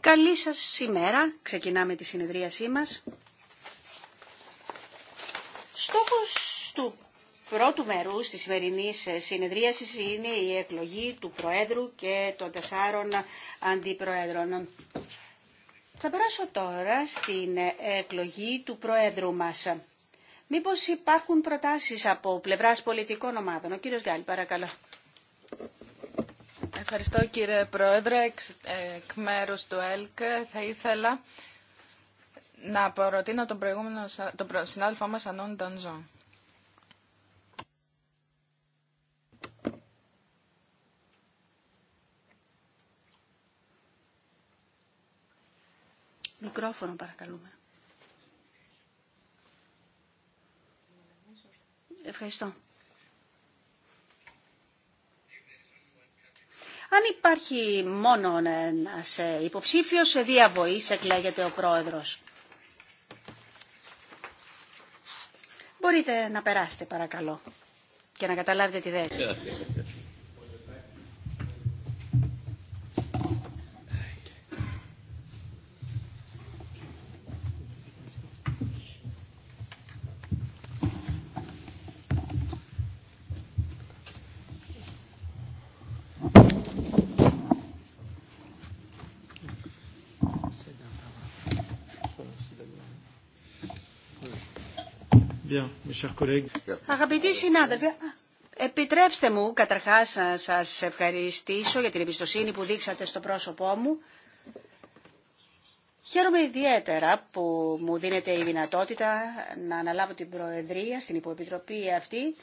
Καλή σας ημέρα. Ξεκινάμε τη συνεδρίασή μας. Στόχος του πρώτου μερού της σημερινή συνεδρίασης είναι η εκλογή του Προέδρου και των τεσσάρων αντιπροέδρων. Θα περάσω τώρα στην εκλογή του Προέδρου μας. Μήπως υπάρχουν προτάσεις από πλευράς πολιτικών ομάδων. Ο κύριος Γκάλη, παρακαλώ. Ευχαριστώ κύριε Πρόεδρε. Εκ μέρους του ΕΛΚ θα ήθελα να προτείνω τον προηγούμενο τον συνάδελφό μας Ανών Ντανζό. Μικρόφωνο παρακαλούμε. Ευχαριστώ. Αν υπάρχει μόνο ένα ε, υποψήφιος, σε διαβοή εκλέγεται ο πρόεδρος. Μπορείτε να περάσετε παρακαλώ και να καταλάβετε τη δέκα. Αγαπητοί συνάδελφοι, επιτρέψτε μου καταρχάς να σας ευχαριστήσω για την εμπιστοσύνη που δείξατε στο πρόσωπό μου. Χαίρομαι ιδιαίτερα που μου δίνεται η δυνατότητα να αναλάβω την Προεδρία στην Υποεπιτροπή αυτή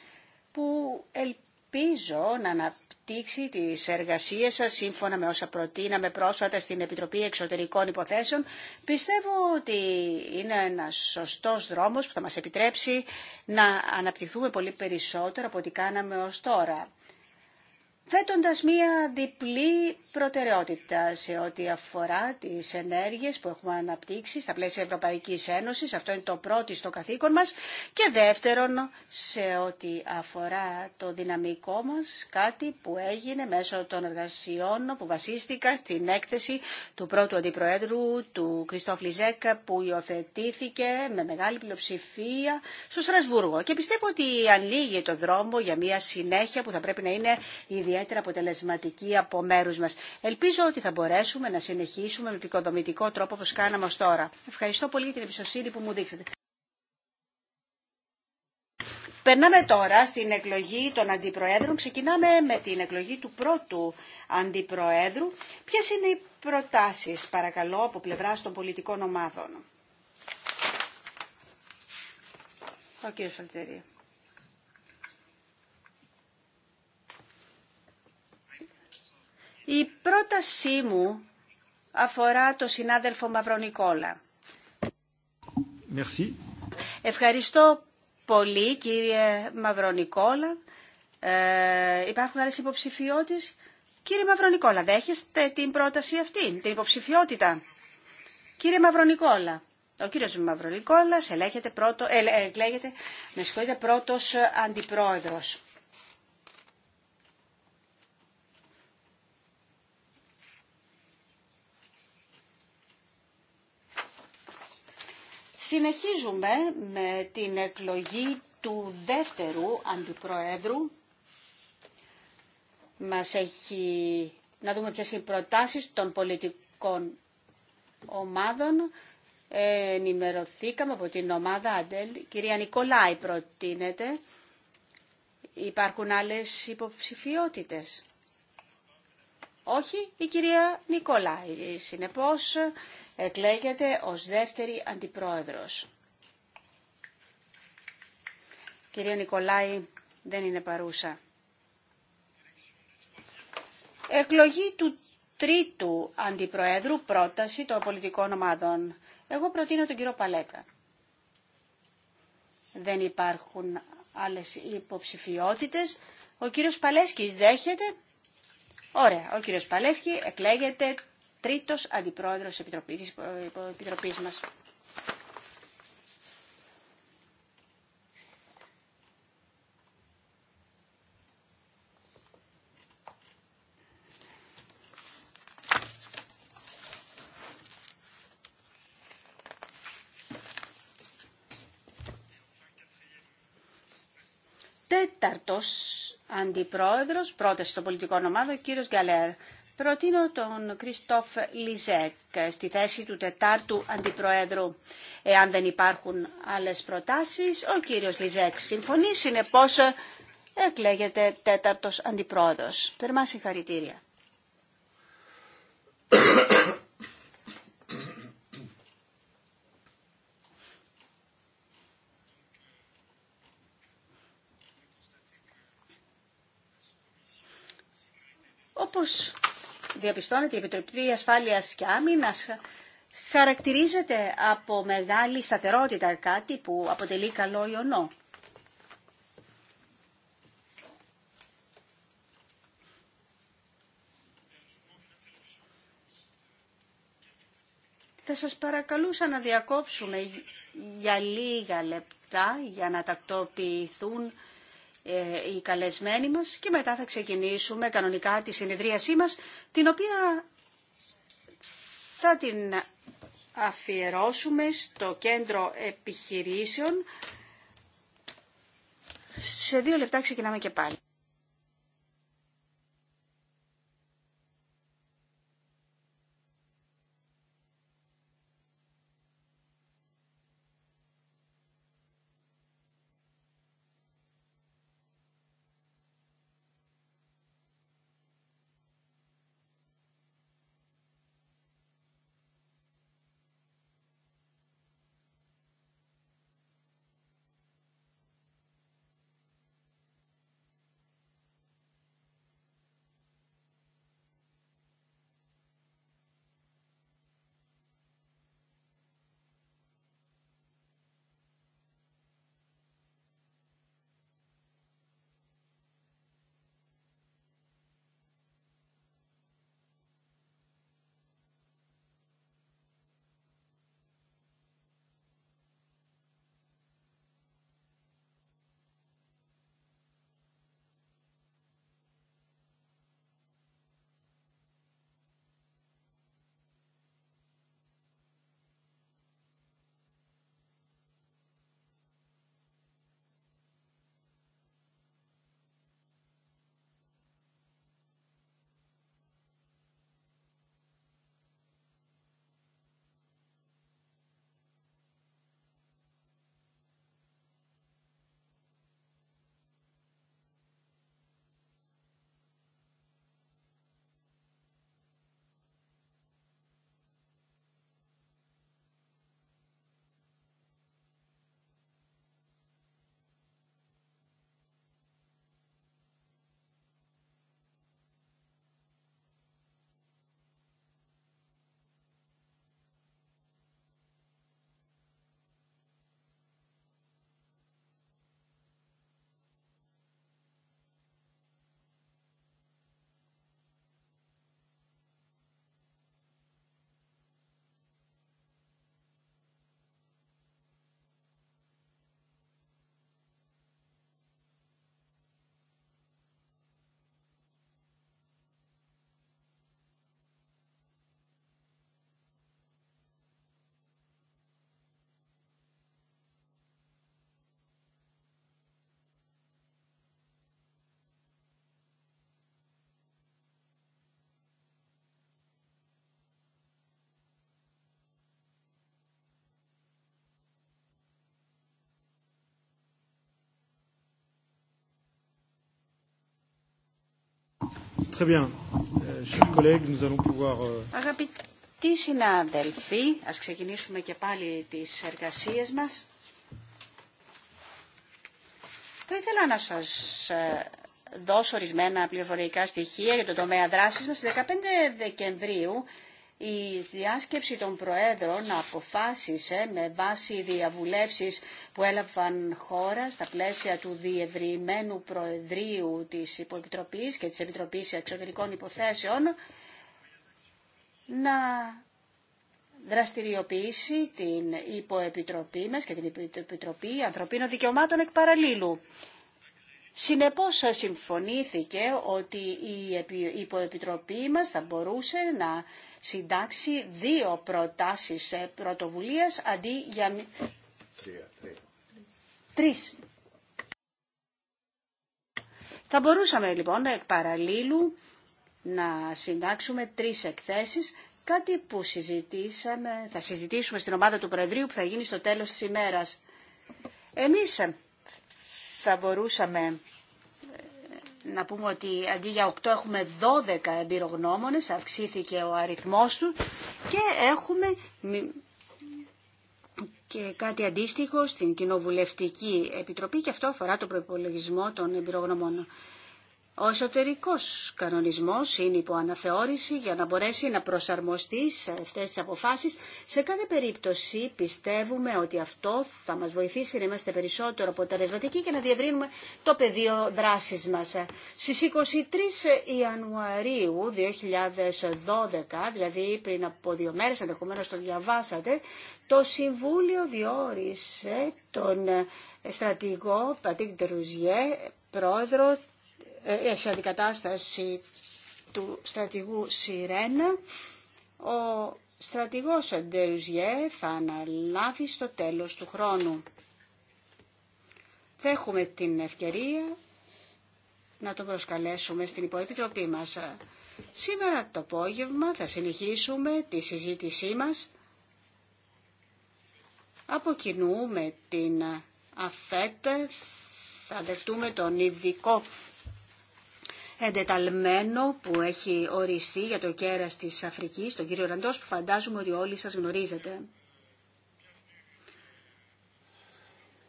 που ελπίζω ελπίζω να αναπτύξει τις εργασίες σας σύμφωνα με όσα προτείναμε πρόσφατα στην Επιτροπή Εξωτερικών Υποθέσεων. Πιστεύω ότι είναι ένας σωστός δρόμος που θα μας επιτρέψει να αναπτυχθούμε πολύ περισσότερο από ό,τι κάναμε ως τώρα θέτοντας μία διπλή προτεραιότητα σε ό,τι αφορά τις ενέργειες που έχουμε αναπτύξει στα πλαίσια Ευρωπαϊκής Ένωσης, αυτό είναι το πρώτο στο καθήκον μας, και δεύτερον σε ό,τι αφορά το δυναμικό μας, κάτι που έγινε μέσω των εργασιών που βασίστηκα στην έκθεση του πρώτου αντιπροέδρου του Κριστόφ Λιζέκα που υιοθετήθηκε με μεγάλη πλειοψηφία στο Στρασβούργο. Και πιστεύω ότι ανοίγει το δρόμο για μια συνέχεια που θα πρέπει να είναι η ιδιαίτερα αποτελεσματική από μέρους μας. Ελπίζω ότι θα μπορέσουμε να συνεχίσουμε με επικοδομητικό τρόπο όπως κάναμε ως τώρα. Ευχαριστώ πολύ για την εμπιστοσύνη που μου δείξατε. Περνάμε τώρα στην εκλογή των αντιπροέδρων. Ξεκινάμε με την εκλογή του πρώτου αντιπροέδρου. Ποιες είναι οι προτάσεις, παρακαλώ, από πλευρά των πολιτικών ομάδων. Ο κύριος Η πρότασή μου αφορά το συνάδελφο Μαυρονικόλα. Merci. Ευχαριστώ πολύ κύριε Μαυρονικόλα. Ε, υπάρχουν άλλες υποψηφιότητες. Κύριε Μαυρονικόλα, δέχεστε την πρόταση αυτή, την υποψηφιότητα. Κύριε Μαυρονικόλα, ο κύριος Μαυρονικόλας ελέγχεται πρώτο, ε, ε πρώτος αντιπρόεδρος. Συνεχίζουμε με την εκλογή του δεύτερου αντιπροέδρου. Μας έχει να δούμε ποιες είναι οι προτάσεις των πολιτικών ομάδων. ενημερωθήκαμε από την ομάδα Αντέλ. Κυρία Νικολάη προτείνεται. Υπάρχουν άλλες υποψηφιότητες όχι η κυρία Νικολάη. Συνεπώς εκλέγεται ως δεύτερη αντιπρόεδρος. κυρία Νικολάη δεν είναι παρούσα. Εκλογή του τρίτου αντιπροέδρου πρόταση των πολιτικών ομάδων. Εγώ προτείνω τον κύριο Παλέτα. Δεν υπάρχουν άλλες υποψηφιότητες. Ο κύριος Παλέσκης δέχεται. Ωραία, ο κύριος Παλέσκη εκλέγεται τρίτος αντιπρόεδρος τη Επιτροπής, μα. Επιτροπής μας. Τέταρτος αντιπρόεδρος, πρώτες στο πολιτικό ομάδο, ο κύριος Γκαλέρ. Προτείνω τον Κριστόφ Λιζέκ στη θέση του τετάρτου αντιπροέδρου. Εάν δεν υπάρχουν άλλες προτάσεις, ο κύριος Λιζέκ συμφωνεί, συνεπώς εκλέγεται τέταρτος αντιπρόεδρος. Θερμά συγχαρητήρια. Όπως διαπιστώνεται η Επιτροπή Ασφάλειας και Άμυνας χαρακτηρίζεται από μεγάλη σταθερότητα κάτι που αποτελεί καλό ιονό. Θα σας παρακαλούσα να διακόψουμε για λίγα λεπτά για να τακτοποιηθούν ε, οι καλεσμένοι μας και μετά θα ξεκινήσουμε κανονικά τη συνεδρίασή μας, την οποία θα την αφιερώσουμε στο κέντρο επιχειρήσεων. Σε δύο λεπτά ξεκινάμε και πάλι. Euh, euh, Αγαπητοί συνάδελφοι, ας ξεκινήσουμε και πάλι τις εργασίες μας. Θα ήθελα να σας ε, δώσω ορισμένα πληροφοριακά στοιχεία για το τομέα δράσης μας. Στις 15 Δεκεμβρίου η διάσκεψη των Προέδρων αποφάσισε με βάση διαβουλεύσεις που έλαβαν χώρα στα πλαίσια του διευρυμένου Προεδρίου της Υποεπιτροπής και της Επιτροπής Εξωτερικών Υποθέσεων να δραστηριοποιήσει την Υποεπιτροπή μας και την Επιτροπή Ανθρωπίνων Δικαιωμάτων εκ παραλίλου. Συνεπώς συμφωνήθηκε ότι η Υποεπιτροπή μας θα μπορούσε να συντάξει δύο προτάσεις ε, πρωτοβουλίας αντί για... Τρει. Τρεις. Θα μπορούσαμε λοιπόν εκ παραλίλου να συντάξουμε τρεις εκθέσεις, κάτι που συζητήσαμε, θα συζητήσουμε στην ομάδα του Προεδρείου που θα γίνει στο τέλος της ημέρας. Εμείς θα μπορούσαμε να πούμε ότι αντί για 8 έχουμε 12 εμπειρογνώμονες, αυξήθηκε ο αριθμός του και έχουμε και κάτι αντίστοιχο στην Κοινοβουλευτική Επιτροπή και αυτό αφορά το προπολογισμό των εμπειρογνωμών. Ο εσωτερικός κανονισμός είναι υπό αναθεώρηση για να μπορέσει να προσαρμοστεί σε αυτές τις αποφάσεις. Σε κάθε περίπτωση πιστεύουμε ότι αυτό θα μας βοηθήσει να είμαστε περισσότερο αποτελεσματικοί και να διευρύνουμε το πεδίο δράσης μας. Στις 23 Ιανουαρίου 2012, δηλαδή πριν από δύο μέρες, ενδεχομένω το διαβάσατε, το Συμβούλιο διόρισε τον στρατηγό Πατήκ Τερουζιέ, πρόεδρο ε, σε αντικατάσταση του στρατηγού Σιρένα, ο στρατηγός Αντερουζιέ θα αναλάβει στο τέλος του χρόνου. Θα έχουμε την ευκαιρία να τον προσκαλέσουμε στην υποεπιτροπή μας. Σήμερα το απόγευμα θα συνεχίσουμε τη συζήτησή μας. Αποκινούμε την ΑΦΕΤ θα δεχτούμε τον ειδικό εντεταλμένο που έχει οριστεί για το κέρας της Αφρικής, τον κύριο Ραντός, που φαντάζομαι ότι όλοι σας γνωρίζετε.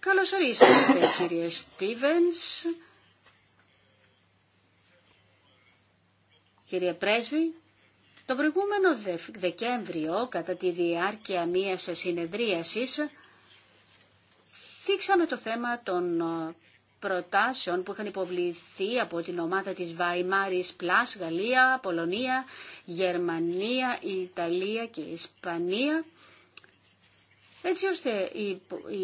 Καλώς ορίσατε κύριε Στίβενς, κύριε Πρέσβη. Το προηγούμενο Δεκέμβριο, κατά τη διάρκεια μίας συνεδρίασης, θίξαμε το θέμα των προτάσεων που είχαν υποβληθεί από την ομάδα της Βαϊμάρης Πλάς, Γαλλία, Πολωνία, Γερμανία, Ιταλία και Ισπανία έτσι ώστε η,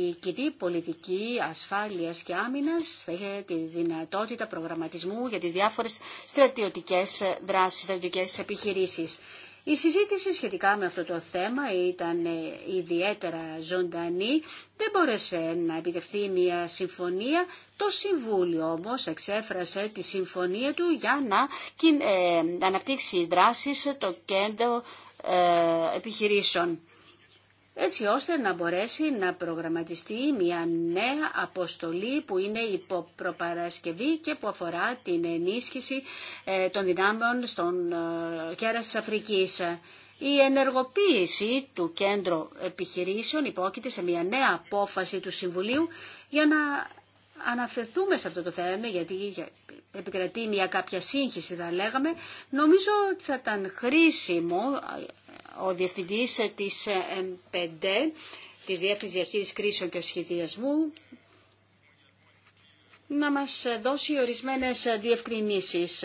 η κοινή πολιτική ασφάλειας και άμυνας θα είχε τη δυνατότητα προγραμματισμού για τις διάφορες στρατιωτικές δράσεις, στρατιωτικές επιχειρήσεις. Η συζήτηση σχετικά με αυτό το θέμα ήταν ιδιαίτερα ζωντανή. Δεν μπόρεσε να επιτευχθεί μια συμφωνία το Συμβούλιο όμως εξέφρασε τη συμφωνία του για να ε, αναπτύξει δράσεις το κέντρο ε, επιχειρήσεων έτσι ώστε να μπορέσει να προγραμματιστεί μια νέα αποστολή που είναι υπό προπαρασκευή και που αφορά την ενίσχυση ε, των δυνάμεων στον κέρας της Αφρικής. Η ενεργοποίηση του κέντρου επιχειρήσεων υπόκειται σε μια νέα απόφαση του Συμβουλίου για να αναφερθούμε σε αυτό το θέμα, γιατί επικρατεί μια κάποια σύγχυση θα λέγαμε, νομίζω ότι θα ήταν χρήσιμο ε, ο Διευθυντής ε, της ε, M5, της Διεύθυνσης Διαχείρισης Κρίσεων και Σχεδιασμού, να μας δώσει ορισμένες διευκρινήσεις.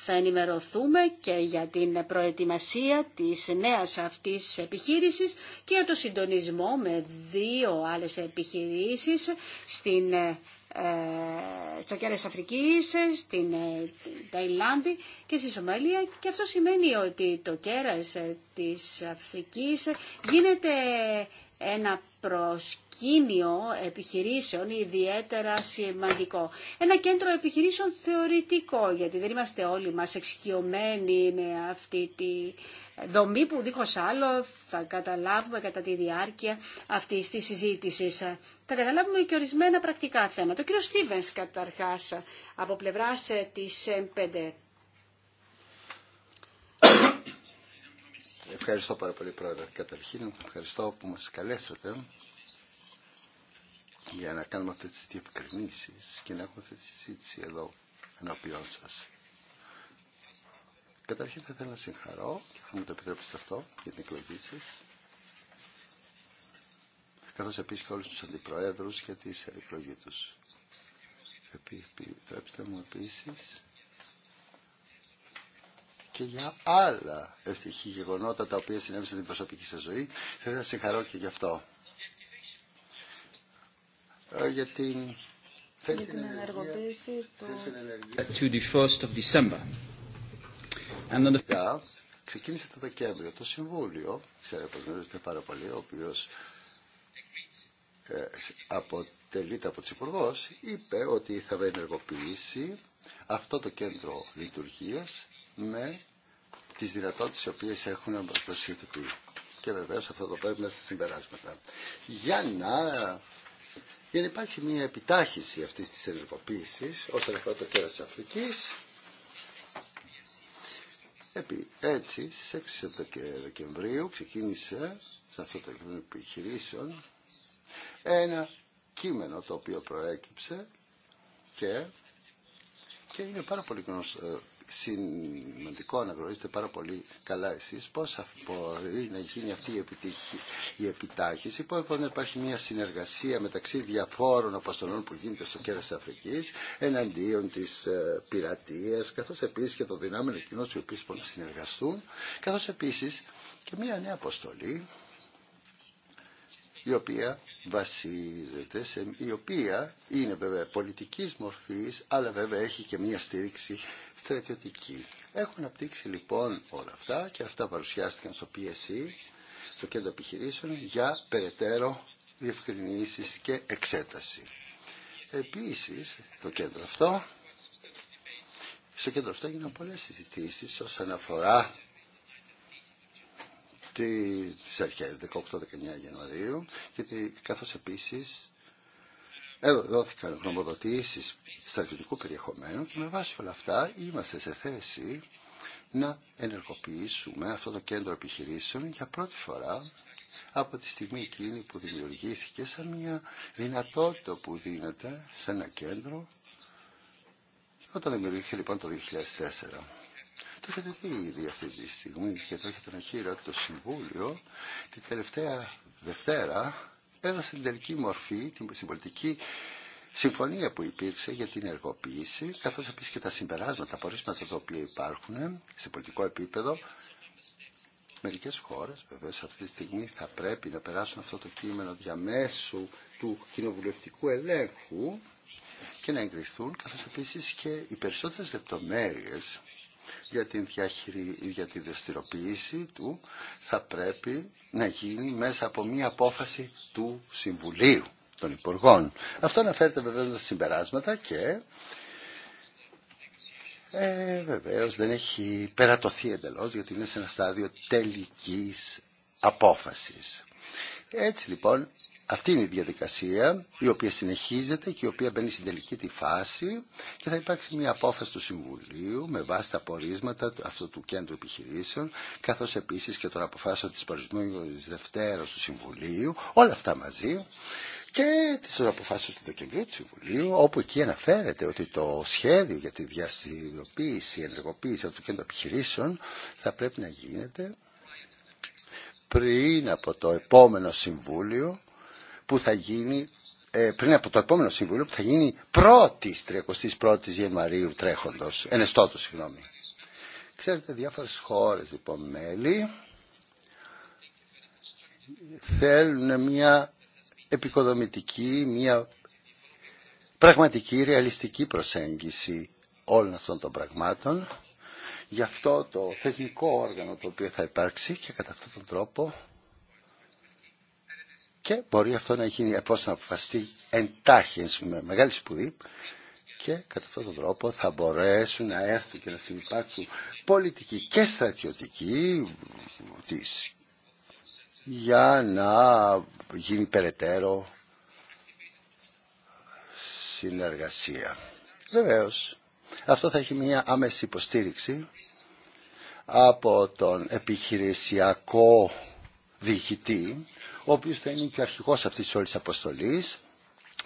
Θα ενημερωθούμε και για την προετοιμασία της νέας αυτής επιχείρησης και για το συντονισμό με δύο άλλες επιχειρήσεις στην ε, στο κέρας Αφρικής, ε, στην ε, Ταϊλάνδη και στη Σομαλία και αυτό σημαίνει ότι το κέρας της Αφρικής γίνεται ένα προσκήνιο επιχειρήσεων ιδιαίτερα σημαντικό. Ένα κέντρο επιχειρήσεων θεωρητικό, γιατί δεν είμαστε όλοι μας εξοικειωμένοι με αυτή τη δομή που δίχως άλλο θα καταλάβουμε κατά τη διάρκεια αυτής της συζήτησης. Θα καταλάβουμε και ορισμένα πρακτικά θέματα. Ο κύριο Στίβενς καταρχάς από πλευράς ε, της Ευχαριστώ πάρα πολύ πρόεδρε. Καταρχήν ευχαριστώ που μας καλέσατε για να κάνουμε αυτές τις διευκρινήσεις και να έχουμε αυτή τη συζήτηση εδώ ενώπιόν σας. Καταρχήν θα ήθελα να συγχαρώ και θα μου το επιτρέψετε αυτό για την εκλογή σας καθώς επίσης και όλους τους αντιπροέδρους για τη εκλογή τους. Επιτρέψτε μου επίσης και για άλλα ευτυχή γεγονότα τα οποία συνέβησαν στην προσωπική σας ζωή. Θέλω να συγχαρώ και γι' αυτό. Ε, για την την ενεργοποίηση του... Ξεκίνησε το Δεκέμβριο το Συμβούλιο, ξέρω πως γνωρίζετε πάρα πολύ, ο οποίος ε, αποτελείται από τους υπουργούς... είπε ότι θα ενεργοποιήσει αυτό το κέντρο λειτουργίας με τις δυνατότητες οι οποίες έχουν να ποιού Και βεβαίως αυτό το πρέπει να στα συμπεράσματα. Για να... Για να υπάρχει μια επιτάχυση αυτής της ενεργοποίησης όσον αφορά το κέρας τη Αφρικής, έτσι, στις 6 Δεκεμβρίου ξεκίνησε σε αυτό το κείμενο επιχειρήσεων ένα κείμενο το οποίο προέκυψε και, και είναι πάρα πολύ γνωστό ε, σημαντικό να γνωρίζετε πάρα πολύ καλά εσείς πώς μπορεί να γίνει αυτή η, επιτύχη, η επιτάχυση, πώς μπορεί να υπάρχει μια συνεργασία μεταξύ διαφόρων αποστολών που γίνεται στο κέρας της Αφρικής εναντίον της ε, πειρατείας, καθώς επίσης και το δυνάμενο κοινό οι οποίοι μπορούν να συνεργαστούν, καθώς επίσης και μια νέα αποστολή η οποία βασίζεται σε, η οποία είναι βέβαια πολιτικής μορφής αλλά βέβαια έχει και μια στήριξη στρατιωτική. Έχουν απτύξει λοιπόν όλα αυτά και αυτά παρουσιάστηκαν στο PSE, στο κέντρο επιχειρήσεων για περαιτέρω διευκρινήσεις και εξέταση. Επίσης, το κέντρο αυτό, στο κέντρο αυτό έγιναν πολλές συζητήσεις όσον αφορά αυτή στις 18 18-19 Ιανουαρίου γιατί καθώς επίσης δόθηκαν γνωμοδοτήσεις στρατιωτικού περιεχομένου και με βάση όλα αυτά είμαστε σε θέση να ενεργοποιήσουμε αυτό το κέντρο επιχειρήσεων για πρώτη φορά από τη στιγμή εκείνη που δημιουργήθηκε σαν μια δυνατότητα που δίνεται σε ένα κέντρο όταν δημιουργήθηκε λοιπόν το 2004. Το έχετε δει ήδη αυτή τη στιγμή και το έχετε να ότι το Συμβούλιο την τελευταία Δευτέρα έδωσε την τελική μορφή την συμπολιτική συμφωνία που υπήρξε για την εργοποίηση καθώς επίσης και τα συμπεράσματα, τα πορίσματα τα οποία υπάρχουν σε πολιτικό επίπεδο Μερικές χώρες βεβαίως αυτή τη στιγμή θα πρέπει να περάσουν αυτό το κείμενο διαμέσου του κοινοβουλευτικού ελέγχου και να εγκριθούν καθώς επίσης και οι περισσότερες λεπτομέρειες για την για τη δραστηριοποίηση του θα πρέπει να γίνει μέσα από μία απόφαση του Συμβουλίου των Υπουργών. Αυτό αναφέρεται βέβαια στα συμπεράσματα και ε, βεβαίως δεν έχει περατωθεί εντελώς γιατί είναι σε ένα στάδιο τελικής απόφασης. Έτσι λοιπόν αυτή είναι η διαδικασία η οποία συνεχίζεται και η οποία μπαίνει στην τελική τη φάση και θα υπάρξει μια απόφαση του Συμβουλίου με βάση τα απορίσματα αυτού του κέντρου επιχειρήσεων καθώς επίσης και των αποφάσιο της προηγούμενης Δευτέρας του Συμβουλίου, όλα αυτά μαζί και τις αποφάσεις του Δεκεμβρίου του Συμβουλίου, όπου εκεί αναφέρεται ότι το σχέδιο για τη διαστηριοποίηση, ενεργοποίηση του κέντρου επιχειρήσεων θα πρέπει να γίνεται πριν από το επόμενο Συμβούλιο που θα γίνει ε, πριν από το επόμενο συμβούλιο που θα γινει πρωτη πρώτης 321η Ιανουαρίου τρέχοντος, ενεστώτος συγγνώμη. Ξέρετε διάφορες χώρες λοιπόν μέλη θέλουν μια επικοδομητική, μια πραγματική, ρεαλιστική προσέγγιση όλων αυτών των πραγμάτων. Γι' αυτό το θεσμικό όργανο το οποίο θα υπάρξει και κατά αυτόν τον τρόπο και μπορεί αυτό να γίνει εφόσον αποφαστεί εντάχει με μεγάλη σπουδή και κατά αυτόν τον τρόπο θα μπορέσουν να έρθουν και να συνεπάρξουν πολιτικοί και στρατιωτικοί για να γίνει περαιτέρω συνεργασία. Βεβαίως, αυτό θα έχει μια άμεση υποστήριξη από τον επιχειρησιακό διοικητή ο οποίο θα είναι και ο αρχηγό αυτής της όλης αποστολής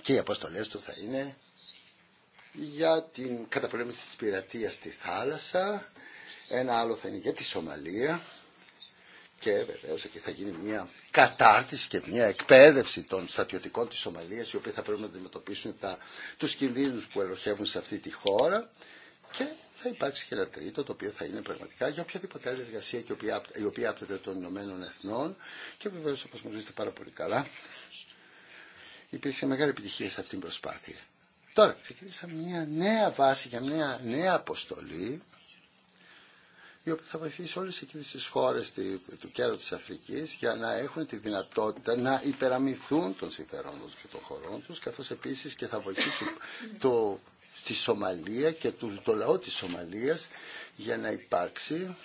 και οι αποστολέ του θα είναι για την καταπολέμηση της πειρατεία στη θάλασσα, ένα άλλο θα είναι για τη Σομαλία και βεβαίω εκεί θα γίνει μια κατάρτιση και μια εκπαίδευση των στρατιωτικών της Σομαλίας οι οποίοι θα πρέπει να αντιμετωπίσουν του κινδύνου που ελοχεύουν σε αυτή τη χώρα και θα υπάρξει και ένα τρίτο το οποίο θα είναι πραγματικά για οποιαδήποτε άλλη εργασία και η οποία άπτεται των Ηνωμένων Εθνών και βεβαίω όπω γνωρίζετε πάρα πολύ καλά υπήρχε μεγάλη επιτυχία σε αυτήν την προσπάθεια. Τώρα ξεκινήσαμε μια νέα βάση για μια νέα αποστολή η οποία θα βοηθήσει όλες εκείνες τις χώρες του κέρδου της Αφρικής για να έχουν τη δυνατότητα να υπεραμηθούν των συμφερόντων και των χωρών τους καθώς επίσης και θα βοηθήσουν το στη Σομαλία και του, το λαό της Σομαλίας για να υπάρξει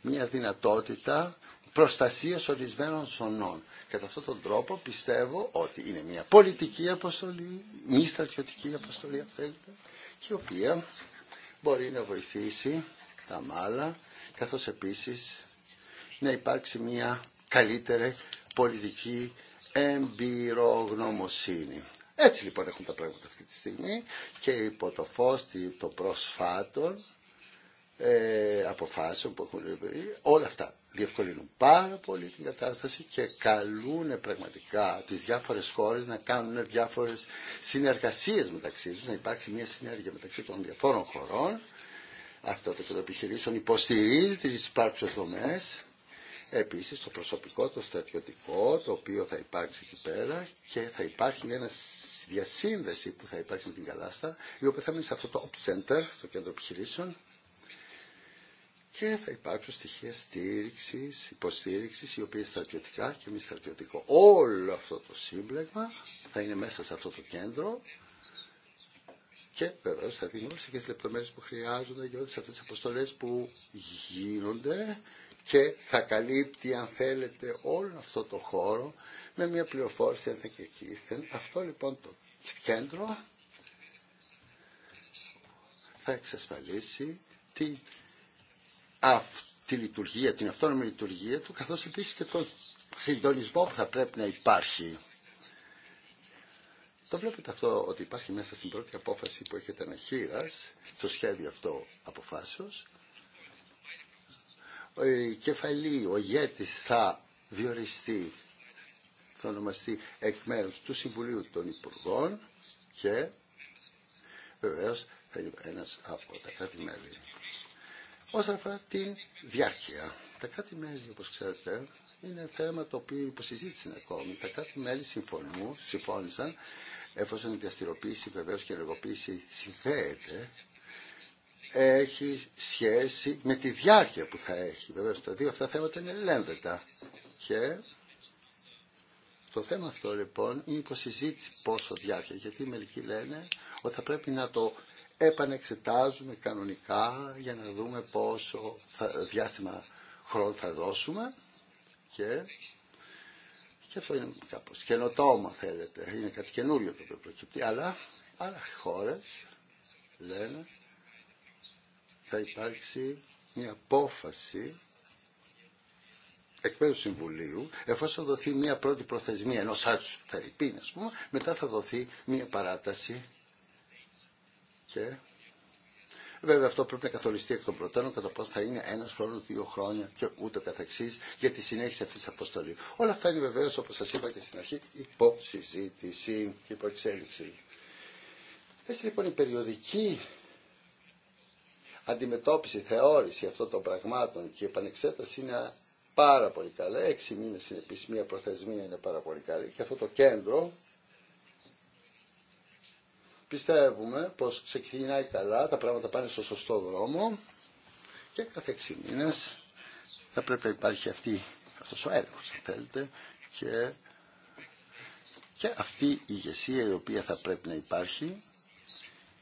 μια δυνατότητα προστασίας ορισμένων ζωνών. Κατά αυτόν τον τρόπο πιστεύω ότι είναι μια πολιτική αποστολή, μη στρατιωτική αποστολή αν θέλετε, και η οποία μπορεί να βοηθήσει τα μάλα, καθώς επίσης να υπάρξει μια καλύτερη πολιτική εμπειρογνωμοσύνη. Έτσι λοιπόν έχουν τα πράγματα αυτή τη στιγμή και υπό το φως των προσφάτων ε, αποφάσεων που έχουν όλα αυτά διευκολύνουν πάρα πολύ την κατάσταση και καλούν πραγματικά τις διάφορες χώρες να κάνουν διάφορες συνεργασίες μεταξύ τους, να υπάρξει μια συνέργεια μεταξύ των διαφόρων χωρών. Αυτό το επιχειρήσεων υποστηρίζει τις υπάρξεις δομές Επίσης το προσωπικό, το στρατιωτικό, το οποίο θα υπάρξει εκεί πέρα και θα υπάρχει μια διασύνδεση που θα υπάρχει με την Καλάστα, η οποία θα είναι σε αυτό το op center, στο κέντρο επιχειρήσεων, και θα υπάρξουν στοιχεία στήριξη, υποστήριξη, οι οποίε στρατιωτικά και μη στρατιωτικό. Όλο αυτό το σύμπλεγμα θα είναι μέσα σε αυτό το κέντρο και βεβαίω θα δίνουμε και τι λεπτομέρειε που χρειάζονται για όλε αυτέ τι αποστολέ που γίνονται και θα καλύπτει αν θέλετε όλο αυτό το χώρο με μια πληροφόρηση αν και ήθελ. Αυτό λοιπόν το κέντρο θα εξασφαλίσει την, τη λειτουργία, την αυτόνομη λειτουργία του, καθώς επίσης και τον συντονισμό που θα πρέπει να υπάρχει. Το βλέπετε αυτό ότι υπάρχει μέσα στην πρώτη απόφαση που έχετε χείρας, στο σχέδιο αυτό αποφάσεως, κεφαλή, ο ηγέτης θα διοριστεί, θα ονομαστεί εκ μέρους του Συμβουλίου των Υπουργών και βεβαίως θα είναι ένας από τα κράτη-μέλη. Όσον αφορά την διάρκεια, τα κράτη-μέλη όπως ξέρετε είναι θέμα το οποίο υποσυζήτησαν ακόμη. Τα κράτη-μέλη συμφωνούν, συμφώνησαν, εφόσον η διαστηροποίηση βεβαίως και η ενεργοποίηση συνθέεται έχει σχέση με τη διάρκεια που θα έχει. Βεβαίως τα δύο αυτά θέματα είναι ελέγχοντα. Και το θέμα αυτό λοιπόν είναι συζήτηση πόσο διάρκεια. Γιατί μερικοί λένε ότι θα πρέπει να το επανεξετάζουμε κανονικά για να δούμε πόσο διάστημα χρόνου θα δώσουμε και, και αυτό είναι κάπως καινοτόμο θέλετε, είναι κάτι καινούριο το οποίο προκύπτει, αλλά άλλα χώρες λένε θα υπάρξει μια απόφαση εκ μέρου Συμβουλίου, εφόσον δοθεί μια πρώτη προθεσμία ενό άτσου Φερρυπίν, α πούμε, μετά θα δοθεί μια παράταση και Βέβαια αυτό πρέπει να καθοριστεί εκ των προτέρων κατά πώ θα είναι ένα χρόνο, δύο χρόνια και ούτω καθεξή για τη συνέχιση αυτή τη αποστολή. Όλα αυτά είναι βεβαίω όπω σα είπα και στην αρχή υπό συζήτηση και υπό εξέλιξη. Έτσι λοιπόν η περιοδική αντιμετώπιση, θεώρηση αυτών των πραγμάτων και η επανεξέταση είναι πάρα πολύ καλά. Έξι μήνε είναι επίσημη, μια προθεσμία είναι πάρα πολύ καλή. Και αυτό το κέντρο πιστεύουμε πω ξεκινάει καλά, τα πράγματα πάνε στο σωστό δρόμο και κάθε έξι μήνε θα πρέπει να υπάρχει αυτή, αυτός ο έλεγχος αν θέλετε και, και αυτή η ηγεσία η οποία θα πρέπει να υπάρχει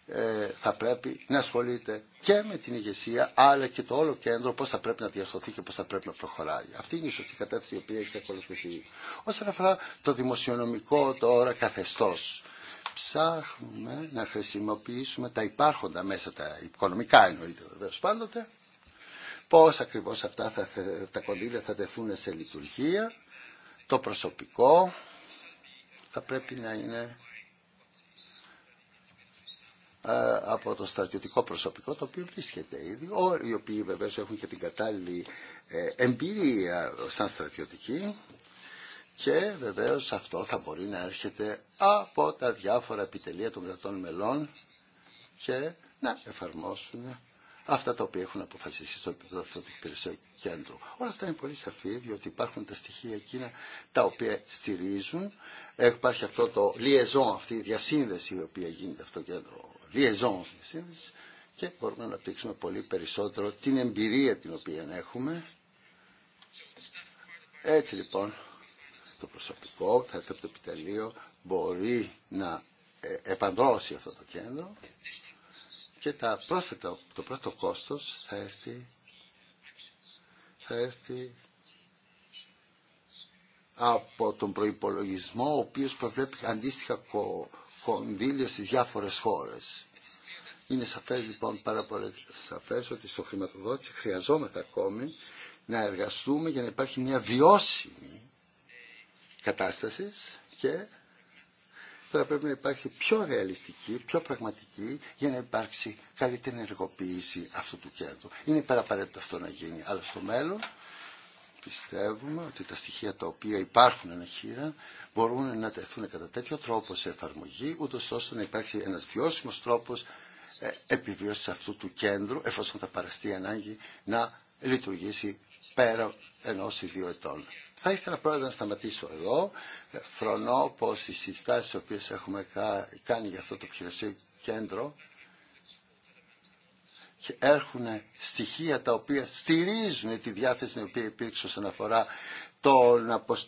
ε, θα πρέπει να ασχολείται και με την ηγεσία αλλά και το όλο κέντρο πώς θα πρέπει να διαρθωθεί και πώς θα πρέπει να προχωράει. Αυτή είναι η σωστή κατεύθυνση η οποία έχει ακολουθηθεί. Όσον αφορά το δημοσιονομικό τώρα καθεστώς ψάχνουμε να χρησιμοποιήσουμε τα υπάρχοντα μέσα, τα οικονομικά εννοείται βεβαίω πάντοτε, πώς ακριβώς αυτά τα κονδύλια θα τεθούν σε λειτουργία, το προσωπικό θα πρέπει να είναι ε, από το στρατιωτικό προσωπικό το οποίο βρίσκεται ήδη, οι οποίοι βεβαίως έχουν και την κατάλληλη ε, εμπειρία σαν στρατιωτικοί και βεβαίως αυτό θα μπορεί να έρχεται από τα διάφορα επιτελεία των κρατών μελών και να εφαρμόσουν αυτά τα οποία έχουν αποφασίσει στο επίπεδο αυτού του υπηρεσίου κέντρου. Όλα αυτά είναι πολύ σαφή, διότι υπάρχουν τα στοιχεία εκείνα τα οποία στηρίζουν. Υπάρχει αυτό το liaison, αυτή η διασύνδεση η οποία γίνεται αυτό το κέντρο liaison και μπορούμε να αναπτύξουμε πολύ περισσότερο την εμπειρία την οποία έχουμε. Έτσι λοιπόν το προσωπικό θα έρθει από το επιτελείο μπορεί να ε, επανδρώσει αυτό το κέντρο και τα πρόσθετα, το πρώτο κόστος θα έρθει, θα έρθει από τον προϋπολογισμό ο οποίος προβλέπει αντίστοιχα κονδύλια στις διάφορες χώρες. Είναι σαφές λοιπόν πάρα πολύ σαφές ότι στο χρηματοδότηση χρειαζόμαστε ακόμη να εργαστούμε για να υπάρχει μια βιώσιμη κατάσταση και θα πρέπει να υπάρχει πιο ρεαλιστική, πιο πραγματική για να υπάρξει καλύτερη ενεργοποίηση αυτού του κέντρου. Είναι παραπαραίτητο αυτό να γίνει, αλλά στο μέλλον πιστεύουμε ότι τα στοιχεία τα οποία υπάρχουν ένα μπορούν να τεθούν κατά τέτοιο τρόπο σε εφαρμογή, ούτω ώστε να υπάρξει ένα βιώσιμο τρόπο ε, επιβίωση αυτού του κέντρου, εφόσον θα παραστεί ανάγκη να λειτουργήσει πέρα ενό ή δύο ετών. Θα ήθελα πρώτα να σταματήσω εδώ. Ε, φρονώ πω οι συστάσει τι οποίε έχουμε κάνει για αυτό το επιχειρησιακό κέντρο και έρχονται στοιχεία τα οποία στηρίζουν τη διάθεση την οποία υπήρξε όσον αφορά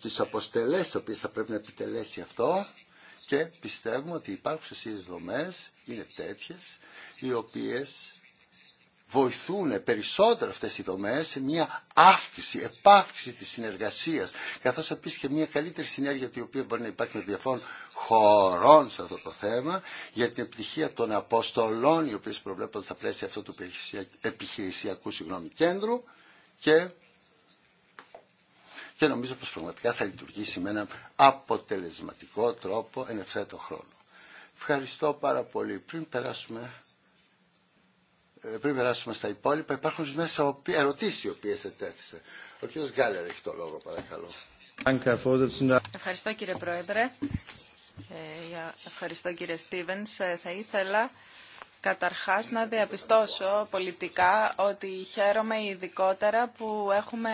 τις αποστελές τις οποίες θα πρέπει να επιτελέσει αυτό και πιστεύουμε ότι υπάρχουν στις δομές είναι τέτοιες οι οποίες βοηθούν περισσότερο αυτές οι δομές σε μια αύξηση, επάυξηση της συνεργασίας, καθώς επίσης και μια καλύτερη συνέργεια την οποία μπορεί να υπάρχει με διαφόρων χωρών σε αυτό το θέμα, για την επιτυχία των αποστολών, οι οποίες προβλέπονται στα πλαίσια αυτού του επιχειρησιακού συγγνώμη, κέντρου και και νομίζω πως πραγματικά θα λειτουργήσει με έναν αποτελεσματικό τρόπο εν ευθέτω χρόνο. Ευχαριστώ πάρα πολύ. Πριν περάσουμε ε, πριν περάσουμε στα υπόλοιπα, υπάρχουν μέσα ερωτήσει οι οποίε ετέθησε. Ο κ. Γκάλερ έχει το λόγο, παρακαλώ. Ευχαριστώ κύριε Πρόεδρε. Ε, ευχαριστώ κύριε Στίβενς. Ε, θα ήθελα καταρχάς να διαπιστώσω πολιτικά ότι χαίρομαι ειδικότερα που έχουμε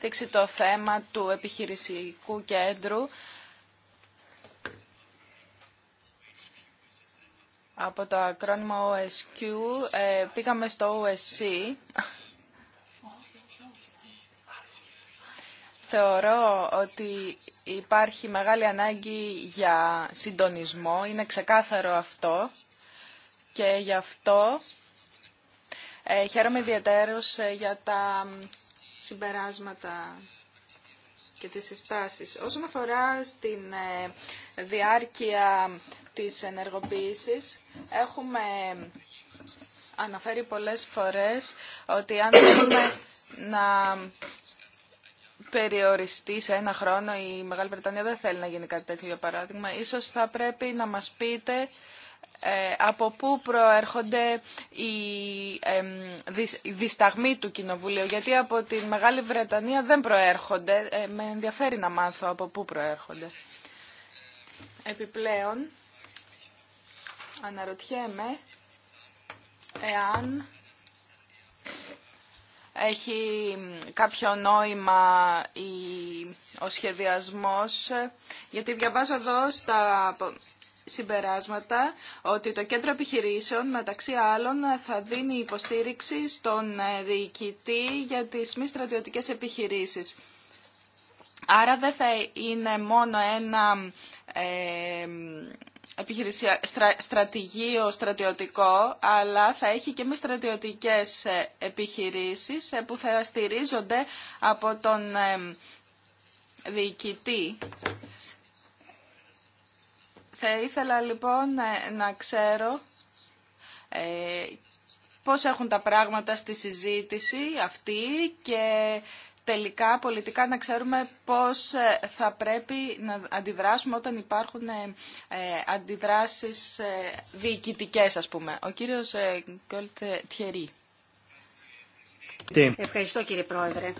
δείξει το θέμα του επιχειρησιακού κέντρου από το ακρόνιμο OSQ ε, πήγαμε στο OSC. Θεωρώ ότι υπάρχει μεγάλη ανάγκη για συντονισμό, είναι ξεκάθαρο αυτό και γι' αυτό ε, χαίρομαι ιδιαίτερως ε, για τα συμπεράσματα και τις συστάσεις. Όσον αφορά στην διάρκεια της ενεργοποίησης. Έχουμε αναφέρει πολλές φορές ότι αν θέλουμε να περιοριστεί σε ένα χρόνο, η Μεγάλη Βρετανία δεν θέλει να γίνει κάτι τέτοιο για παράδειγμα, ίσως θα πρέπει να μας πείτε ε, από πού προέρχονται οι δισταγμοί του Κοινοβουλίου, γιατί από τη Μεγάλη Βρετανία δεν προέρχονται. Ε, με ενδιαφέρει να μάθω από πού προέρχονται. Επιπλέον, αναρωτιέμαι εάν έχει κάποιο νόημα ο σχεδιασμός, γιατί διαβάζω εδώ στα συμπεράσματα ότι το κέντρο επιχειρήσεων μεταξύ άλλων θα δίνει υποστήριξη στον ε, διοικητή για τις μη στρατιωτικές επιχειρήσεις. Άρα δεν θα είναι μόνο ένα ε, στρατηγείο στρατιωτικό, αλλά θα έχει και μη στρατιωτικές ε, επιχειρήσεις ε, που θα στηρίζονται από τον ε, διοικητή. Θα ήθελα λοιπόν να ξέρω πώς έχουν τα πράγματα στη συζήτηση αυτή και τελικά πολιτικά να ξέρουμε πώς ε, θα πρέπει να αντιδράσουμε όταν υπάρχουν ε, ε, αντιδράσεις διοικητικές, ας πούμε. Ο κύριος Γκόλτ Τιερή. Ευχαριστώ κύριε Πρόεδρε.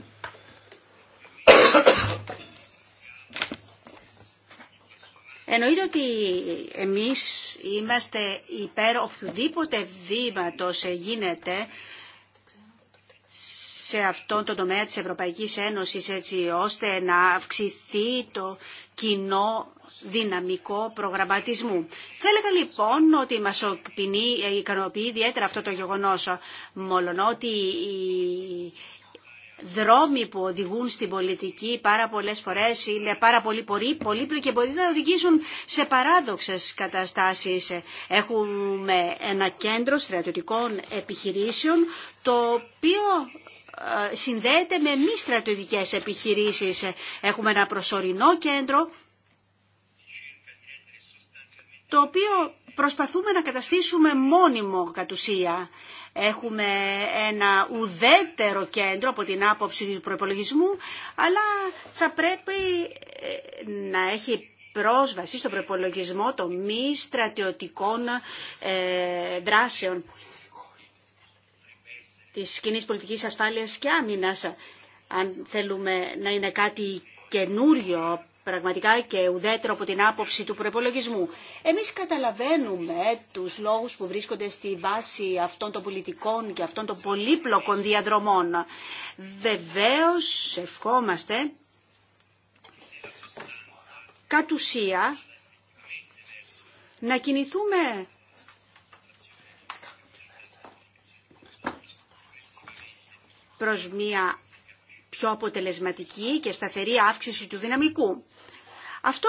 Εννοείται ότι εμείς είμαστε υπέρ οποιοδήποτε βήματος γίνεται σε αυτόν τον τομέα της Ευρωπαϊκής Ένωσης έτσι ώστε να αυξηθεί το κοινό δυναμικό προγραμματισμού. Θα έλεγα λοιπόν ότι μας ε, ικανοποιεί ιδιαίτερα αυτό το γεγονός, μόλον ότι η δρόμοι που οδηγούν στην πολιτική πάρα πολλές φορές είναι πάρα πολύ πολύπλοκοι και μπορεί να οδηγήσουν σε παράδοξες καταστάσεις. Έχουμε ένα κέντρο στρατιωτικών επιχειρήσεων το οποίο ε, συνδέεται με μη στρατιωτικές επιχειρήσεις. Έχουμε ένα προσωρινό κέντρο το οποίο προσπαθούμε να καταστήσουμε μόνιμο κατ' ουσία. Έχουμε ένα ουδέτερο κέντρο από την άποψη του προπολογισμού, αλλά θα πρέπει ε, να έχει πρόσβαση στο προπολογισμό των μη στρατιωτικών ε, δράσεων της κοινή πολιτικής ασφάλειας και άμυνας, αν θέλουμε να είναι κάτι καινούριο πραγματικά και ουδέτερο από την άποψη του προπολογισμού. Εμείς καταλαβαίνουμε τους λόγους που βρίσκονται στη βάση αυτών των πολιτικών και αυτών των πολύπλοκων διαδρομών. Βεβαίως ευχόμαστε κατ' ουσία να κινηθούμε προς μια πιο αποτελεσματική και σταθερή αύξηση του δυναμικού. Αυτό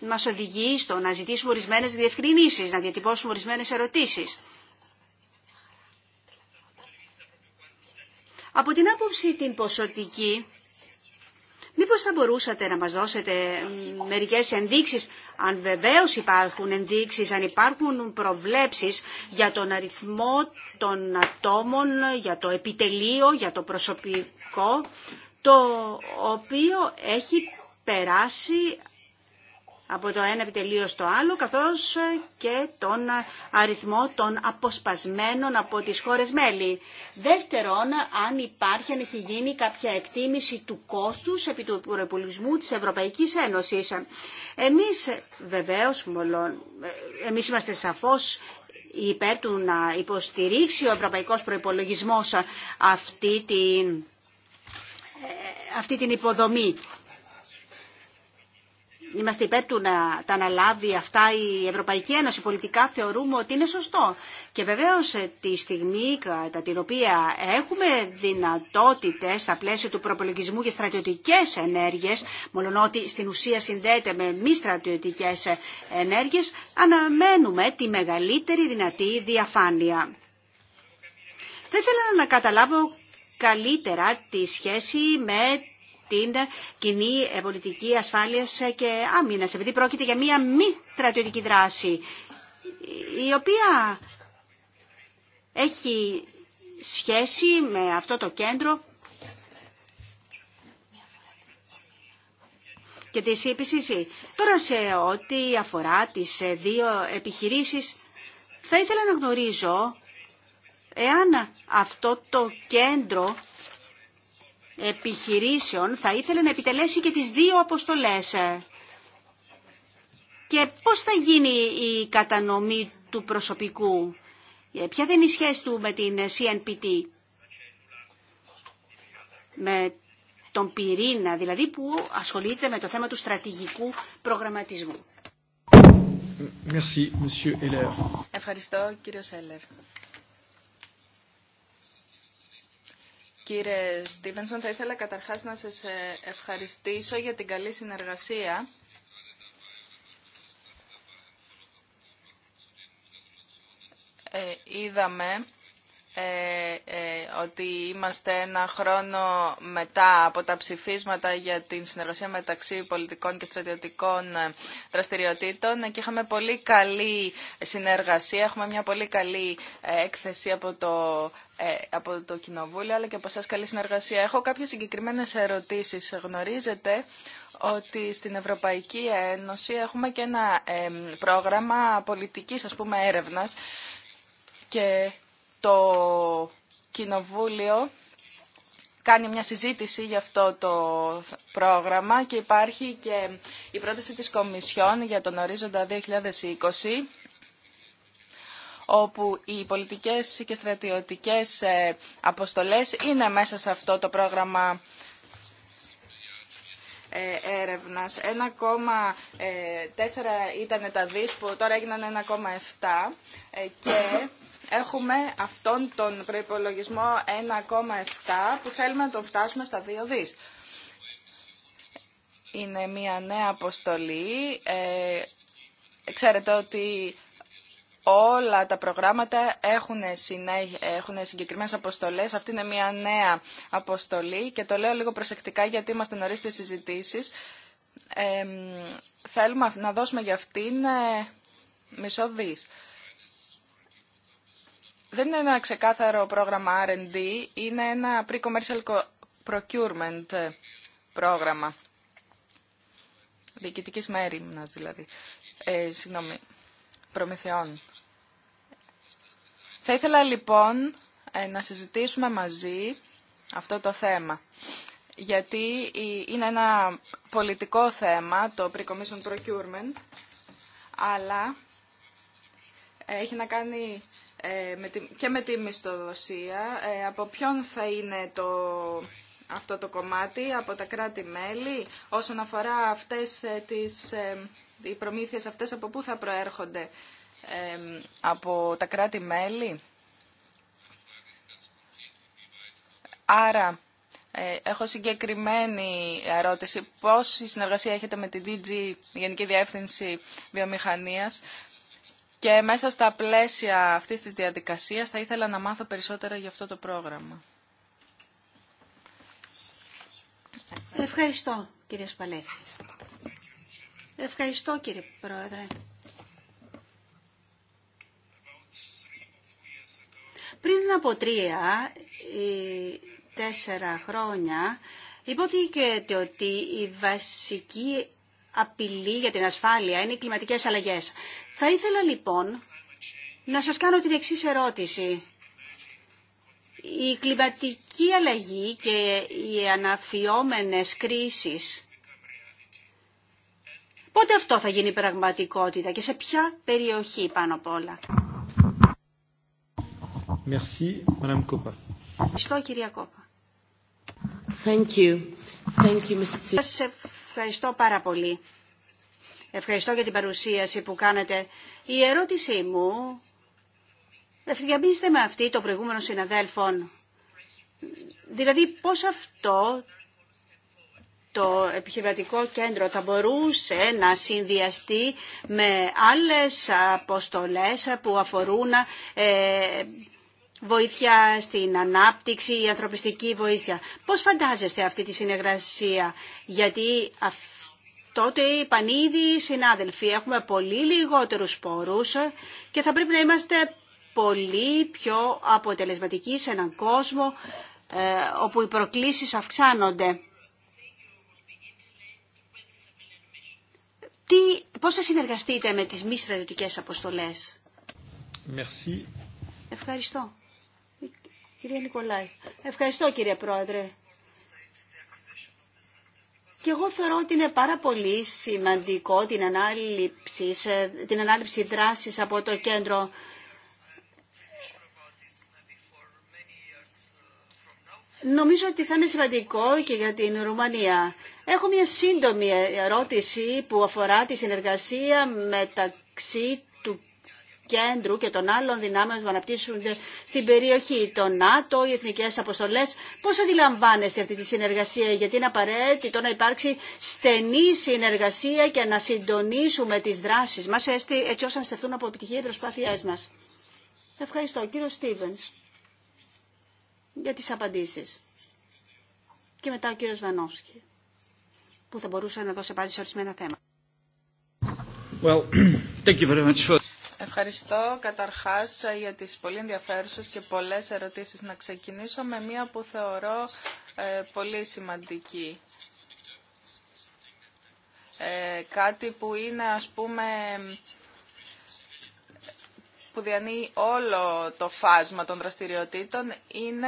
μας οδηγεί στο να ζητήσουμε ορισμένε διευκρινήσεις, να διατυπώσουμε ορισμένε ερωτήσεις. Από την άποψη την ποσοτική, μήπως θα μπορούσατε να μας δώσετε μερικές ενδείξεις, αν βεβαίως υπάρχουν ενδείξεις, αν υπάρχουν προβλέψεις για τον αριθμό των ατόμων, για το επιτελείο, για το προσωπικό, το οποίο έχει περάσει από το ένα επιτελείο στο άλλο, καθώς και τον αριθμό των αποσπασμένων από τις χώρες μέλη. Δεύτερον, αν υπάρχει, αν έχει γίνει κάποια εκτίμηση του κόστους επί του προπολογισμού της Ευρωπαϊκής Ένωσης. Εμείς, βεβαίως, μολον, εμείς είμαστε σαφώς υπέρ του να υποστηρίξει ο Ευρωπαϊκός Προϋπολογισμός αυτή την αυτή την υποδομή. Είμαστε υπέρ του να τα αναλάβει αυτά η Ευρωπαϊκή Ένωση. Πολιτικά θεωρούμε ότι είναι σωστό. Και βεβαίως ε, τη στιγμή κατά την οποία έχουμε δυνατότητες στα πλαίσια του προπολογισμού για στρατιωτικές ενέργειες, μόνο ότι στην ουσία συνδέεται με μη στρατιωτικές ε, ενέργειες, αναμένουμε τη μεγαλύτερη δυνατή διαφάνεια. Δεν ήθελα να καταλάβω καλύτερα τη σχέση με την κοινή πολιτική ασφάλεια και άμυνα, επειδή πρόκειται για μία μη στρατιωτική δράση, η οποία έχει σχέση με αυτό το κέντρο και τη CPCC. Τώρα σε ό,τι αφορά τις δύο επιχειρήσεις, θα ήθελα να γνωρίζω Εάν αυτό το κέντρο επιχειρήσεων θα ήθελε να επιτελέσει και τις δύο αποστολές. Και πώς θα γίνει η κατανομή του προσωπικού. Ποια δεν είναι η σχέση του με την CNPT. Με τον πυρήνα, δηλαδή που ασχολείται με το θέμα του στρατηγικού προγραμματισμού. Ευχαριστώ, κύριο Σέλλερ. Κύριε Στίβενσον, θα ήθελα καταρχάς να σας ε, ευχαριστήσω για την καλή συνεργασία. Ε, είδαμε ε, ε, ότι είμαστε ένα χρόνο μετά από τα ψηφίσματα για την συνεργασία μεταξύ πολιτικών και στρατιωτικών ε, δραστηριοτήτων και είχαμε πολύ καλή συνεργασία, έχουμε μια πολύ καλή έκθεση από το, από το Κοινοβούλιο αλλά και από εσάς καλή συνεργασία. Έχω κάποιες συγκεκριμένες ερωτήσεις. Γνωρίζετε ότι στην Ευρωπαϊκή Ένωση έχουμε και ένα πρόγραμμα πολιτικής ας πούμε έρευνας και το Κοινοβούλιο κάνει μια συζήτηση για αυτό το πρόγραμμα και υπάρχει και η πρόταση της Κομισιόν για τον ορίζοντα 2020 όπου οι πολιτικές και στρατιωτικές ε, αποστολές είναι μέσα σε αυτό το πρόγραμμα ε, έρευνας. 1,4 ε, ήταν τα δις που τώρα έγιναν 1,7 και έχουμε αυτόν τον προϋπολογισμό 1,7 που θέλουμε να τον φτάσουμε στα 2 δις. Είναι μια νέα αποστολή. Ε, ξέρετε ότι όλα τα προγράμματα έχουν, έχουν συγκεκριμένες αποστολές. Αυτή είναι μια νέα αποστολή και το λέω λίγο προσεκτικά γιατί είμαστε νωρίς στις συζητήσεις. θέλουμε να δώσουμε για αυτήν ε, μισό δις δεν είναι ένα ξεκάθαρο πρόγραμμα R&D, είναι ένα pre-commercial procurement πρόγραμμα. Διοικητικής μέρημνας δηλαδή, ε, συγγνώμη, προμηθεών. Θα ήθελα λοιπόν ε, να συζητήσουμε μαζί αυτό το θέμα. Γιατί είναι ένα πολιτικό θέμα, το pre-commission procurement, αλλά έχει να κάνει ε, και με τη μισθοδοσία. Ε, από ποιον θα είναι το, αυτό το κομμάτι, από τα κράτη-μέλη, όσον αφορά αυτές ε, τις, οι προμήθειες αυτές, από πού θα προέρχονται, από τα κράτη-μέλη. Άρα, έχω συγκεκριμένη ερώτηση. Πώς η συνεργασία έχετε με την DG, Γενική Διεύθυνση Βιομηχανίας, και μέσα στα πλαίσια αυτής της διαδικασίας θα ήθελα να μάθω περισσότερα για αυτό το πρόγραμμα. Ευχαριστώ κύριε Σπαλέτσης. Ευχαριστώ κύριε Πρόεδρε. Πριν από τρία ή τέσσερα χρόνια υπόθηκε ότι η βασική απειλή για την ασφάλεια είναι οι κλιματικές αλλαγές. Θα ήθελα λοιπόν να σας κάνω την εξής ερώτηση. Η κλιματική αλλαγή και οι αναφιόμενες κρίσεις, πότε αυτό θα γίνει πραγματικότητα και σε ποια περιοχή πάνω απ' όλα. Merci, Madame Κόπα. Ευχαριστώ, κυρία Κόπα. Thank you. Thank you, Mr ευχαριστώ πάρα πολύ. Ευχαριστώ για την παρουσίαση που κάνετε. Η ερώτησή μου δεν με αυτή το προηγούμενο συναδέλφων. Δηλαδή πώς αυτό το επιχειρηματικό κέντρο θα μπορούσε να συνδυαστεί με άλλες αποστολές που αφορούν ε, βοήθεια στην ανάπτυξη, η ανθρωπιστική βοήθεια. Πώς φαντάζεστε αυτή τη συνεργασία, γιατί τότε οι πανίδιοι συνάδελφοι, έχουμε πολύ λιγότερους πόρους και θα πρέπει να είμαστε πολύ πιο αποτελεσματικοί σε έναν κόσμο ε, όπου οι προκλήσεις αυξάνονται. Τι, πώς θα συνεργαστείτε με τις μη στρατιωτικές αποστολές. Ευχαριστώ. Κύριε Νικολάη. Ευχαριστώ κύριε Πρόεδρε. Και εγώ θεωρώ ότι είναι πάρα πολύ σημαντικό την ανάληψη, την ανάληψη δράσης από το κέντρο. Νομίζω ότι θα είναι σημαντικό και για την Ρουμανία. Έχω μια σύντομη ερώτηση που αφορά τη συνεργασία μεταξύ κέντρου και των άλλων δυνάμεων που αναπτύσσονται στην περιοχή. Το ΝΑΤΟ, οι εθνικέ αποστολέ. Πώ αντιλαμβάνεστε αυτή τη συνεργασία, γιατί είναι απαραίτητο να υπάρξει στενή συνεργασία και να συντονίσουμε τι δράσει μα έτσι ώστε να στεφτούν από επιτυχία οι προσπάθειέ μα. Ευχαριστώ, κύριο Στίβεν, για τι απαντήσει. Και μετά ο κύριο Βανόφσκι, που θα μπορούσε να δώσει απάντηση σε ορισμένα θέματα. Well, thank you very much. Ευχαριστώ καταρχάς για τις πολύ ενδιαφέρουσες και πολλές ερωτήσεις. Να ξεκινήσω με μία που θεωρώ ε, πολύ σημαντική. Ε, κάτι που είναι ας πούμε που διανύει όλο το φάσμα των δραστηριοτήτων είναι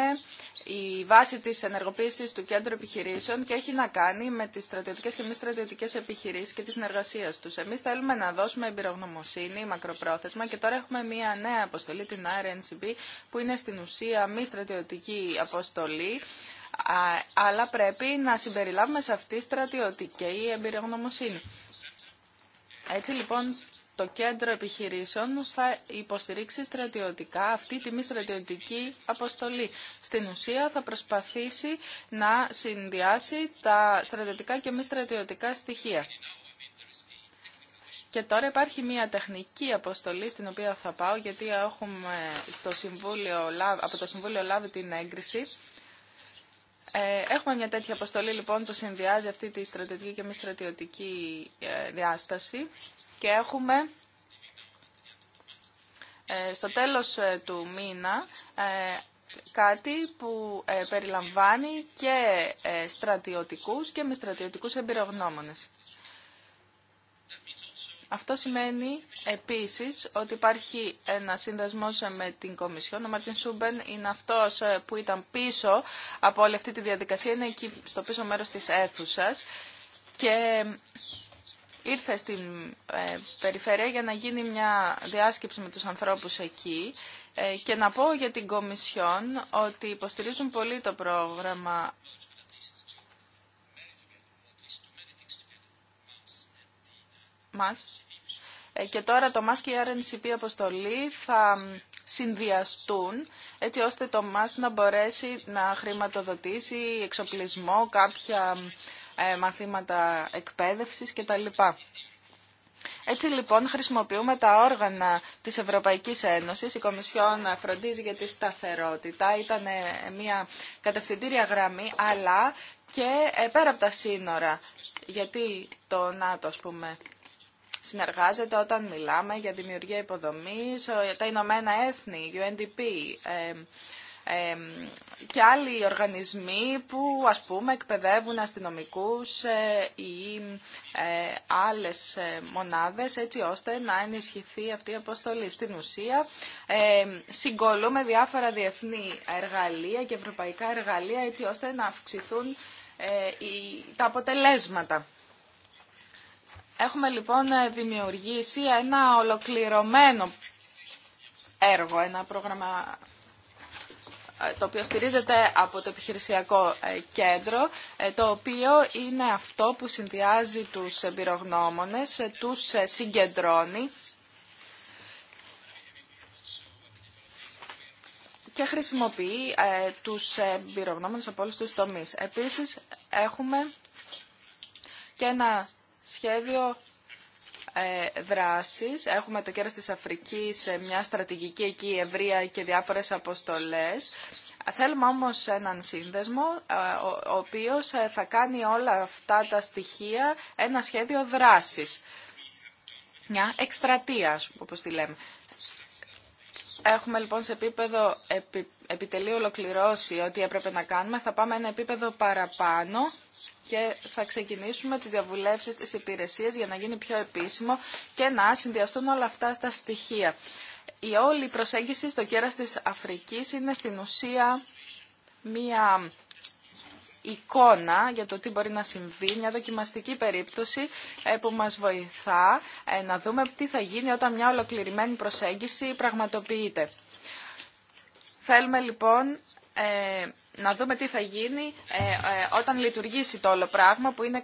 η βάση της ενεργοποίησης του κέντρου επιχειρήσεων και έχει να κάνει με τις στρατιωτικές και μη στρατιωτικές επιχειρήσεις και τη συνεργασία τους. Εμείς θέλουμε να δώσουμε εμπειρογνωμοσύνη, μακροπρόθεσμα και τώρα έχουμε μια νέα αποστολή, την RNCB, που είναι στην ουσία μη στρατιωτική αποστολή αλλά πρέπει να συμπεριλάβουμε σε αυτή στρατιωτική εμπειρογνωμοσύνη. Έτσι λοιπόν το κέντρο επιχειρήσεων θα υποστηρίξει στρατιωτικά αυτή τη μη στρατιωτική αποστολή. Στην ουσία θα προσπαθήσει να συνδυάσει τα στρατιωτικά και μη στρατιωτικά στοιχεία. Και τώρα υπάρχει μια τεχνική αποστολή στην οποία θα πάω, γιατί έχουμε στο Συμβούλιο, από το Συμβούλιο λάβει την έγκριση. Ε, έχουμε μια τέτοια αποστολή λοιπόν που συνδυάζει αυτή τη στρατιωτική και μη στρατιωτική ε, διάσταση και έχουμε ε, στο τέλος ε, του μήνα ε, κάτι που περιλαμβάνει και στρατιωτικούς και με στρατιωτικούς εμπειρογνώμονες. Αυτό σημαίνει επίσης ότι υπάρχει ένα σύνδεσμος με την Κομισιόν. Ο Μαρτιν Σούμπεν είναι αυτός που ήταν πίσω από όλη αυτή τη διαδικασία, είναι εκεί στο πίσω μέρος της αίθουσας και ήρθε στην ε, περιφέρεια για να γίνει μια διάσκεψη με τους ανθρώπους εκεί ε, και να πω για την Κομισιόν ότι υποστηρίζουν πολύ το πρόγραμμα μας ε, και τώρα το ΜΑΣ και η RNCP αποστολή θα συνδυαστούν έτσι ώστε το ΜΑΣ να μπορέσει να χρηματοδοτήσει εξοπλισμό, κάποια ε, μαθήματα εκπαίδευσης κτλ. Έτσι λοιπόν χρησιμοποιούμε τα όργανα της Ευρωπαϊκής Ένωσης. Η Κομισιόν φροντίζει για τη σταθερότητα. Ήταν ε, μια κατευθυντήρια γραμμή, αλλά και ε, πέρα από τα σύνορα. Γιατί το ΝΑΤΟ, ας πούμε, συνεργάζεται όταν μιλάμε για δημιουργία υποδομής, τα Ηνωμένα Έθνη, UNDP, και άλλοι οργανισμοί που ας πούμε εκπαιδεύουν αστυνομικούς ε, ή ε, άλλες ε, μονάδες έτσι ώστε να ενισχυθεί αυτή η αποστολή. Στην ουσία συγκολούμε διάφορα διεθνή εργαλεία και ευρωπαϊκά εργαλεία έτσι ώστε να αυξηθούν τα αποτελέσματα. Έχουμε λοιπόν δημιουργήσει ένα ολοκληρωμένο έργο, ένα πρόγραμμα ε, το οποίο στηρίζεται από το επιχειρησιακό ε, κέντρο, ε, το οποίο είναι αυτό που συνδυάζει τους εμπειρογνώμονες, τους συγκεντρώνει και χρησιμοποιεί τους εμπειρογνώμονες από όλους τους τομείς. Επίσης, έχουμε και ένα σχέδιο ε, δράσεις. Έχουμε το κέρας της Αφρικής, μια στρατηγική εκεί ευρεία και διάφορες αποστολές. Θέλουμε όμως έναν σύνδεσμο, ε, ο οποίος ε, θα κάνει όλα αυτά τα στοιχεία ένα σχέδιο δράσης. Μια εκστρατεία, όπως τη λέμε. Έχουμε λοιπόν σε επίπεδο επι, επιτελεί ολοκληρώσει ό,τι έπρεπε να κάνουμε. Θα πάμε ένα επίπεδο παραπάνω και θα ξεκινήσουμε τις διαβουλεύσεις της υπηρεσίας για να γίνει πιο επίσημο και να συνδυαστούν όλα αυτά στα στοιχεία. Η όλη προσέγγιση στο κέρας της Αφρικής είναι στην ουσία μία εικόνα για το τι μπορεί να συμβεί, μια δοκιμαστική περίπτωση ε, που μας βοηθά ε, να δούμε τι θα γίνει όταν μια ολοκληρημένη προσέγγιση πραγματοποιείται. Θέλουμε λοιπόν ε, να δούμε τι θα γίνει ε, ε, όταν λειτουργήσει το όλο πράγμα που είναι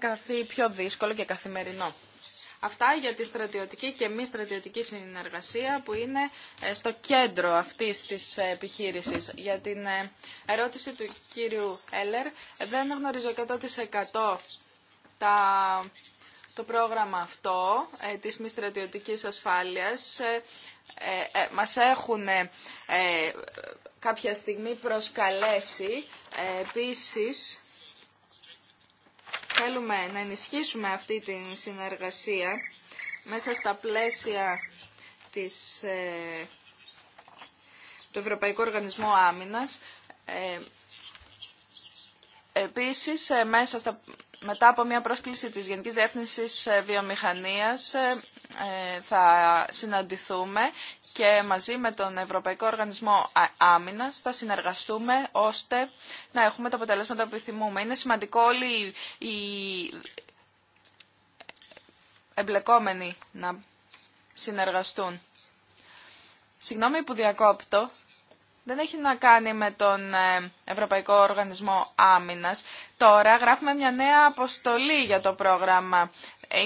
πιο δύσκολο και καθημερινό. Αυτά για τη στρατιωτική και μη στρατιωτική συνεργασία που είναι ε, στο κέντρο αυτής της επιχείρησης. Για την ερώτηση του κύριου Έλερ, δεν γνωρίζω 100% τα... το πρόγραμμα αυτό της μη στρατιωτικής ασφάλειας. Μας έχουν κάποια στιγμή προσκαλέσει. Ε, επίσης, θέλουμε να ενισχύσουμε αυτή την συνεργασία μέσα στα πλαίσια της, ε, του Ευρωπαϊκού Οργανισμού Άμυνας. Ε, επίσης, μέσα στα μετά από μια πρόσκληση της Γενικής Διεύθυνσης ε, Βιομηχανίας ε, ε, θα συναντηθούμε και μαζί με τον Ευρωπαϊκό Οργανισμό Άμυνας θα συνεργαστούμε ώστε να έχουμε τα αποτελέσματα που επιθυμούμε. Είναι σημαντικό όλοι οι εμπλεκόμενοι να συνεργαστούν. Συγγνώμη που διακόπτω, δεν έχει να κάνει με τον ε, Ευρωπαϊκό Οργανισμό Άμυνας. Τώρα γράφουμε μια νέα αποστολή για το πρόγραμμα.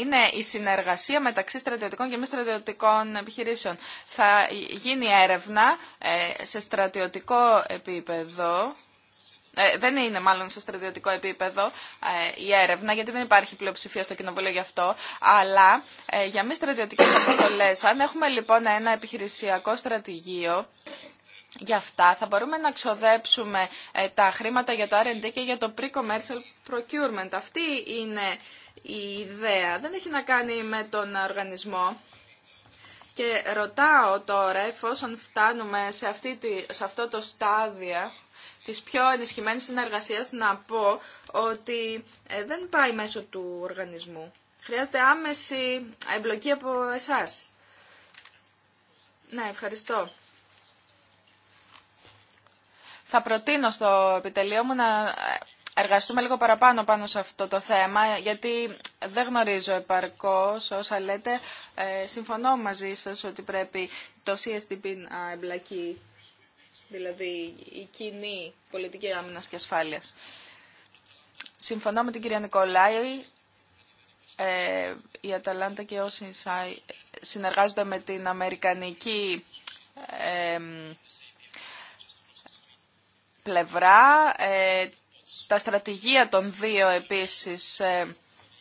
Είναι η συνεργασία μεταξύ στρατιωτικών και μη στρατιωτικών επιχειρήσεων. Θα γίνει έρευνα ε, σε στρατιωτικό επίπεδο. Ε, δεν είναι μάλλον σε στρατιωτικό επίπεδο η έρευνα, γιατί δεν υπάρχει πλειοψηφία στο κοινοβούλιο γι' αυτό, αλλά για μη στρατιωτικέ αποστολέ, αν έχουμε λοιπόν ένα επιχειρησιακό στρατηγείο, για αυτά θα μπορούμε να ξοδέψουμε ε, τα χρήματα για το R&D και για το pre-commercial procurement. Αυτή είναι η ιδέα. Δεν έχει να κάνει με τον οργανισμό. Και ρωτάω τώρα, εφόσον φτάνουμε σε, αυτή τη, σε αυτό το στάδιο της πιο ενισχυμένης συνεργασίας, να πω ότι ε, δεν πάει μέσω του οργανισμού. Χρειάζεται άμεση εμπλοκή από εσάς. Ναι, ευχαριστώ. Θα προτείνω στο επιτελείο μου να εργαστούμε λίγο παραπάνω πάνω σε αυτό το θέμα, γιατί δεν γνωρίζω επαρκώς όσα λέτε. Ε, συμφωνώ μαζί σας ότι πρέπει το CSTP να εμπλακεί, δηλαδή η κοινή πολιτική άμυνας και ασφάλειας. Συμφωνώ με την κυρία Νικολάη, ε, η Αταλάντα και όσοι συνεργάζονται με την Αμερικανική ε, πλευρά. Ε, τα στρατηγία των δύο επίσης ε,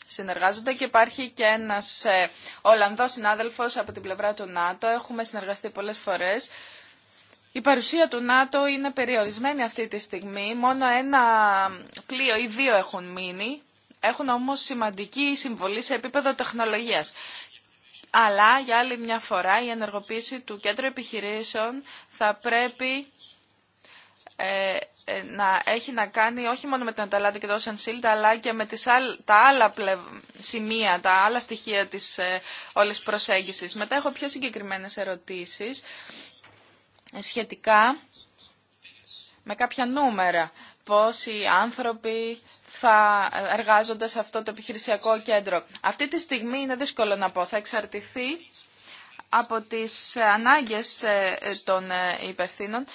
συνεργάζονται και υπάρχει και ένας ε, Ολλανδός συνάδελφος από την πλευρά του ΝΑΤΟ. Έχουμε συνεργαστεί πολλές φορές. Η παρουσία του ΝΑΤΟ είναι περιορισμένη αυτή τη στιγμή. Μόνο ένα πλοίο ή δύο έχουν μείνει. Έχουν όμως σημαντική συμβολή σε επίπεδο τεχνολογίας. Αλλά για άλλη μια φορά η ενεργοποίηση του κέντρου επιχειρήσεων θα πρέπει ε, ε, να έχει να κάνει όχι μόνο με την Αταλάντα και το αλλά και με τις τα άλλα σημεία, τα άλλα στοιχεία της ε, όλης προσέγγισης. Μετά έχω πιο συγκεκριμένες ερωτήσεις ε, σχετικά με κάποια νούμερα. οι άνθρωποι θα εργάζονται σε αυτό το επιχειρησιακό κέντρο. Αυτή τη στιγμή είναι δύσκολο να πω. Θα εξαρτηθεί από τις ανάγκες των υπευθύνων,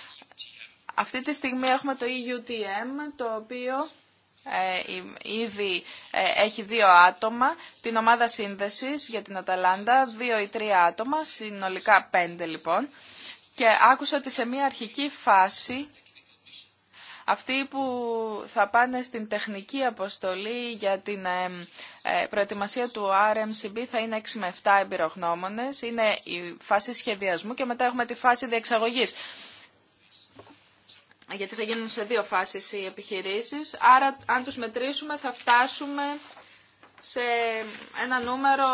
αυτή τη στιγμή έχουμε το EUTM, το οποίο ε, ήδη ε, έχει δύο άτομα, την ομάδα σύνδεσης για την Αταλάντα, δύο ή τρία άτομα, συνολικά πέντε λοιπόν. Και άκουσα ότι σε μια αρχική φάση αυτοί που θα πάνε στην τεχνική αποστολή για την ε, προετοιμασία του RMCB θα είναι 6 με 7 εμπειρογνώμονες. Είναι η φάση σχεδιασμού και μετά έχουμε τη φάση διεξαγωγής γιατί θα γίνουν σε δύο φάσεις οι επιχειρήσεις, άρα αν τους μετρήσουμε θα φτάσουμε σε ένα νούμερο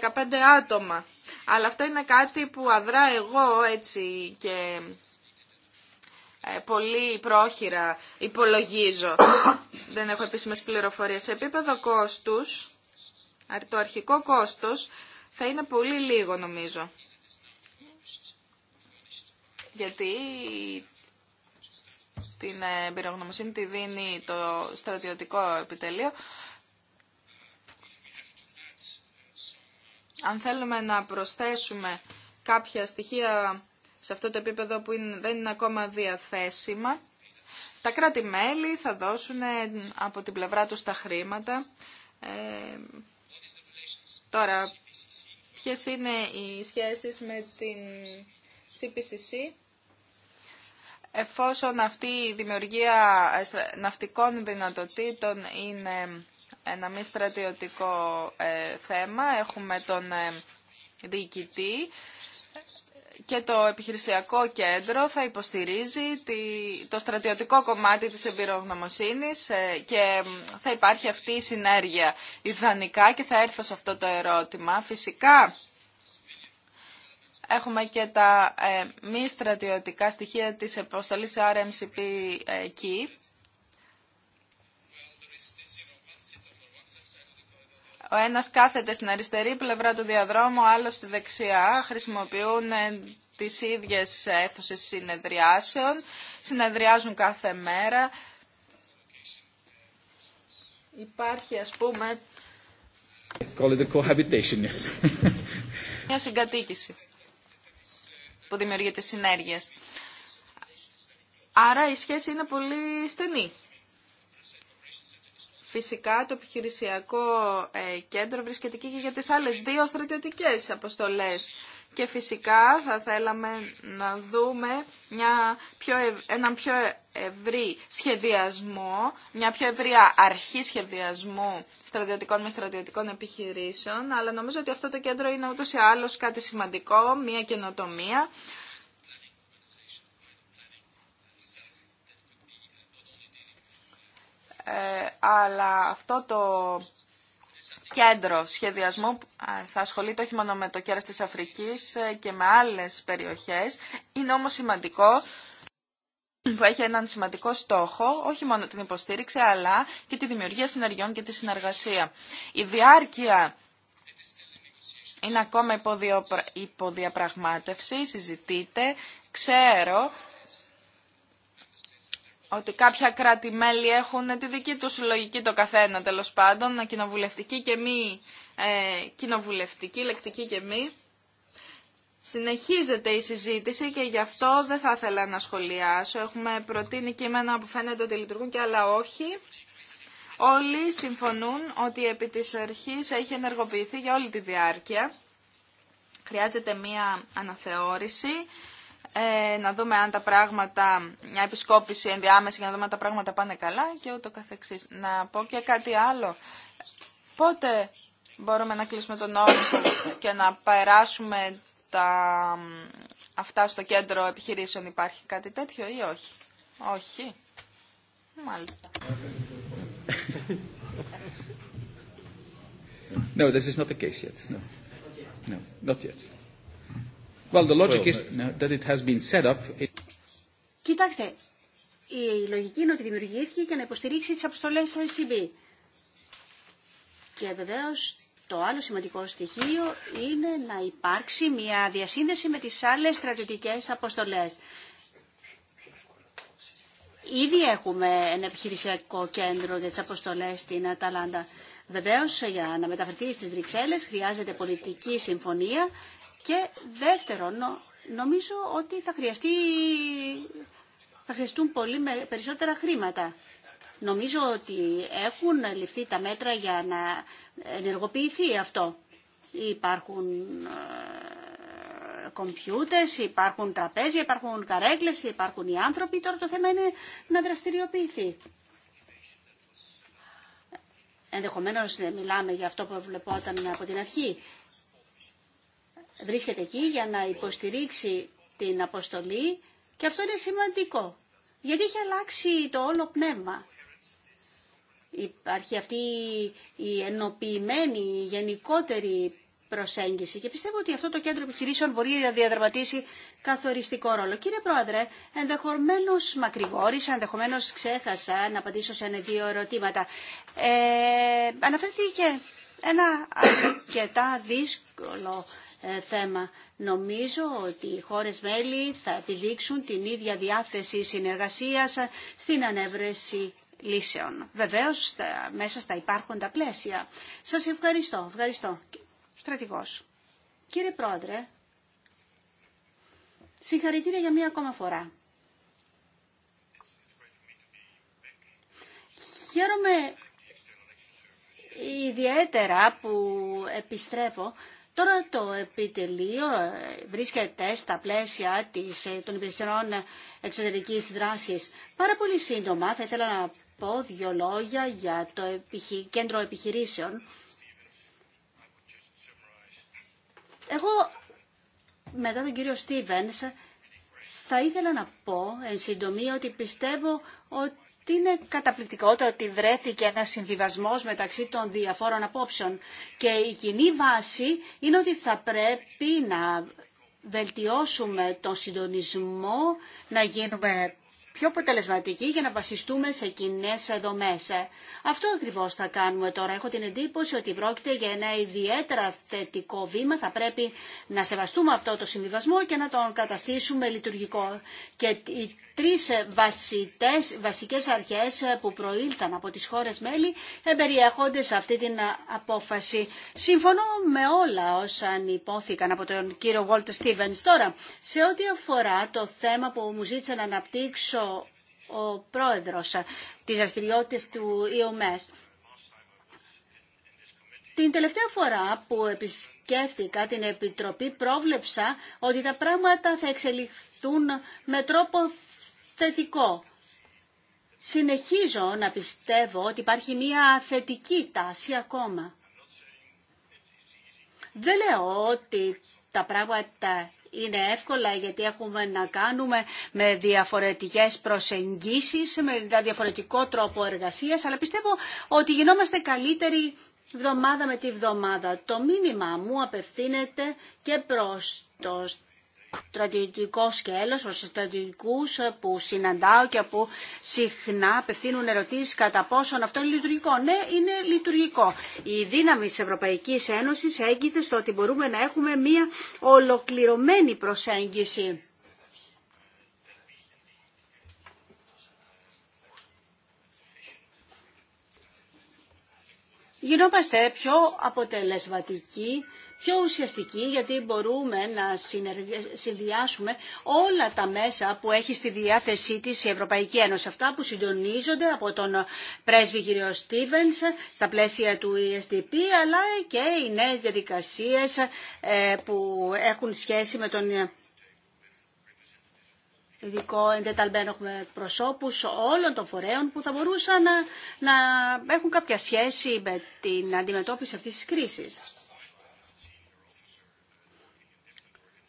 10-15 άτομα. Αλλά αυτό είναι κάτι που αδρά εγώ έτσι και ε, πολύ πρόχειρα υπολογίζω. Δεν έχω επίσημες πληροφορίες. Σε επίπεδο κόστους, το αρχικό κόστος θα είναι πολύ λίγο νομίζω. Γιατί την εμπειρογνωμοσύνη τη δίνει το στρατιωτικό επιτελείο. Αν θέλουμε να προσθέσουμε κάποια στοιχεία σε αυτό το επίπεδο που δεν είναι ακόμα διαθέσιμα, τα κράτη-μέλη θα δώσουν ε, από την πλευρά τους τα χρήματα. Ε, τώρα, ποιες είναι οι σχέσεις με την CPCC εφόσον αυτή η δημιουργία ναυτικών δυνατοτήτων είναι ε, ένα μη στρατιωτικό ε, θέμα, έχουμε τον ε, διοικητή και το επιχειρησιακό κέντρο θα υποστηρίζει το στρατιωτικό κομμάτι της εμπειρογνωμοσύνης και θα υπάρχει αυτή η συνέργεια ιδανικά και θα έρθω σε αυτό το ερώτημα. Φυσικά Έχουμε και τα ε, μη στρατιωτικά στοιχεία της αποστολής RMCP εκεί. Ο ένας κάθεται στην αριστερή πλευρά του διαδρόμου, ο άλλος στη δεξιά. Χρησιμοποιούν ε, τις ίδιες αίθουσες συνεδριάσεων. Συνεδριάζουν κάθε μέρα. Υπάρχει, ας πούμε, μια συγκατοίκηση που δημιουργείται συνέργειες. Άρα η σχέση είναι πολύ στενή. Φυσικά το επιχειρησιακό ε, κέντρο βρίσκεται εκεί και για τις άλλες δύο στρατιωτικές αποστολές. Και φυσικά θα θέλαμε να δούμε μια πιο έναν πιο ευρύ σχεδιασμό, μια πιο ευρία αρχή σχεδιασμού στρατιωτικών με στρατιωτικών επιχειρήσεων, αλλά νομίζω ότι αυτό το κέντρο είναι ούτως ή άλλως κάτι σημαντικό, μια καινοτομία. αλλά αυτό το κέντρο σχεδιασμού θα ασχολείται όχι μόνο με το κέρας της Αφρικής και με άλλες περιοχές. Είναι όμως σημαντικό που έχει έναν σημαντικό στόχο, όχι μόνο την υποστήριξη, αλλά και τη δημιουργία συνεργειών και τη συνεργασία. Η διάρκεια είναι ακόμα υποδιαπραγμάτευση, συζητείται. Ξέρω ότι κάποια κράτη-μέλη έχουν τη δική του συλλογική το καθένα τέλος πάντων, κοινοβουλευτική και μη ε, κοινοβουλευτική, λεκτική και μη. Συνεχίζεται η συζήτηση και γι' αυτό δεν θα ήθελα να σχολιάσω. Έχουμε προτείνει κείμενα που φαίνεται ότι λειτουργούν και άλλα όχι. Όλοι συμφωνούν ότι επί της αρχής έχει ενεργοποιηθεί για όλη τη διάρκεια. Χρειάζεται μία αναθεώρηση ε, να δούμε αν τα πράγματα, μια επισκόπηση ενδιάμεση για να δούμε αν τα πράγματα πάνε καλά και ούτω καθεξής. Να πω και κάτι άλλο. Πότε μπορούμε να κλείσουμε τον όρο και να περάσουμε τα, αυτά στο κέντρο επιχειρήσεων. Υπάρχει κάτι τέτοιο ή όχι. Όχι. Μάλιστα. No, this is not the case yet. No, no, not yet. Κοιτάξτε, η λογική είναι ότι δημιουργήθηκε και να υποστηρίξει τις αποστολές της LCB. Και βεβαίω το άλλο σημαντικό στοιχείο είναι να υπάρξει μια διασύνδεση με τις άλλες στρατιωτικές αποστολές. Ήδη έχουμε ένα επιχειρησιακό κέντρο για τις αποστολές στην Αταλάντα. Βεβαίως, για να μεταφερθεί στις Βρυξέλλες χρειάζεται πολιτική συμφωνία και δεύτερον, νομίζω ότι θα, χρειαστεί, θα χρειαστούν πολύ περισσότερα χρήματα. Νομίζω ότι έχουν ληφθεί τα μέτρα για να ενεργοποιηθεί αυτό. Υπάρχουν ε, κομπιούτες, υπάρχουν τραπέζια, υπάρχουν καρέκλες, υπάρχουν οι άνθρωποι. Τώρα το θέμα είναι να δραστηριοποιηθεί. Ενδεχομένως ε, μιλάμε για αυτό που βλεπόταν από την αρχή βρίσκεται εκεί για να υποστηρίξει την αποστολή και αυτό είναι σημαντικό. Γιατί έχει αλλάξει το όλο πνεύμα. Υπάρχει αυτή η ενοποιημένη, η γενικότερη προσέγγιση και πιστεύω ότι αυτό το κέντρο επιχειρήσεων μπορεί να διαδραματίσει καθοριστικό ρόλο. Κύριε Πρόεδρε, ενδεχομένω μακρηγόρησα, ενδεχομένω ξέχασα να απαντήσω σε ένα-δύο ερωτήματα. Ε, αναφέρθηκε ένα αρκετά δύσκολο ε, θέμα. Νομίζω ότι οι χώρες μέλη θα επιδείξουν την ίδια διάθεση συνεργασίας στην ανέβρεση λύσεων. Βεβαίως μέσα στα υπάρχοντα πλαίσια. Σας ευχαριστώ. Ευχαριστώ. Στρατηγός. Κύριε Πρόεδρε, συγχαρητήρια για μία ακόμα φορά. Χαίρομαι ιδιαίτερα που επιστρέφω Τώρα το επιτελείο ε, βρίσκεται στα πλαίσια της, ε, των υπηρεσιών εξωτερικής δράσης. Πάρα πολύ σύντομα θα ήθελα να πω δύο λόγια για το επιχει... κέντρο επιχειρήσεων. Εγώ μετά τον κύριο Στίβενς θα ήθελα να πω εν συντομία ότι πιστεύω ότι τι είναι το ότι βρέθηκε ένα συμβιβασμό μεταξύ των διαφόρων απόψεων και η κοινή βάση είναι ότι θα πρέπει να βελτιώσουμε τον συντονισμό, να γίνουμε πιο αποτελεσματικοί για να βασιστούμε σε κοινέ δομέ. Αυτό ακριβώ θα κάνουμε τώρα. Έχω την εντύπωση ότι πρόκειται για ένα ιδιαίτερα θετικό βήμα. Θα πρέπει να σεβαστούμε αυτό το συμβιβασμό και να τον καταστήσουμε λειτουργικό. Και τρεις ε, βασιτές, βασικές αρχές ε, που προήλθαν από τις χώρες μέλη εμπεριέχονται σε αυτή την ε, απόφαση. Συμφωνώ με όλα όσα υπόθηκαν από τον κύριο Βόλτ Στίβενς. Τώρα, σε ό,τι αφορά το θέμα που μου ζήτησε να αναπτύξω ο πρόεδρος της δραστηριότητας του ΙΟΜΕΣ, την τελευταία φορά που επισκέφθηκα την Επιτροπή πρόβλεψα ότι τα πράγματα θα εξελιχθούν με τρόπο θετικό. Συνεχίζω να πιστεύω ότι υπάρχει μία θετική τάση ακόμα. Δεν λέω ότι τα πράγματα είναι εύκολα γιατί έχουμε να κάνουμε με διαφορετικές προσεγγίσεις, με διαφορετικό τρόπο εργασίας, αλλά πιστεύω ότι γινόμαστε καλύτεροι βδομάδα με τη βδομάδα. Το μήνυμα μου απευθύνεται και προς το στρατιωτικό σκέλος, προς στρατηγικού ε, που συναντάω και που συχνά απευθύνουν ερωτήσεις κατά πόσον αυτό είναι λειτουργικό. Ναι, είναι λειτουργικό. Η δύναμη της Ευρωπαϊκής Ένωσης έγκυται στο ότι μπορούμε να έχουμε μια ολοκληρωμένη προσέγγιση. Γινόμαστε πιο αποτελεσματικοί πιο ουσιαστική γιατί μπορούμε να συνδυάσουμε όλα τα μέσα που έχει στη διάθεσή της η Ευρωπαϊκή Ένωση. Αυτά που συντονίζονται από τον πρέσβη κ. Στίβενς στα πλαίσια του ESDP αλλά και οι νέες διαδικασίες ε, που έχουν σχέση με τον ειδικό εντεταλμένο προσώπου, προσώπους όλων των φορέων που θα μπορούσαν να, να έχουν κάποια σχέση με την αντιμετώπιση αυτής της κρίσης.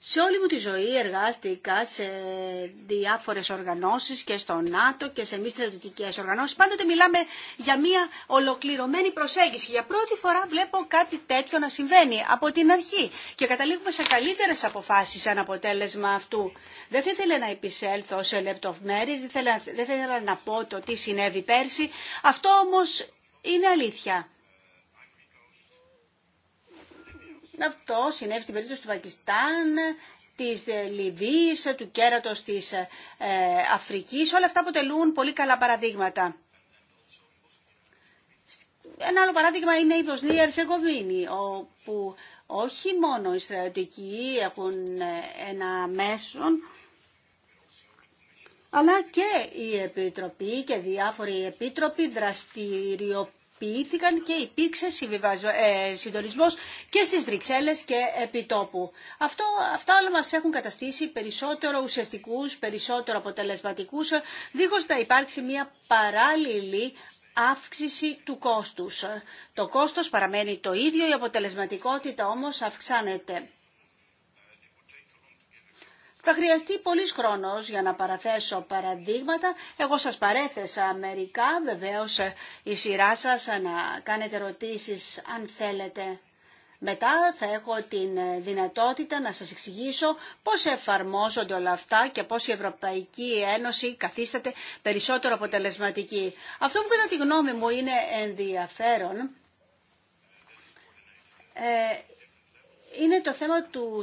Σε όλη μου τη ζωή εργάστηκα σε διάφορες οργανώσεις και στο ΝΑΤΟ και σε μη στρατιωτικέ οργανώσεις. Πάντοτε μιλάμε για μια ολοκληρωμένη προσέγγιση. Για πρώτη φορά βλέπω κάτι τέτοιο να συμβαίνει από την αρχή και καταλήγουμε σε καλύτερες αποφάσεις σαν αποτέλεσμα αυτού. Δεν θα ήθελα να επισέλθω σε λεπτομέρειες, δεν θα ήθελα να πω το τι συνέβη πέρσι. Αυτό όμως είναι αλήθεια. Αυτό συνέβη στην περίπτωση του Πακιστάν, της ε, Λιβύης, ε, του κέρατος της ε, Αφρικής. Όλα αυτά αποτελούν πολύ καλά παραδείγματα. Ένα άλλο παράδειγμα είναι η Βοσνία Ερσεγοβίνη, όπου όχι μόνο οι στρατιωτικοί έχουν ένα μέσον, αλλά και η Επιτροπή και διάφοροι επίτροποι δραστηριοποιούν ποιήθηκαν και υπήρξε ε, συντονισμός και στις Βρυξέλλες και επί τόπου. Αυτό, αυτά όλα μας έχουν καταστήσει περισσότερο ουσιαστικούς, περισσότερο αποτελεσματικούς, δίχως να υπάρξει μια παράλληλη αύξηση του κόστους. Το κόστος παραμένει το ίδιο, η αποτελεσματικότητα όμως αυξάνεται. Θα χρειαστεί πολύς χρόνος για να παραθέσω παραδείγματα. Εγώ σας παρέθεσα μερικά, βεβαίως ε, η σειρά σας να κάνετε ερωτήσεις αν θέλετε. Μετά θα έχω την ε, δυνατότητα να σας εξηγήσω πώς εφαρμόζονται όλα αυτά και πώς η Ευρωπαϊκή Ένωση καθίσταται περισσότερο αποτελεσματική. Αυτό που κατά τη γνώμη μου είναι ενδιαφέρον ε, είναι το θέμα του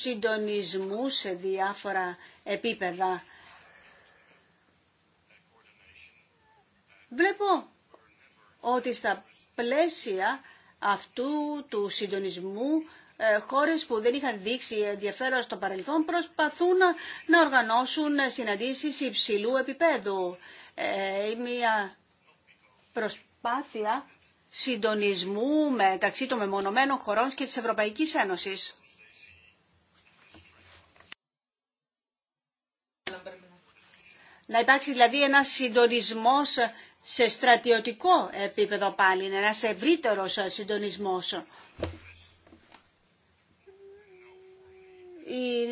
συντονισμού σε διάφορα επίπεδα. Βλέπω ότι στα πλαίσια αυτού του συντονισμού ε, χώρες που δεν είχαν δείξει ενδιαφέρον στο παρελθόν προσπαθούν να οργανώσουν συναντήσεις υψηλού επίπεδου. Ε, μια προσπάθεια συντονισμού μεταξύ των μεμονωμένων χωρών και της Ευρωπαϊκής Ένωσης. Να υπάρξει δηλαδή ένα συντονισμό σε στρατιωτικό επίπεδο πάλι, ένας ευρύτερο συντονισμό. Οι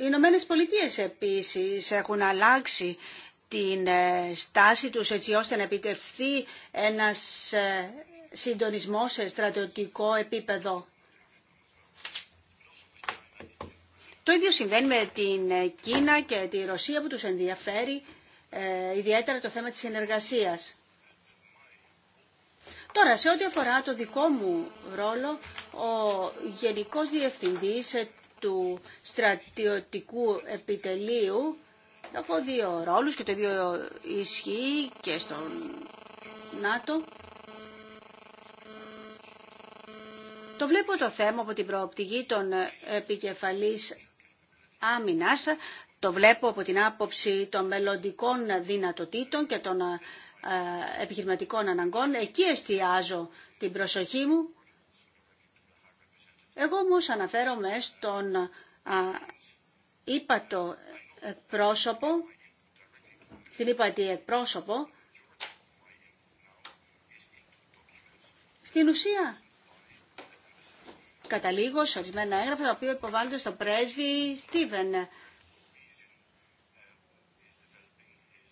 Ηνωμένε Πολιτείε επίσης έχουν αλλάξει την ε, στάση τους έτσι ώστε να επιτευχθεί ένας ε, συντονισμό σε στρατιωτικό επίπεδο. Το ίδιο συμβαίνει με την Κίνα και τη Ρωσία που τους ενδιαφέρει ε, ιδιαίτερα το θέμα της συνεργασίας. Τώρα, σε ό,τι αφορά το δικό μου ρόλο, ο Γενικός Διευθυντής του Στρατιωτικού Επιτελείου έχω δύο ρόλους και το δύο ισχύει και στον ΝΑΤΟ. Το βλέπω το θέμα από την προοπτική των επικεφαλής άμυνας, το βλέπω από την άποψη των μελλοντικών δυνατοτήτων και των επιχειρηματικών αναγκών. Εκεί εστιάζω την προσοχή μου. Εγώ όμω αναφέρομαι στον ύπατο εκπρόσωπο, στην ύπατη εκπρόσωπο, στην ουσία καταλήγω σε ορισμένα έγγραφα τα οποία υποβάλλονται στο πρέσβη Στίβεν.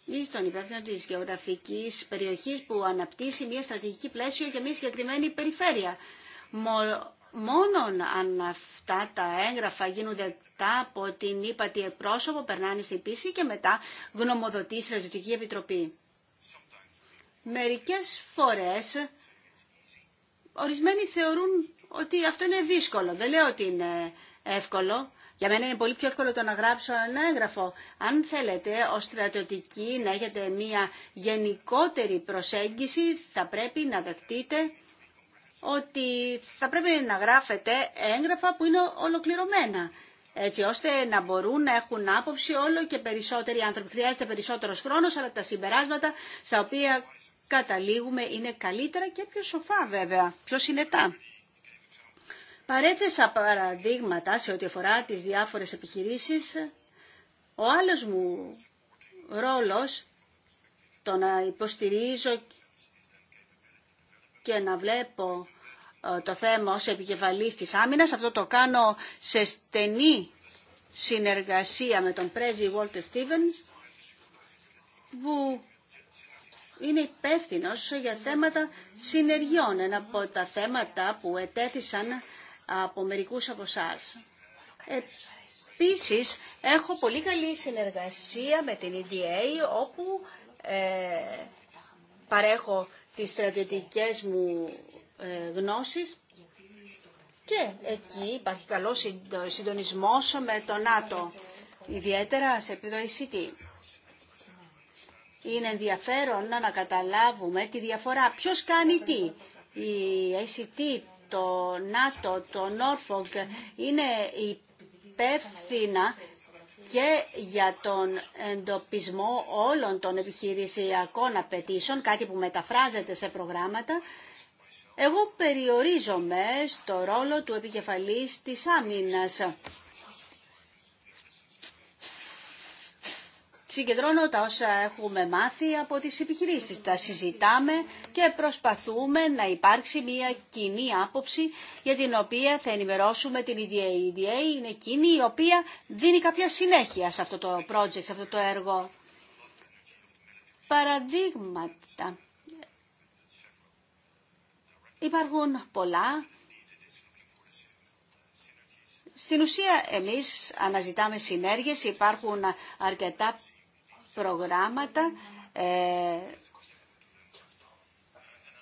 ή στον υπεύθυνο τη γεωγραφική περιοχή που αναπτύσσει μια στρατηγική πλαίσιο για μια συγκεκριμένη περιφέρεια. Μόνον αν αυτά τα έγγραφα γίνουν δεκτά από την ύπατη εκπρόσωπο, περνάνε στην πίση και μετά γνωμοδοτεί η Στρατιωτική Επιτροπή. Μερικές φορές ορισμένοι θεωρούν ότι αυτό είναι δύσκολο. Δεν λέω ότι είναι εύκολο. Για μένα είναι πολύ πιο εύκολο το να γράψω ένα έγγραφο. Αν θέλετε, ω στρατιωτική να έχετε μια γενικότερη προσέγγιση, θα πρέπει να δεχτείτε ότι θα πρέπει να γράφετε έγγραφα που είναι ολοκληρωμένα. Έτσι ώστε να μπορούν να έχουν άποψη όλο και περισσότεροι άνθρωποι. Χρειάζεται περισσότερο χρόνο, αλλά τα συμπεράσματα στα οποία καταλήγουμε είναι καλύτερα και πιο σοφά βέβαια, πιο συνετά παρέθεσα παραδείγματα σε ό,τι αφορά τις διάφορες επιχειρήσεις. Ο άλλος μου ρόλος, το να υποστηρίζω και να βλέπω ε, το θέμα ως επικεφαλής της άμυνας, αυτό το κάνω σε στενή συνεργασία με τον πρέσβη Walter Stevens, που είναι υπεύθυνο για θέματα συνεργειών. Ένα από τα θέματα που ετέθησαν από μερικούς από εσά. Επίσης, έχω πολύ καλή συνεργασία με την EDA, όπου ε, παρέχω τις στρατιωτικές μου ε, γνώσεις και εκεί υπάρχει καλό συντονισμός με το ΝΑΤΟ, ιδιαίτερα σε επίπεδο ICT. Είναι ενδιαφέρον να καταλάβουμε τη διαφορά. Ποιος κάνει τι. Η ICT το ΝΑΤΟ, το Νόρφογκ είναι υπεύθυνα και για τον εντοπισμό όλων των επιχειρησιακών απαιτήσεων, κάτι που μεταφράζεται σε προγράμματα, εγώ περιορίζομαι στο ρόλο του επικεφαλής της άμυνας. συγκεντρώνω τα όσα έχουμε μάθει από τις επιχειρήσεις. Τα συζητάμε και προσπαθούμε να υπάρξει μια κοινή άποψη για την οποία θα ενημερώσουμε την EDA. Η EDA είναι εκείνη η οποία δίνει κάποια συνέχεια σε αυτό το project, σε αυτό το έργο. Παραδείγματα. Υπάρχουν πολλά. Στην ουσία εμείς αναζητάμε συνέργειες, υπάρχουν αρκετά προγράμματα ε,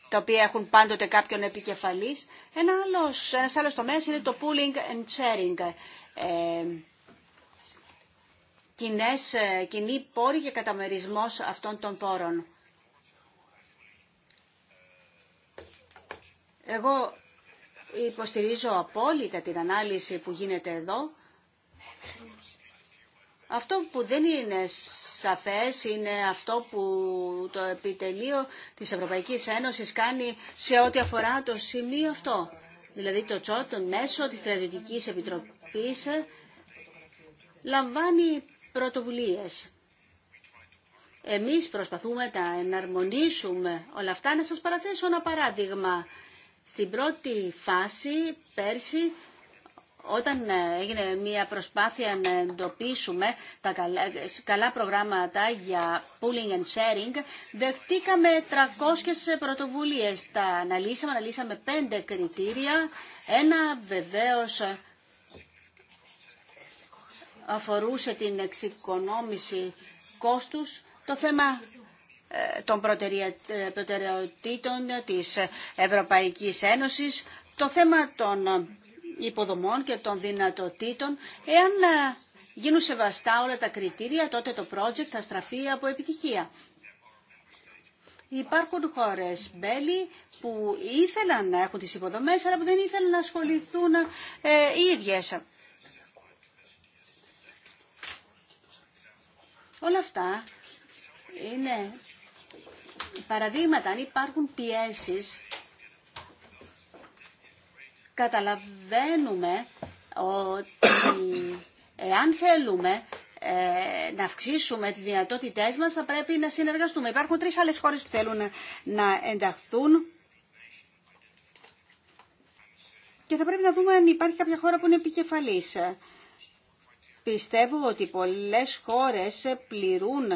τα οποία έχουν πάντοτε κάποιον επικεφαλής. Ένα άλλος, ένας άλλος τομέας είναι το pooling and sharing. Ε, κοινές, ε, κοινή πόρη και καταμερισμός αυτών των πόρων. Εγώ υποστηρίζω απόλυτα την ανάλυση που γίνεται εδώ αυτό που δεν είναι σαφές είναι αυτό που το επιτελείο της Ευρωπαϊκής Ένωσης κάνει σε ό,τι αφορά το σημείο αυτό. Δηλαδή το ΤΣΟΤ μέσω της Στρατιωτικής Επιτροπής λαμβάνει πρωτοβουλίες. Εμείς προσπαθούμε να εναρμονίσουμε όλα αυτά. Να σας παραθέσω ένα παράδειγμα. Στην πρώτη φάση, πέρσι, όταν ε, έγινε μια προσπάθεια να εντοπίσουμε τα καλά, προγράμματα για pooling and sharing, δεχτήκαμε 300 πρωτοβουλίες. Τα αναλύσαμε, αναλύσαμε πέντε κριτήρια. Ένα βεβαίως αφορούσε την εξοικονόμηση κόστους, το θέμα ε, των ε, προτεραιοτήτων της Ευρωπαϊκής Ένωσης, το θέμα των υποδομών και των δυνατοτήτων, εάν ε, γίνουν σεβαστά όλα τα κριτήρια, τότε το project θα στραφεί από επιτυχία. Υπάρχουν χώρες μπέλη που ήθελαν να έχουν τις υποδομές, αλλά που δεν ήθελαν να ασχοληθούν ε, οι ίδιες. Όλα αυτά είναι παραδείγματα. Αν υπάρχουν πιέσεις καταλαβαίνουμε ότι εάν θέλουμε ε, να αυξήσουμε τις δυνατότητές μας θα πρέπει να συνεργαστούμε. Υπάρχουν τρεις άλλες χώρες που θέλουν να ενταχθούν και θα πρέπει να δούμε αν υπάρχει κάποια χώρα που είναι επικεφαλής. Πιστεύω ότι πολλές χώρες πληρούν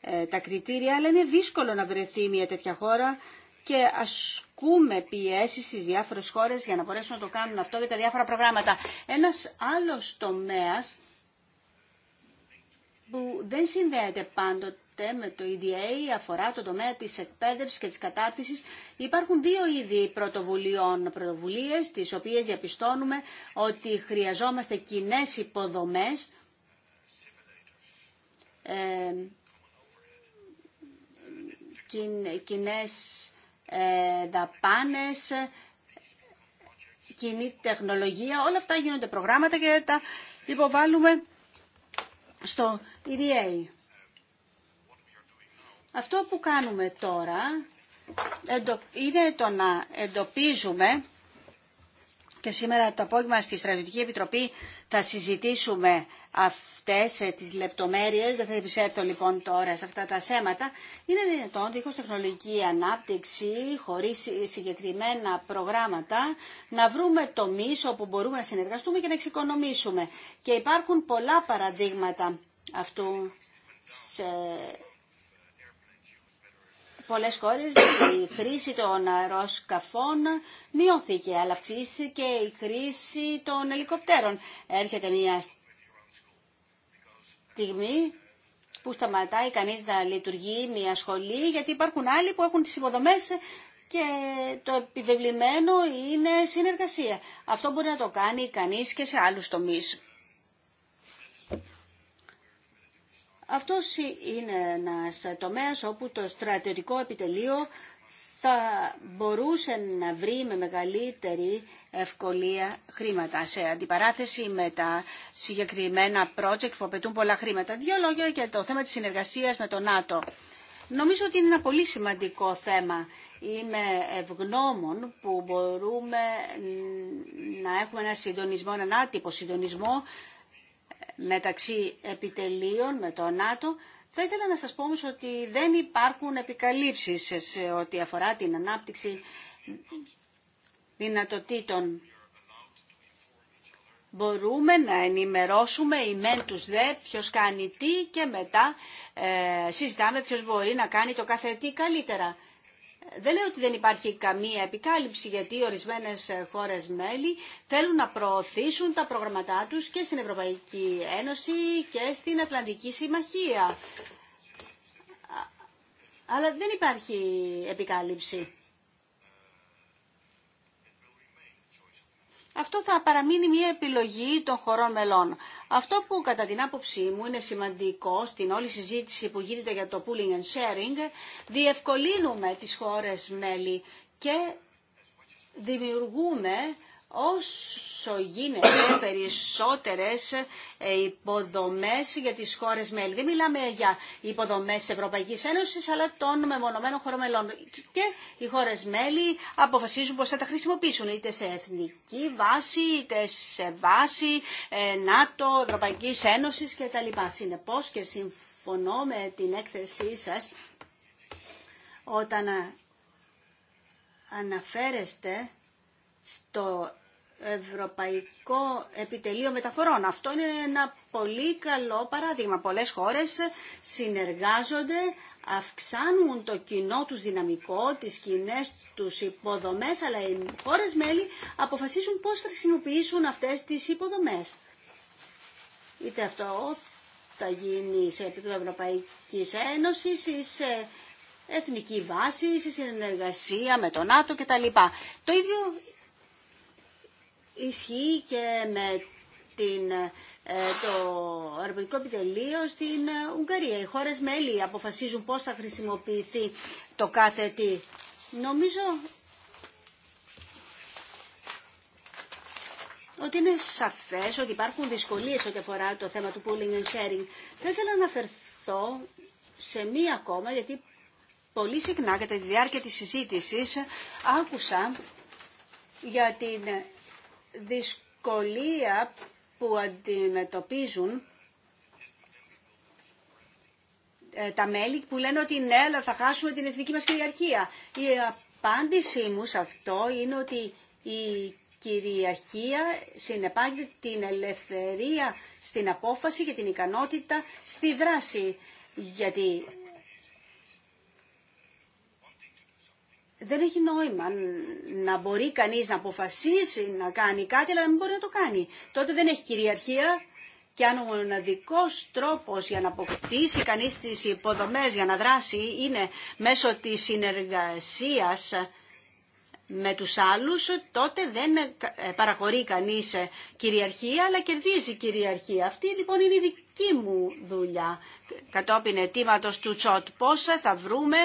ε, τα κριτήρια, αλλά είναι δύσκολο να βρεθεί μια τέτοια χώρα και ασκούμε πιέσει στι διάφορε χώρες για να μπορέσουν να το κάνουν αυτό για τα διάφορα προγράμματα. Ένας άλλος τομέας που δεν συνδέεται πάντοτε με το EDA αφορά το τομέα της εκπαίδευσης και της κατάρτισης. Υπάρχουν δύο είδη πρωτοβουλίων, πρωτοβουλίες, τις οποίες διαπιστώνουμε ότι χρειαζόμαστε κοινέ υποδομές, ε, κοινέ ε, δαπάνες, κοινή τεχνολογία. Όλα αυτά γίνονται προγράμματα και τα υποβάλλουμε στο EDA. Αυτό που κάνουμε τώρα είναι το να εντοπίζουμε και σήμερα το απόγευμα στη Στρατιωτική Επιτροπή θα συζητήσουμε αυτές ε, τις λεπτομέρειες, δεν θα επισέλθω λοιπόν τώρα σε αυτά τα σέματα. είναι δυνατόν δίχως τεχνολογική ανάπτυξη, χωρίς συγκεκριμένα προγράμματα, να βρούμε το μίσο που μπορούμε να συνεργαστούμε και να εξοικονομήσουμε. Και υπάρχουν πολλά παραδείγματα αυτού σε πολλές χώρες η χρήση των αεροσκαφών μειώθηκε, αλλά αυξήθηκε η χρήση των ελικοπτέρων. Έρχεται μια στιγμή που σταματάει κανείς να λειτουργεί μια σχολή, γιατί υπάρχουν άλλοι που έχουν τις υποδομές και το επιβεβλημένο είναι συνεργασία. Αυτό μπορεί να το κάνει κανείς και σε άλλους τομείς. Αυτός είναι ένας τομέας όπου το στρατιωτικό επιτελείο θα μπορούσε να βρει με μεγαλύτερη ευκολία χρήματα σε αντιπαράθεση με τα συγκεκριμένα project που απαιτούν πολλά χρήματα. Δύο λόγια για το θέμα της συνεργασίας με το ΝΑΤΟ. Νομίζω ότι είναι ένα πολύ σημαντικό θέμα. Είμαι ευγνώμων που μπορούμε να έχουμε ένα συντονισμό, έναν άτυπο συντονισμό μεταξύ επιτελείων με το ΝΑΤΟ θα ήθελα να σας πω όμως ότι δεν υπάρχουν επικαλύψεις σε ό,τι αφορά την ανάπτυξη δυνατοτήτων. Μπορούμε να ενημερώσουμε η μεν τους δε ποιος κάνει τι και μετά ε, συζητάμε ποιος μπορεί να κάνει το κάθε τι καλύτερα δεν λέω ότι δεν υπάρχει καμία επικάλυψη γιατί ορισμένες χώρες μέλη θέλουν να προωθήσουν τα προγραμματά τους και στην Ευρωπαϊκή Ένωση και στην Ατλαντική Συμμαχία. Αλλά δεν υπάρχει επικάλυψη. αυτό θα παραμείνει μια επιλογή των χωρών μελών. Αυτό που κατά την άποψή μου είναι σημαντικό στην όλη συζήτηση που γίνεται για το pooling and sharing, διευκολύνουμε τις χώρες μέλη και δημιουργούμε όσο γίνεται περισσότερες ε, υποδομές για τις χώρες μέλη. Δεν μιλάμε για υποδομές Ευρωπαϊκής Ένωσης, αλλά των μεμονωμένων χωρών Και οι χώρες μέλη αποφασίζουν πώς θα τα χρησιμοποιήσουν, είτε σε εθνική βάση, είτε σε βάση ε, ΝΑΤΟ, Ευρωπαϊκής Ένωσης κτλ. Συνεπώς και συμφωνώ με την έκθεσή σας όταν αναφέρεστε στο Ευρωπαϊκό Επιτελείο Μεταφορών. Αυτό είναι ένα πολύ καλό παράδειγμα. Πολλές χώρες συνεργάζονται, αυξάνουν το κοινό τους δυναμικό, τις κοινέ τους υποδομές, αλλά οι χώρες μέλη αποφασίζουν πώς θα χρησιμοποιήσουν αυτές τις υποδομές. Είτε αυτό θα γίνει σε επίπεδο Ευρωπαϊκής Ένωσης ή σε εθνική βάση, σε συνεργασία με τον ΝΑΤΟ κτλ. Το ίδιο Ισχύει και με την, ε, το αεροπορικό επιτελείο στην ε, Ουγγαρία. Οι χώρες μέλη αποφασίζουν πώς θα χρησιμοποιηθεί το κάθε τι. Νομίζω ότι είναι σαφές ότι υπάρχουν δυσκολίες ό,τι αφορά το θέμα του pooling and sharing. Θα ήθελα να αναφερθώ σε μία ακόμα, γιατί πολύ συχνά κατά τη διάρκεια της συζήτησης άκουσα για την δυσκολία που αντιμετωπίζουν ε, τα μέλη που λένε ότι ναι, αλλά θα χάσουμε την εθνική μας κυριαρχία. Η απάντησή μου σε αυτό είναι ότι η κυριαρχία συνεπάγεται την ελευθερία στην απόφαση και την ικανότητα στη δράση. Γιατί δεν έχει νόημα να μπορεί κανείς να αποφασίσει να κάνει κάτι, αλλά να μην μπορεί να το κάνει. Τότε δεν έχει κυριαρχία και αν ο μοναδικός τρόπος για να αποκτήσει κανείς τις υποδομές για να δράσει είναι μέσω της συνεργασίας με τους άλλους, τότε δεν παραχωρεί κανείς κυριαρχία, αλλά κερδίζει κυριαρχία. Αυτή λοιπόν είναι η δική μου δουλειά. Κατόπιν αιτήματος του Τσότ, πώς θα βρούμε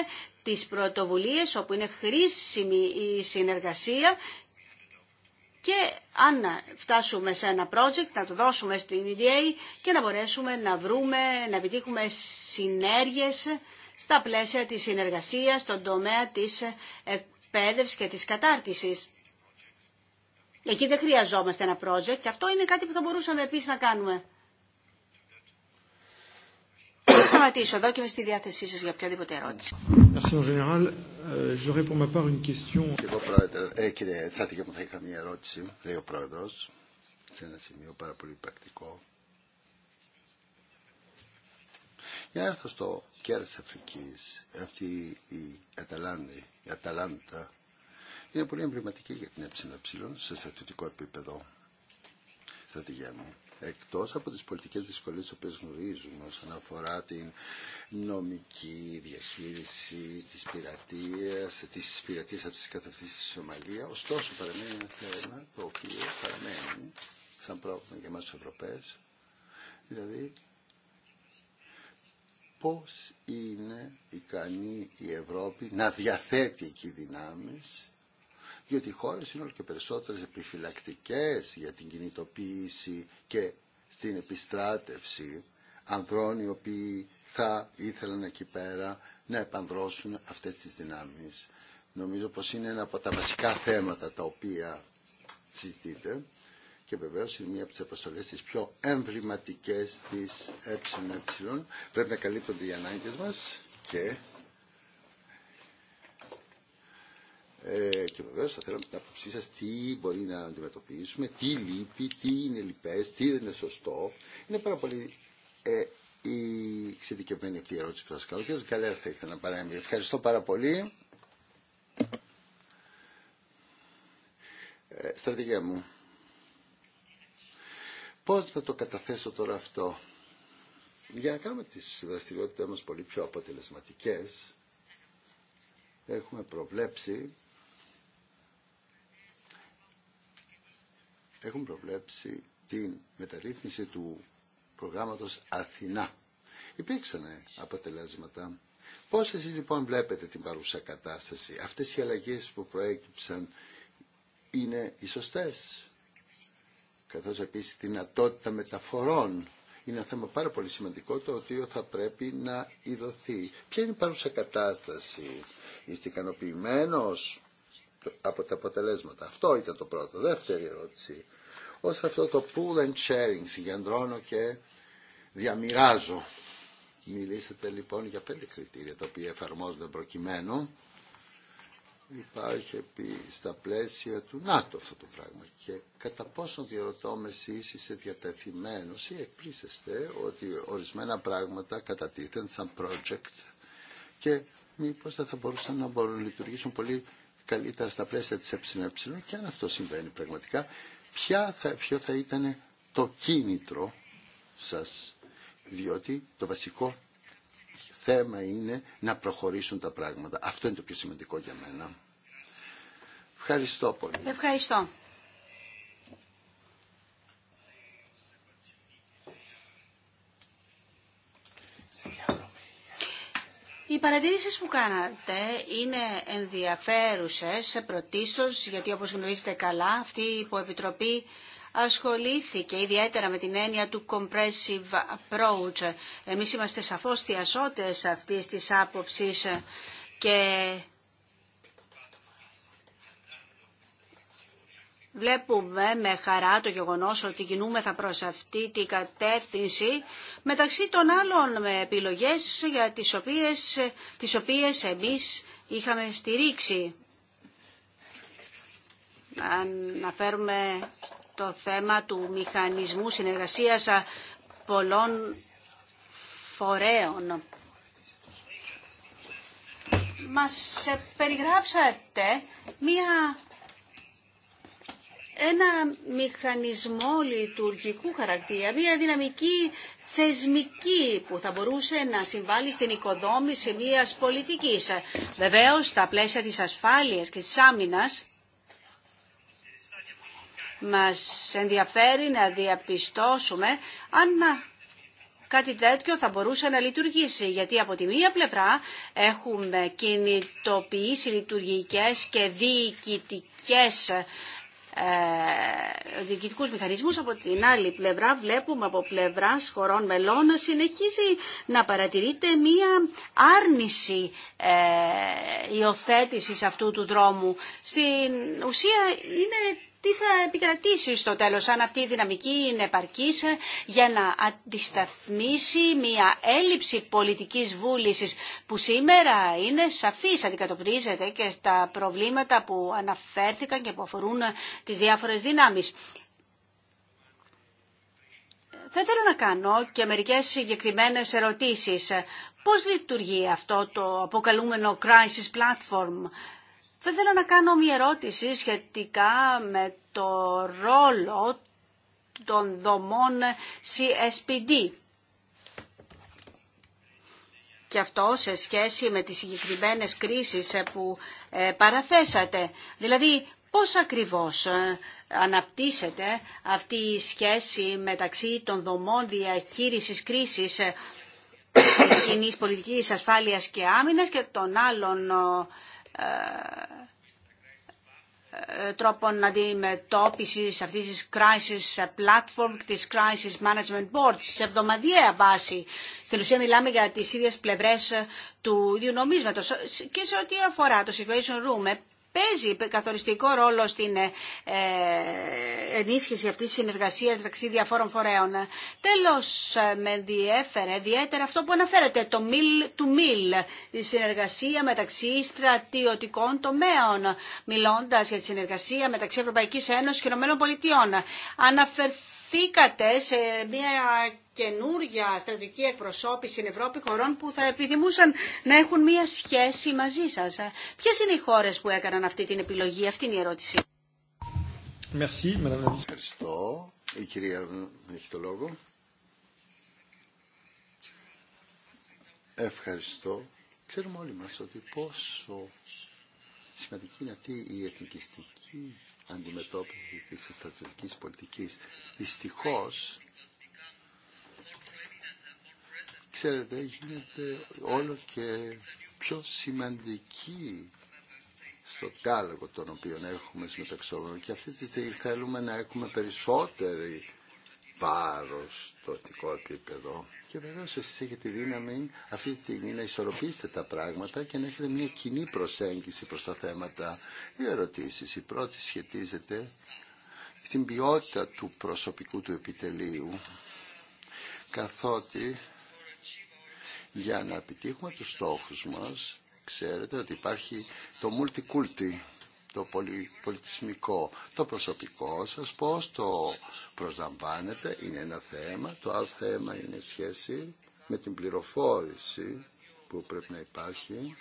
τις πρωτοβουλίες όπου είναι χρήσιμη η συνεργασία και αν φτάσουμε σε ένα project να το δώσουμε στην EDA και να μπορέσουμε να βρούμε, να επιτύχουμε συνέργειες στα πλαίσια της συνεργασίας στον τομέα της εκπαίδευσης και της κατάρτισης. Εκεί δεν χρειαζόμαστε ένα project και αυτό είναι κάτι που θα μπορούσαμε επίσης να κάνουμε σταματήσω εδώ και είμαι στη διάθεσή σα για οποιαδήποτε ερώτηση. Euh, κύριε πρόεδρε, ε, κύριε Τσάτικε μου θα είχα μια ερώτηση, λέει ο Πρόεδρο, σε ένα σημείο πάρα πολύ πρακτικό. Για να έρθω στο τη Αφρική, αυτή η Αταλάντη, η Αταλάντα, είναι πολύ εμβληματική για την ΕΕ σε στρατιωτικό επίπεδο, στρατηγία μου εκτός από τις πολιτικές δυσκολίες που γνωρίζουμε όσον αφορά την νομική διαχείριση της πειρατείας, της πειρατείας από τις κατευθύνσεις Σομαλία. Ωστόσο παραμένει ένα θέμα το οποίο παραμένει σαν πρόβλημα για εμάς τους δηλαδή πώς είναι ικανή η Ευρώπη να διαθέτει εκεί δυνάμεις διότι οι χώρες είναι όλο και περισσότερες επιφυλακτικές για την κινητοποίηση και στην επιστράτευση ανδρών οι οποίοι θα ήθελαν εκεί πέρα να επανδρώσουν αυτές τις δυνάμεις. Νομίζω πως είναι ένα από τα βασικά θέματα τα οποία συζητείτε και βεβαίως είναι μία από τις αποστολές τις πιο εμβληματικές της ΕΕ. Πρέπει να καλύπτονται οι ανάγκες μας και Ε, και βεβαίω θα θέλαμε την άποψή σα τι μπορεί να αντιμετωπίσουμε, τι λείπει, τι είναι λοιπέ, τι δεν είναι σωστό. Είναι πάρα πολύ ε, η εξειδικευμένη αυτή η ερώτηση που σα κάνω. Ο κ. θα ήθελα να παρέμβει. Ευχαριστώ πάρα πολύ. Ε, στρατηγία μου. Πώς να το καταθέσω τώρα αυτό. Για να κάνουμε τις δραστηριότητες μας πολύ πιο αποτελεσματικές, έχουμε προβλέψει έχουν προβλέψει την μεταρρύθμιση του προγράμματος Αθηνά. Υπήρξαν ε, αποτελέσματα. Πώς εσείς λοιπόν βλέπετε την παρούσα κατάσταση. Αυτές οι αλλαγές που προέκυψαν είναι οι σωστές. Καθώς επίσης η δυνατότητα μεταφορών είναι ένα θέμα πάρα πολύ σημαντικό το οποίο θα πρέπει να ειδωθεί. Ποια είναι η παρούσα κατάσταση. Είστε ικανοποιημένο από τα αποτελέσματα. Αυτό ήταν το πρώτο. Δεύτερη ερώτηση ως αυτό το pool and sharing, συγκεντρώνω και διαμοιράζω. Μιλήσατε λοιπόν για πέντε κριτήρια τα οποία εφαρμόζονται προκειμένου. Υπάρχει επί, στα πλαίσια του ΝΑΤΟ αυτό το πράγμα και κατά πόσο διαρωτώ με εσείς είστε διατεθειμένος ή εκπλήσεστε ότι ορισμένα πράγματα κατατίθενται σαν project και μήπως θα, θα μπορούσαν να μπορούν, να λειτουργήσουν πολύ καλύτερα στα πλαίσια της ΕΕ και αν αυτό συμβαίνει πραγματικά ποια θα, ποιο θα ήταν το κίνητρο σας, διότι το βασικό θέμα είναι να προχωρήσουν τα πράγματα. Αυτό είναι το πιο σημαντικό για μένα. Ευχαριστώ πολύ. Ευχαριστώ. Οι παρατηρήσεις που κάνατε είναι ενδιαφέρουσες πρωτίστως, γιατί όπως γνωρίζετε καλά, αυτή η υποεπιτροπή ασχολήθηκε ιδιαίτερα με την έννοια του compressive approach. Εμείς είμαστε σαφώς θειασότες αυτής της άποψης και Βλέπουμε με χαρά το γεγονός ότι κινούμεθα προς αυτή την κατεύθυνση μεταξύ των άλλων επιλογές για τις οποίες, τις οποίες εμείς είχαμε στηρίξει. Αναφέρουμε το θέμα του μηχανισμού συνεργασίας πολλών φορέων. Μας περιγράψατε μία ένα μηχανισμό λειτουργικού χαρακτήρα, μια δυναμική θεσμική που θα μπορούσε να συμβάλλει στην οικοδόμηση μιας πολιτικής. Βεβαίως, στα πλαίσια της ασφάλειας και της άμυνας, μας ενδιαφέρει να διαπιστώσουμε αν κάτι τέτοιο θα μπορούσε να λειτουργήσει. Γιατί από τη μία πλευρά έχουμε κινητοποιήσει λειτουργικές και διοικητικές ε, διοικητικούς μηχανισμούς. Από την άλλη πλευρά βλέπουμε από πλευρά χωρών μελών να συνεχίζει να παρατηρείται μία άρνηση ε, υιοθέτηση αυτού του δρόμου. Στην ουσία είναι τι θα επικρατήσει στο τέλος, αν αυτή η δυναμική είναι επαρκής για να αντισταθμίσει μια έλλειψη πολιτικής βούλησης που σήμερα είναι σαφής, αντικατοπτρίζεται και στα προβλήματα που αναφέρθηκαν και που αφορούν τις διάφορες δυνάμεις. Θα ήθελα να κάνω και μερικές συγκεκριμένες ερωτήσεις. Πώς λειτουργεί αυτό το αποκαλούμενο crisis platform θα ήθελα να κάνω μια ερώτηση σχετικά με το ρόλο των δομών CSPD. Και αυτό σε σχέση με τις συγκεκριμένες κρίσεις ε, που ε, παραθέσατε. Δηλαδή, πώς ακριβώς ε, αναπτύσσεται αυτή η σχέση μεταξύ των δομών διαχείρισης κρίσης της κοινή πολιτικής ασφάλειας και άμυνας και των άλλων ε, ε, τρόπων αντιμετώπισης αυτής της crisis platform, της crisis management board, σε εβδομαδιαία βάση. Στην ουσία μιλάμε για τις ίδιες πλευρές του ίδιου και σε ό,τι αφορά το situation room ε, παίζει καθοριστικό ρόλο στην ε, ε, ενίσχυση αυτής της συνεργασίας μεταξύ διαφόρων φορέων. Τέλος, ε, με ενδιέφερε ιδιαίτερα αυτό που αναφέρεται, το μιλ του μιλ, η συνεργασία μεταξύ στρατιωτικών τομέων, μιλώντας για τη συνεργασία μεταξύ Ευρωπαϊκής Ένωσης και ΗΠΑ. Αναφερθεί στραφτήκατε σε μια καινούργια στρατηγική εκπροσώπηση στην Ευρώπη χωρών που θα επιθυμούσαν να έχουν μια σχέση μαζί σας. Ε, ποιες είναι οι χώρες που έκαναν αυτή την επιλογή, αυτή είναι η ερώτηση. Merci, Ευχαριστώ. Η κυρία έχει το λόγο. Ευχαριστώ. Ξέρουμε όλοι μας ότι πόσο σημαντική είναι αυτή η εθνικιστική αντιμετώπιση της στρατιωτικής πολιτικής. Δυστυχώς, ξέρετε, γίνεται όλο και πιο σημαντική στο διάλογο τον οποίων έχουμε όλων. και αυτή τη στιγμή θέλουμε να έχουμε περισσότερη βάρος στο τοπικό επίπεδο και βεβαίως εσείς έχετε δύναμη αυτή τη στιγμή να ισορροπήσετε τα πράγματα και να έχετε μια κοινή προσέγγιση προς τα θέματα. η ερωτήσεις. Η πρώτη σχετίζεται με την ποιότητα του προσωπικού του επιτελείου καθότι για να επιτύχουμε τους στόχους μας ξέρετε ότι υπάρχει το multiculti το πολιτισμικό. Το προσωπικό σας πώς το προσλαμβάνετε είναι ένα θέμα. Το άλλο θέμα είναι σχέση με την πληροφόρηση που πρέπει να υπάρχει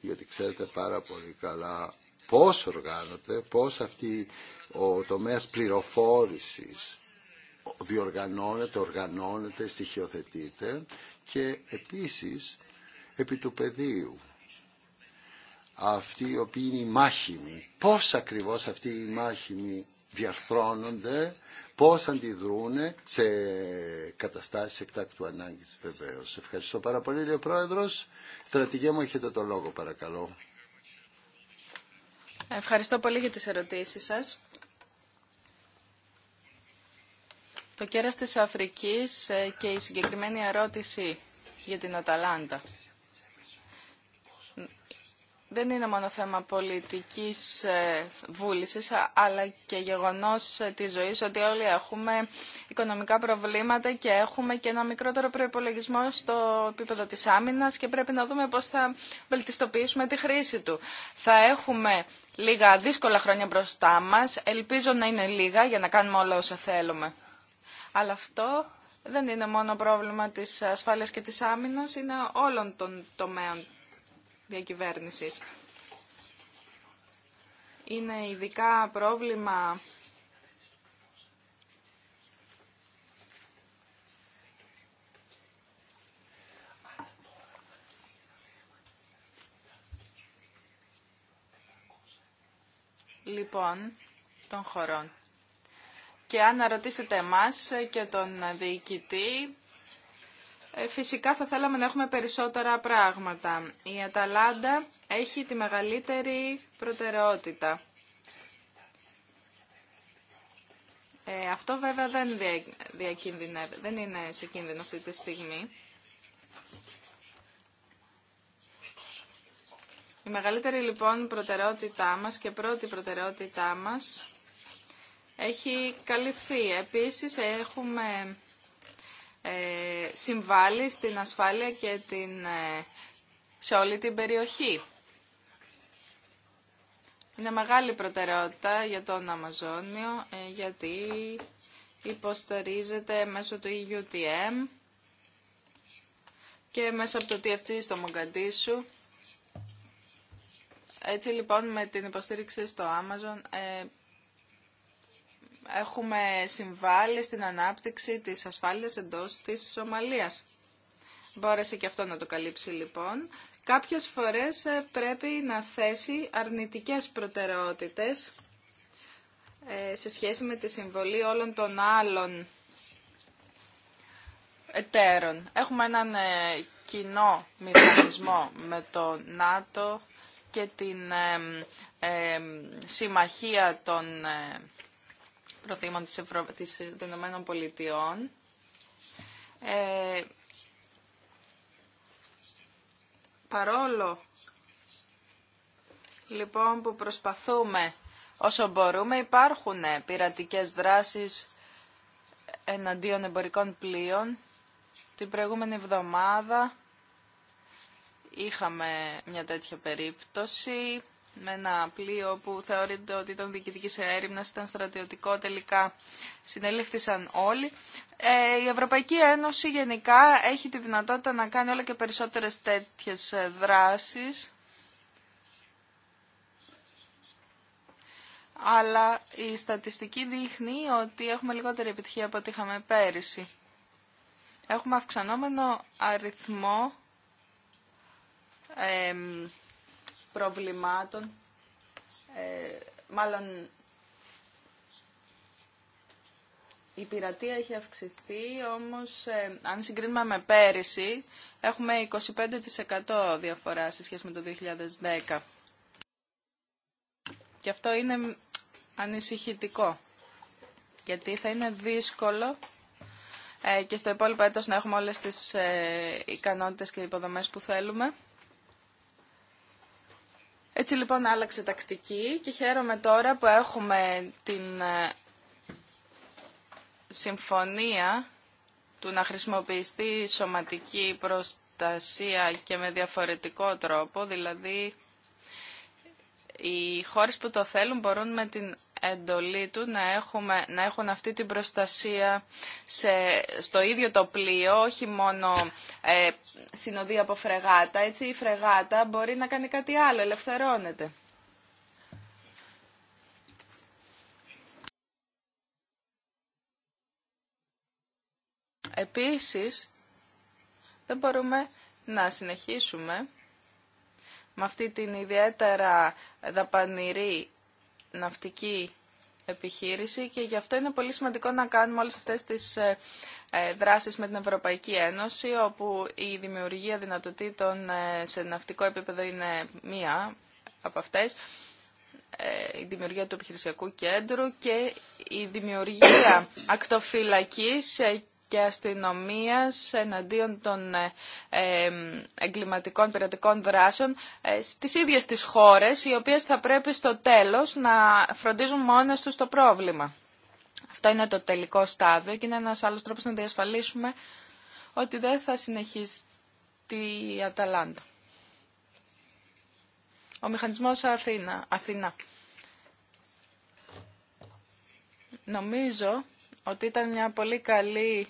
γιατί ξέρετε πάρα πολύ καλά πώς οργάνωτε, πώς αυτή ο τομέας πληροφόρησης διοργανώνεται, οργανώνεται, στοιχειοθετείται και επίσης επί του πεδίου αυτοί οι οποίοι είναι οι μάχημοι. Πώς ακριβώς αυτοί οι μάχημοι διαρθρώνονται, πώς αντιδρούν σε καταστάσεις εκτάκτου ανάγκης βεβαίως. Ευχαριστώ πάρα πολύ, λέει ο Πρόεδρος. Στρατηγέ μου, έχετε το λόγο παρακαλώ. Ευχαριστώ πολύ για τις ερωτήσεις σας. Το κέρας της Αφρικής ε, και η συγκεκριμένη ερώτηση για την Αταλάντα δεν είναι μόνο θέμα πολιτικής ε, βούλησης, αλλά και γεγονός ε, της ζωής ότι όλοι έχουμε οικονομικά προβλήματα και έχουμε και ένα μικρότερο προϋπολογισμό στο επίπεδο της άμυνας και πρέπει να δούμε πώς θα βελτιστοποιήσουμε τη χρήση του. Θα έχουμε λίγα δύσκολα χρόνια μπροστά μας, ελπίζω να είναι λίγα για να κάνουμε όλα όσα θέλουμε. Αλλά αυτό δεν είναι μόνο πρόβλημα της ασφάλειας και της άμυνας, είναι όλων των τομέων διακυβέρνησης. Είναι ειδικά πρόβλημα λοιπόν των χωρών. Και αν ρωτήσετε εμάς και τον διοικητή, ε, φυσικά θα θέλαμε να έχουμε περισσότερα πράγματα. Η Αταλάντα έχει τη μεγαλύτερη προτεραιότητα. Ε, αυτό βέβαια δεν, δεν είναι σε κίνδυνο αυτή τη στιγμή. Η μεγαλύτερη λοιπόν προτεραιότητά μας και πρώτη προτεραιότητά μας έχει καλυφθεί. Επίσης έχουμε ε, συμβάλλει στην ασφάλεια και την, ε, σε όλη την περιοχή. Είναι μεγάλη προτεραιότητα για τον Αμαζόνιο ε, γιατί υποστηρίζεται μέσω του EUTM και μέσω από το TFG στο Μογκαντήσου. Έτσι λοιπόν με την υποστήριξη στο Amazon έχουμε συμβάλει στην ανάπτυξη της ασφάλειας εντός της Σομαλίας. Μπόρεσε και αυτό να το καλύψει λοιπόν. Κάποιες φορές ε, πρέπει να θέσει αρνητικές προτεραιότητες ε, σε σχέση με τη συμβολή όλων των άλλων εταίρων. Έχουμε έναν ε, κοινό μηχανισμό με το ΝΑΤΟ και την Συμμαχία των προθήμων της Ευρω... της... Ε, των Ηνωμένων Πολιτειών ε, παρόλο λοιπόν που προσπαθούμε όσο μπορούμε υπάρχουν πειρατικές δράσεις εναντίον εμπορικών πλοίων την προηγούμενη εβδομάδα είχαμε μια τέτοια περίπτωση με ένα πλοίο που θεωρείται ότι ήταν σε έρημνα, ήταν στρατιωτικό τελικά, συνελήφθησαν όλοι. Ε, η Ευρωπαϊκή Ένωση γενικά έχει τη δυνατότητα να κάνει όλο και περισσότερες τέτοιες ε, δράσεις. Αλλά η στατιστική δείχνει ότι έχουμε λιγότερη επιτυχία από ό,τι είχαμε πέρυσι. Έχουμε αυξανόμενο αριθμό ε, προβλημάτων, ε, μάλλον η πειρατεία έχει αυξηθεί, όμως ε, αν συγκρίνουμε με πέρυσι, έχουμε 25% διαφορά σε σχέση με το 2010. Και αυτό είναι ανησυχητικό, γιατί θα είναι δύσκολο ε, και στο υπόλοιπο έτος να έχουμε όλες τις ε, ικανότητες και υποδομές που θέλουμε. Έτσι λοιπόν άλλαξε τακτική και χαίρομαι τώρα που έχουμε την ε, συμφωνία του να χρησιμοποιηστεί σωματική προστασία και με διαφορετικό τρόπο, δηλαδή οι χώρες που το θέλουν μπορούν με την εντολή του να, έχουμε, να έχουν αυτή την προστασία σε, στο ίδιο το πλοίο, όχι μόνο ε, συνοδεία από φρεγάτα. Έτσι η φρεγάτα μπορεί να κάνει κάτι άλλο, ελευθερώνεται. Επίσης, δεν μπορούμε να συνεχίσουμε με αυτή την ιδιαίτερα δαπανηρή ναυτική επιχείρηση και γι' αυτό είναι πολύ σημαντικό να κάνουμε όλες αυτές τις ε, ε, δράσεις με την Ευρωπαϊκή Ένωση, όπου η δημιουργία δυνατοτήτων ε, σε ναυτικό επίπεδο είναι μία από αυτές, η δημιουργία του επιχειρησιακού κέντρου και η δημιουργία ακτοφυλακής και αστυνομίας εναντίον των ε, ε, εγκληματικών πειρατικών δράσεων ε, στις ίδιες τις χώρες, οι οποίες θα πρέπει στο τέλος να φροντίζουν μόνες τους το πρόβλημα. Αυτό είναι το τελικό στάδιο και είναι ένας άλλος τρόπος να διασφαλίσουμε ότι δεν θα συνεχίσει η Αταλάντα. Ο μηχανισμός Αθήνα. Αθήνα. Νομίζω ότι ήταν μια πολύ καλή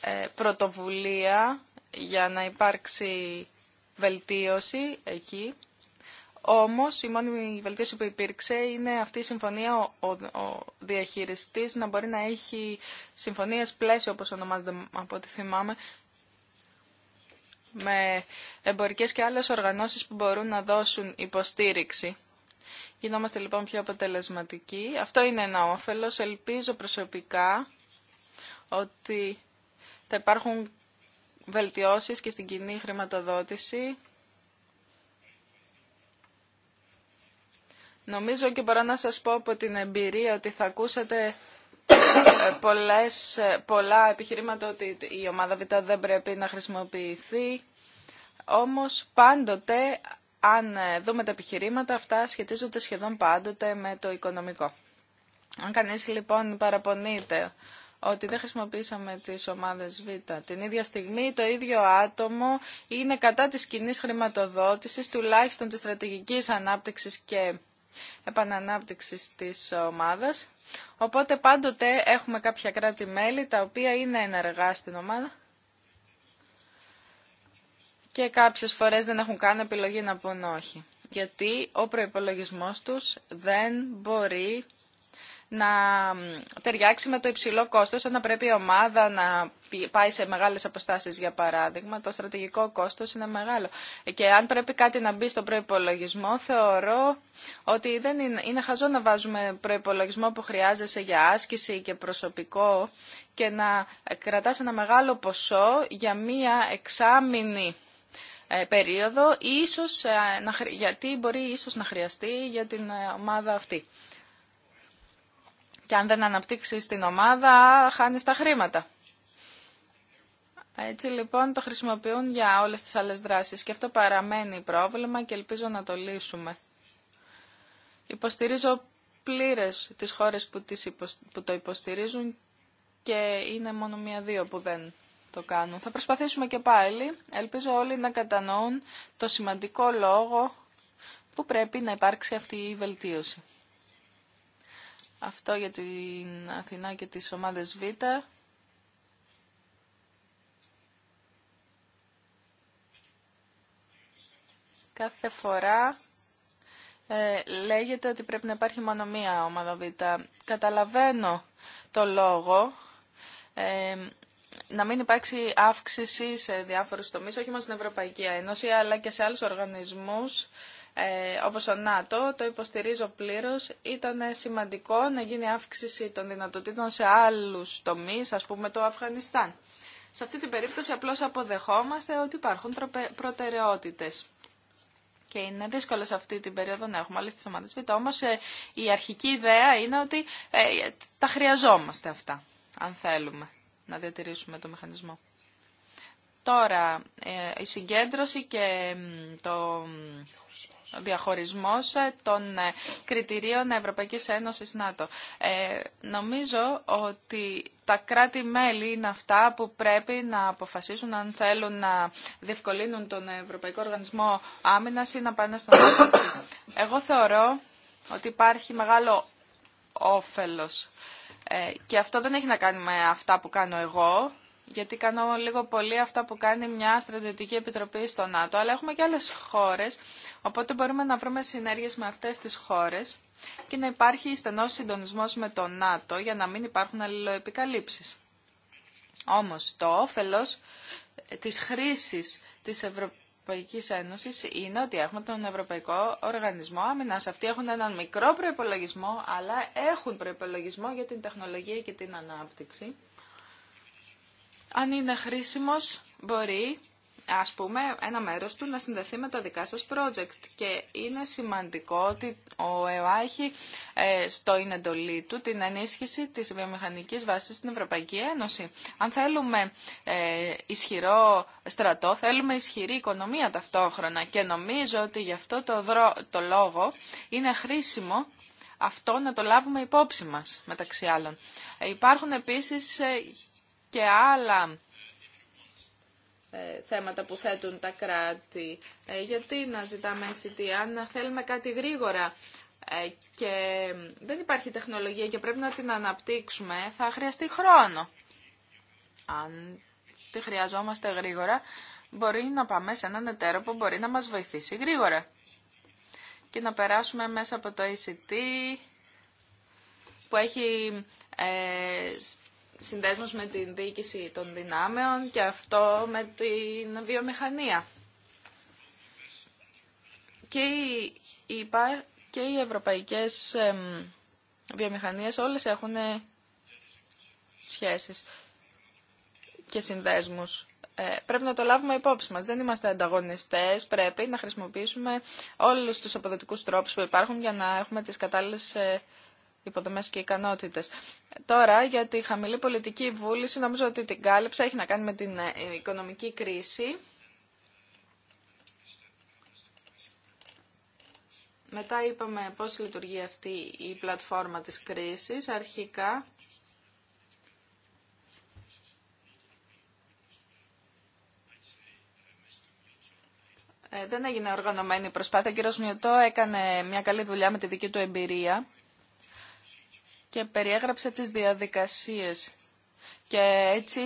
ε, πρωτοβουλία για να υπάρξει βελτίωση εκεί. Όμως η μόνη βελτίωση που υπήρξε είναι αυτή η συμφωνία ο, ο, διαχειριστής να μπορεί να έχει συμφωνίες πλαίσιο όπως ονομάζεται από ό,τι θυμάμαι με εμπορικές και άλλες οργανώσεις που μπορούν να δώσουν υποστήριξη. Γινόμαστε λοιπόν πιο αποτελεσματικοί. Αυτό είναι ένα όφελος. Ελπίζω προσωπικά ότι θα υπάρχουν βελτιώσεις και στην κοινή χρηματοδότηση. Νομίζω και μπορώ να σας πω από την εμπειρία ότι θα ακούσατε ε, πολλές, ε, πολλά επιχειρήματα ότι η ομάδα Β δεν πρέπει να χρησιμοποιηθεί. Όμως πάντοτε, αν ε, δούμε τα επιχειρήματα, αυτά σχετίζονται σχεδόν πάντοτε με το οικονομικό. Αν κανείς λοιπόν παραπονείται ότι δεν χρησιμοποίησαμε τις ομάδες Β. Την ίδια στιγμή το ίδιο άτομο είναι κατά της κοινή χρηματοδότησης, τουλάχιστον της στρατηγικής ανάπτυξης και επανανάπτυξης της ομάδας. Οπότε πάντοτε έχουμε κάποια κράτη-μέλη τα οποία είναι ενεργά στην ομάδα και κάποιες φορές δεν έχουν καν επιλογή να πούν όχι. Γιατί ο προϋπολογισμός τους δεν μπορεί να ταιριάξει με το υψηλό κόστος όταν πρέπει η ομάδα να πάει σε μεγάλες αποστάσεις για παράδειγμα. Το στρατηγικό κόστος είναι μεγάλο. Και αν πρέπει κάτι να μπει στο προϋπολογισμό θεωρώ ότι δεν είναι, είναι χαζό να βάζουμε προϋπολογισμό που χρειάζεσαι για άσκηση και προσωπικό και να κρατάς ένα μεγάλο ποσό για μία εξάμηνη ε, περίοδο, ίσως, ε, γιατί μπορεί ίσως να χρειαστεί για την ε, ομάδα αυτή. Και αν δεν αναπτύξεις την ομάδα, χάνεις τα χρήματα. Έτσι λοιπόν το χρησιμοποιούν για όλες τις άλλες δράσεις και αυτό παραμένει πρόβλημα και ελπίζω να το λύσουμε. Υποστηρίζω πλήρες τις χώρες που, που το υποστηρίζουν και είναι μόνο μία-δύο που δεν το κάνουν. Θα προσπαθήσουμε και πάλι. Ελπίζω όλοι να κατανοούν το σημαντικό λόγο που πρέπει να υπάρξει αυτή η βελτίωση. Αυτό για την Αθηνά και τις ομάδες Β. Κάθε φορά ε, λέγεται ότι πρέπει να υπάρχει μόνο μία ομάδα Β. Καταλαβαίνω το λόγο ε, να μην υπάρξει αύξηση σε διάφορους τομείς, όχι μόνο στην Ευρωπαϊκή Ένωση, αλλά και σε άλλους οργανισμούς ε, όπως ο ΝΑΤΟ, το υποστηρίζω πλήρως. Ήταν σημαντικό να γίνει αύξηση των δυνατοτήτων σε άλλους τομείς, ας πούμε το Αφγανιστάν. Σε αυτή την περίπτωση απλώς αποδεχόμαστε ότι υπάρχουν προτεραιότητες. Και είναι δύσκολο σε αυτή την περίοδο να έχουμε όλες τις ομάδες Όμως ε, η αρχική ιδέα είναι ότι ε, τα χρειαζόμαστε αυτά, αν θέλουμε να διατηρήσουμε το μηχανισμό. Τώρα, η συγκέντρωση και το διαχωρισμός ε, των ε, κριτηρίων Ευρωπαϊκής Ένωσης ΝΑΤΟ. Ε, νομίζω ότι τα κράτη-μέλη είναι αυτά που πρέπει να αποφασίσουν αν θέλουν να διευκολύνουν τον Ευρωπαϊκό Οργανισμό Άμυνας ή να πάνε στον ΝΑΤΟ. Εγώ θεωρώ ότι υπάρχει μεγάλο όφελος. και αυτό δεν έχει να κάνει με αυτά που κάνω εγώ, γιατί κάνω λίγο πολύ αυτά που κάνει μια στρατιωτική επιτροπή στο ΝΑΤΟ, αλλά έχουμε και άλλες χώρες Οπότε μπορούμε να βρούμε συνέργειες με αυτές τις χώρες και να υπάρχει στενός συντονισμός με το ΝΑΤΟ για να μην υπάρχουν αλληλοεπικαλύψεις. Όμως το όφελος ε, της χρήσης της Ευρωπαϊκής Ένωσης είναι ότι έχουμε τον Ευρωπαϊκό Οργανισμό Άμυνας. Αυτοί έχουν έναν μικρό προϋπολογισμό, αλλά έχουν προϋπολογισμό για την τεχνολογία και την ανάπτυξη. Αν είναι χρήσιμος, μπορεί ας πούμε, ένα μέρος του να συνδεθεί με τα δικά σας project. Και είναι σημαντικό ότι ο ΕΟΑ έχει ε, στο είναι εντολή του την ενίσχυση της βιομηχανικής βάσης στην Ευρωπαϊκή Ένωση. Αν θέλουμε ε, ισχυρό στρατό, θέλουμε ισχυρή οικονομία ταυτόχρονα. Και νομίζω ότι γι' αυτό το, δρο... το λόγο είναι χρήσιμο αυτό να το λάβουμε υπόψη μας, μεταξύ άλλων. Ε, υπάρχουν επίσης και άλλα ε, θέματα που θέτουν τα κράτη. Ε, γιατί να ζητάμε ICT αν θέλουμε κάτι γρήγορα ε, και δεν υπάρχει τεχνολογία και πρέπει να την αναπτύξουμε, θα χρειαστεί χρόνο. Αν τη χρειαζόμαστε γρήγορα, μπορεί να πάμε σε έναν εταίρο που μπορεί να μας βοηθήσει γρήγορα και να περάσουμε μέσα από το ICT που έχει ε, Συνδέσμος με την διοίκηση των δυνάμεων και αυτό με την βιομηχανία. Και οι ευρωπαϊκέ και οι ευρωπαϊκές βιομηχανίες όλες έχουν ε, σχέσεις και συνδέσμους. Ε, πρέπει να το λάβουμε υπόψη μας. Δεν είμαστε ανταγωνιστές. Πρέπει να χρησιμοποιήσουμε όλους τους αποδοτικούς τρόπους που υπάρχουν για να έχουμε τις κατάλληλες ε, υποδομέ και ικανότητε. Τώρα για τη χαμηλή πολιτική βούληση νομίζω ότι την κάλυψα έχει να κάνει με την ε, οικονομική κρίση. Μετά είπαμε πώς λειτουργεί αυτή η πλατφόρμα της κρίσης. Αρχικά ε, δεν έγινε οργανωμένη προσπάθεια. Ο κύριος Μιωτό έκανε μια καλή δουλειά με τη δική του εμπειρία και περιέγραψε τις διαδικασίες. Και έτσι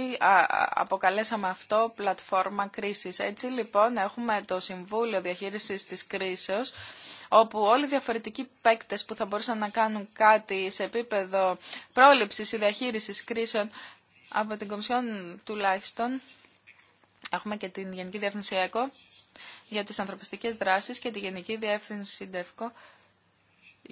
αποκαλέσαμε αυτό πλατφόρμα κρίσης. Έτσι λοιπόν έχουμε το Συμβούλιο Διαχείρισης της Κρίσεως, όπου όλοι οι διαφορετικοί παίκτες που θα μπορούσαν να κάνουν κάτι σε επίπεδο πρόληψης ή διαχείρισης κρίσεων από την Κομισιόν τουλάχιστον, έχουμε και την Γενική Διεύθυνση ΕΚΟ για τις ανθρωπιστικές δράσεις και τη Γενική Διεύθυνση ΔΕΦΚΟ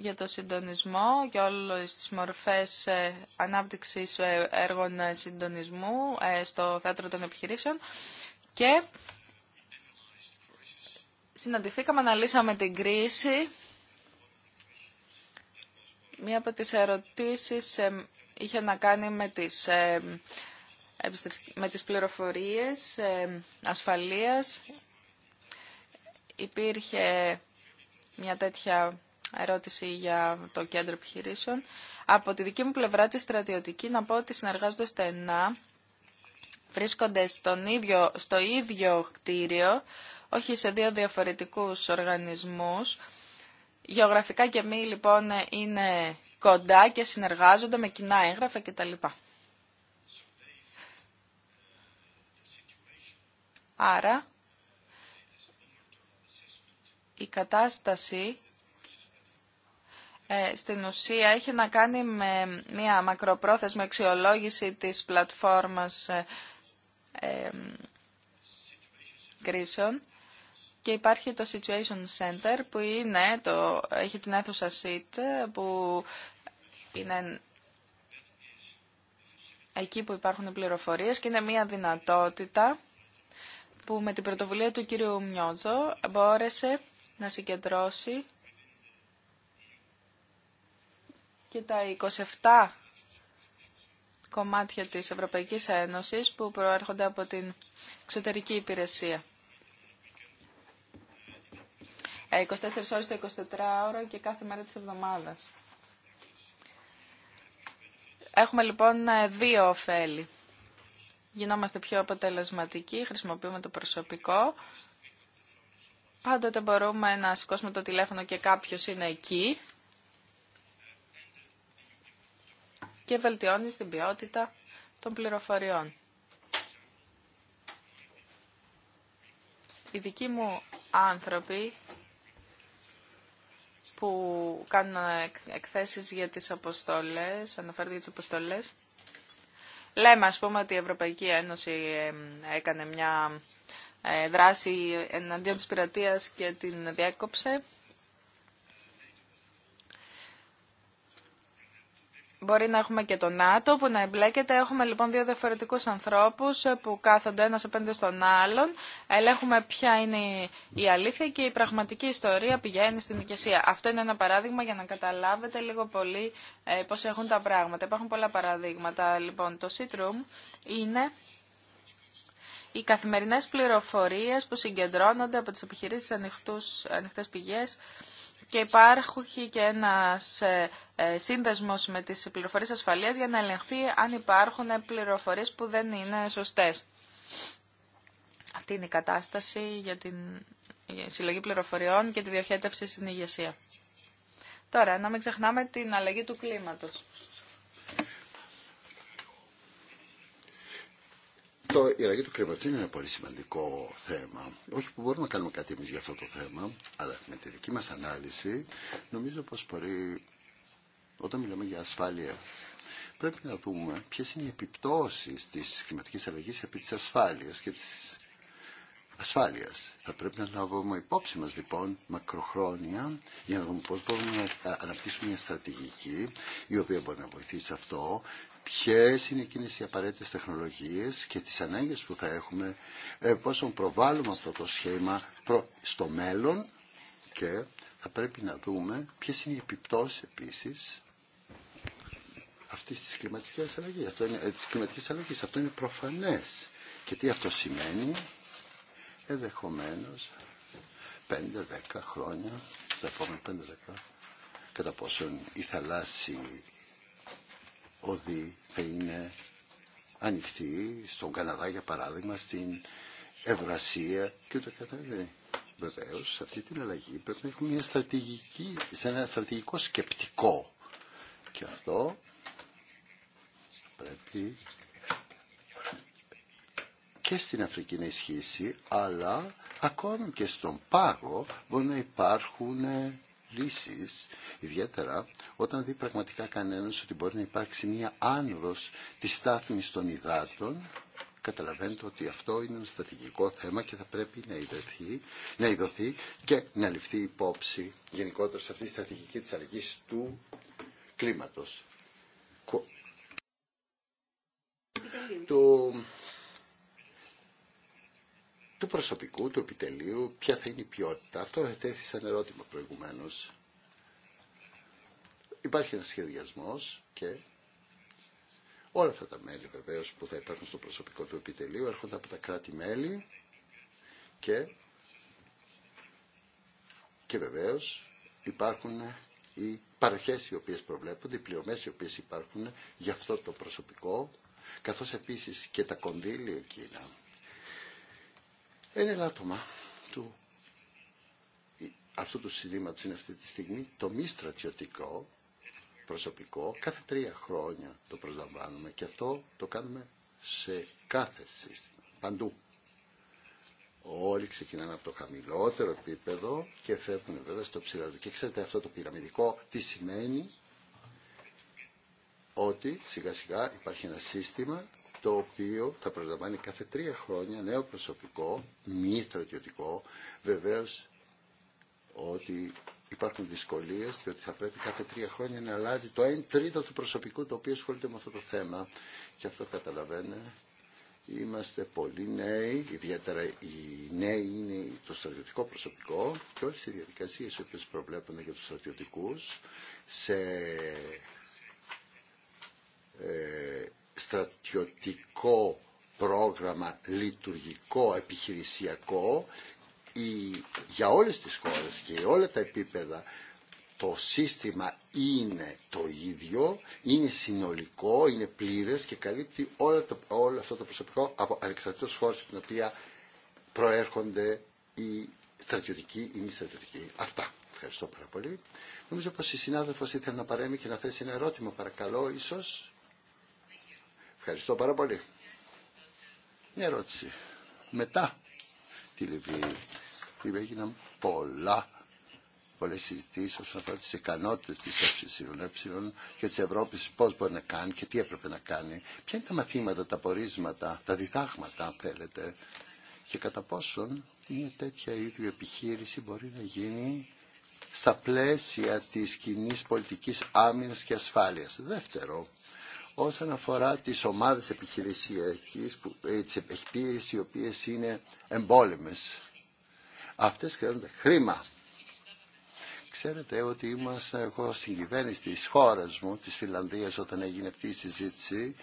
για το συντονισμό και όλες τις μορφές ε, ανάπτυξης ε, έργων ε, συντονισμού στο θέατρο των επιχειρήσεων και συναντηθήκαμε, αναλύσαμε την κρίση. Μία από τις ερωτήσεις είχε να κάνει με τις, με τις πληροφορίες ασφαλείας. Υπήρχε μια τέτοια ερώτηση για το κέντρο επιχειρήσεων. Από τη δική μου πλευρά τη στρατιωτική να πω ότι συνεργάζονται στενά, βρίσκονται στον ίδιο, στο ίδιο κτίριο, όχι σε δύο διαφορετικούς οργανισμούς. Γεωγραφικά και μη λοιπόν είναι κοντά και συνεργάζονται με κοινά έγγραφα κτλ. Άρα η κατάσταση ε, στην ουσία έχει να κάνει με μια μακροπρόθεσμη αξιολόγηση της πλατφόρμας ε, κρίσεων και υπάρχει το Situation Center που είναι το, έχει την αίθουσα SIT που είναι εκεί που υπάρχουν οι πληροφορίες και είναι μια δυνατότητα που με την πρωτοβουλία του κύριου Μιότζο μπόρεσε να συγκεντρώσει και τα 27 κομμάτια της Ευρωπαϊκής Ένωσης που προέρχονται από την εξωτερική υπηρεσία. 24 ε, ώρες το 24ωρο και κάθε μέρα της εβδομάδας. Έχουμε λοιπόν ε, δύο ωφέλη. Γινόμαστε πιο αποτελεσματικοί, χρησιμοποιούμε το προσωπικό. Πάντοτε μπορούμε να σηκώσουμε το τηλέφωνο και κάποιος είναι εκεί και βελτιώνει την ποιότητα των πληροφοριών. Οι δικοί μου άνθρωποι που κάνουν εκθέσεις για τις αποστολές, αναφέρονται για τις αποστολές, λέμε ας πούμε ότι η Ευρωπαϊκή Ένωση έκανε μια ε, δράση εναντίον της πειρατείας και την διέκοψε. Μπορεί να έχουμε και το ΝΑΤΟ που να εμπλέκεται. Έχουμε λοιπόν δύο διαφορετικούς ανθρώπους που κάθονται ένας απέναντι στον άλλον. Ελέγχουμε ποια είναι η αλήθεια και η πραγματική ιστορία πηγαίνει στην οικεσία. Αυτό είναι ένα παράδειγμα για να καταλάβετε λίγο πολύ ε, πώς έχουν τα πράγματα. Υπάρχουν πολλά παραδείγματα. Λοιπόν, το Citroom είναι οι καθημερινέ πληροφορίε που συγκεντρώνονται από τι επιχειρήσει ανοιχτέ πηγέ και υπάρχει και ένας ε, ε, σύνδεσμος με τις πληροφορίες ασφαλείας για να ελεγχθεί αν υπάρχουν πληροφορίες που δεν είναι σωστές. Αυτή είναι η κατάσταση για την συλλογή πληροφοριών και τη διοχέτευση στην ηγεσία. Τώρα, να μην ξεχνάμε την αλλαγή του κλίματος. Το, η αλλαγή του κλίματος είναι ένα πολύ σημαντικό θέμα. Όχι που μπορούμε να κάνουμε κάτι εμείς για αυτό το θέμα, αλλά με τη δική μας ανάλυση, νομίζω πως μπορεί, όταν μιλάμε για ασφάλεια, πρέπει να δούμε ποιες είναι οι επιπτώσεις της κλιματικής αλλαγής επί της ασφάλειας και της ασφάλειας. Θα πρέπει να λάβουμε υπόψη μας λοιπόν μακροχρόνια για να δούμε πώς μπορούμε να αναπτύσσουμε μια στρατηγική η οποία μπορεί να βοηθήσει αυτό ποιες είναι εκείνες οι απαραίτητες τεχνολογίες και τις ανάγκες που θα έχουμε, ε, πόσον προβάλλουμε αυτό το σχήμα στο μέλλον και θα πρέπει να δούμε ποιες είναι οι επιπτώσεις επίσης αυτής της κλιματικής αλλαγής. Αυτό είναι, ε, της κλιματικής αλλαγής. Αυτό είναι προφανές. Και τι αυτό σημαίνει ενδεχομένω 5-10 χρόνια, επόμενα 5-10, κατά πόσον η θαλάσσιοι ότι θα είναι ανοιχτή στον Καναδά για παράδειγμα, στην Ευρασία και το κατάλληλο. Βεβαίω, σε αυτή την αλλαγή πρέπει να έχουμε μια στρατηγική, σε ένα στρατηγικό σκεπτικό. Και αυτό πρέπει και στην Αφρική να ισχύσει, αλλά ακόμη και στον πάγο μπορεί να υπάρχουν λύσεις, ιδιαίτερα όταν δει πραγματικά κανένα ότι μπορεί να υπάρξει μια άνοδος της στάθμης των υδάτων Καταλαβαίνετε ότι αυτό είναι ένα στρατηγικό θέμα και θα πρέπει να ειδωθεί, να ειδωθεί και να ληφθεί υπόψη γενικότερα σε αυτή τη στρατηγική της αλλαγής του κλίματος του προσωπικού, του επιτελείου, ποια θα είναι η ποιότητα. Αυτό έθεσε σαν ερώτημα προηγουμένω. Υπάρχει ένα σχεδιασμός και όλα αυτά τα μέλη βεβαίως που θα υπάρχουν στο προσωπικό του επιτελείου έρχονται από τα κράτη-μέλη και, και βεβαίως υπάρχουν οι παροχέ οι οποίες προβλέπονται, οι πληρωμέ οι οποίες υπάρχουν για αυτό το προσωπικό, καθώς επίσης και τα κονδύλια εκείνα ένα άτομα του, αυτού του συνδύματος είναι αυτή τη στιγμή το μη στρατιωτικό προσωπικό. Κάθε τρία χρόνια το προσλαμβάνουμε και αυτό το κάνουμε σε κάθε σύστημα, παντού. Όλοι ξεκινάνε από το χαμηλότερο επίπεδο και φεύγουν βέβαια στο ψηλότερο. Και ξέρετε αυτό το πυραμιδικό τι σημαίνει ότι σιγά σιγά υπάρχει ένα σύστημα το οποίο θα προλαμβάνει κάθε τρία χρόνια νέο προσωπικό, μη στρατιωτικό, βεβαίως ότι υπάρχουν δυσκολίες και ότι θα πρέπει κάθε τρία χρόνια να αλλάζει το 1 τρίτο του προσωπικού το οποίο ασχολείται με αυτό το θέμα. Και αυτό καταλαβαίνε. Είμαστε πολλοί νέοι, ιδιαίτερα οι νέοι είναι το στρατιωτικό προσωπικό και όλες οι διαδικασίες οι οποίες για τους στρατιωτικούς σε ε, στρατιωτικό πρόγραμμα λειτουργικό, επιχειρησιακό η, για όλες τις χώρες και όλα τα επίπεδα το σύστημα είναι το ίδιο, είναι συνολικό, είναι πλήρες και καλύπτει όλο, το, όλο αυτό το προσωπικό από ανεξαρτήτως χώρες από την οποία προέρχονται οι στρατιωτικοί ή μη στρατιωτικοί. Αυτά. Ευχαριστώ πάρα πολύ. Νομίζω πως η συνάδελφος ήθελε να παρέμει και να θέσει ένα ερώτημα παρακαλώ ίσως. Ευχαριστώ πάρα πολύ. Μια ερώτηση. Μετά τη Λιβύη, Λιβύη έγιναν πολλά πολλέ συζητήσει όσον αφορά τι ικανότητε τη ΕΕ και τη Ευρώπη, πώ μπορεί να κάνει και τι έπρεπε να κάνει. Ποια είναι τα μαθήματα, τα πορίσματα, τα διδάγματα, αν θέλετε, και κατά πόσον μια τέτοια ίδια επιχείρηση μπορεί να γίνει στα πλαίσια της κοινή πολιτικής άμυνας και ασφάλειας. Δεύτερο, όσον αφορά τις ομάδες επιχειρησιακής, ε, τις επιχειρήσεις οι οποίες είναι εμπόλεμες. Αυτές χρειάζονται χρήμα. Ξέρετε ότι είμαστε εγώ στην κυβέρνηση της χώρας μου, της Φιλανδίας, όταν έγινε αυτή η συζήτηση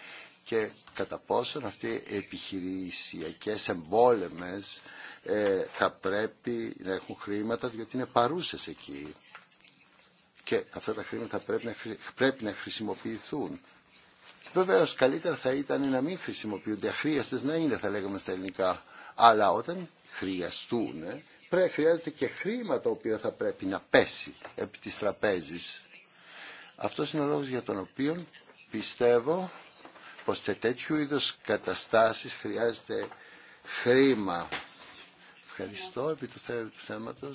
και κατά πόσον αυτοί οι επιχειρησιακές εμπόλεμες ε, θα πρέπει να έχουν χρήματα διότι είναι παρούσες εκεί. Και αυτά τα χρήματα πρέπει να χρησιμοποιηθούν. Βεβαίω καλύτερα θα ήταν να μην χρησιμοποιούνται, αχρίαστε να είναι θα λέγαμε στα ελληνικά. Αλλά όταν χρειαστούν, ε, πρέπει, χρειάζεται και χρήμα το οποίο θα πρέπει να πέσει επί της τραπέζης. Αυτό είναι ο λόγος για τον οποίο πιστεύω πως σε τέτοιου είδους καταστάσει χρειάζεται χρήμα. Ευχαριστώ επί του θέματο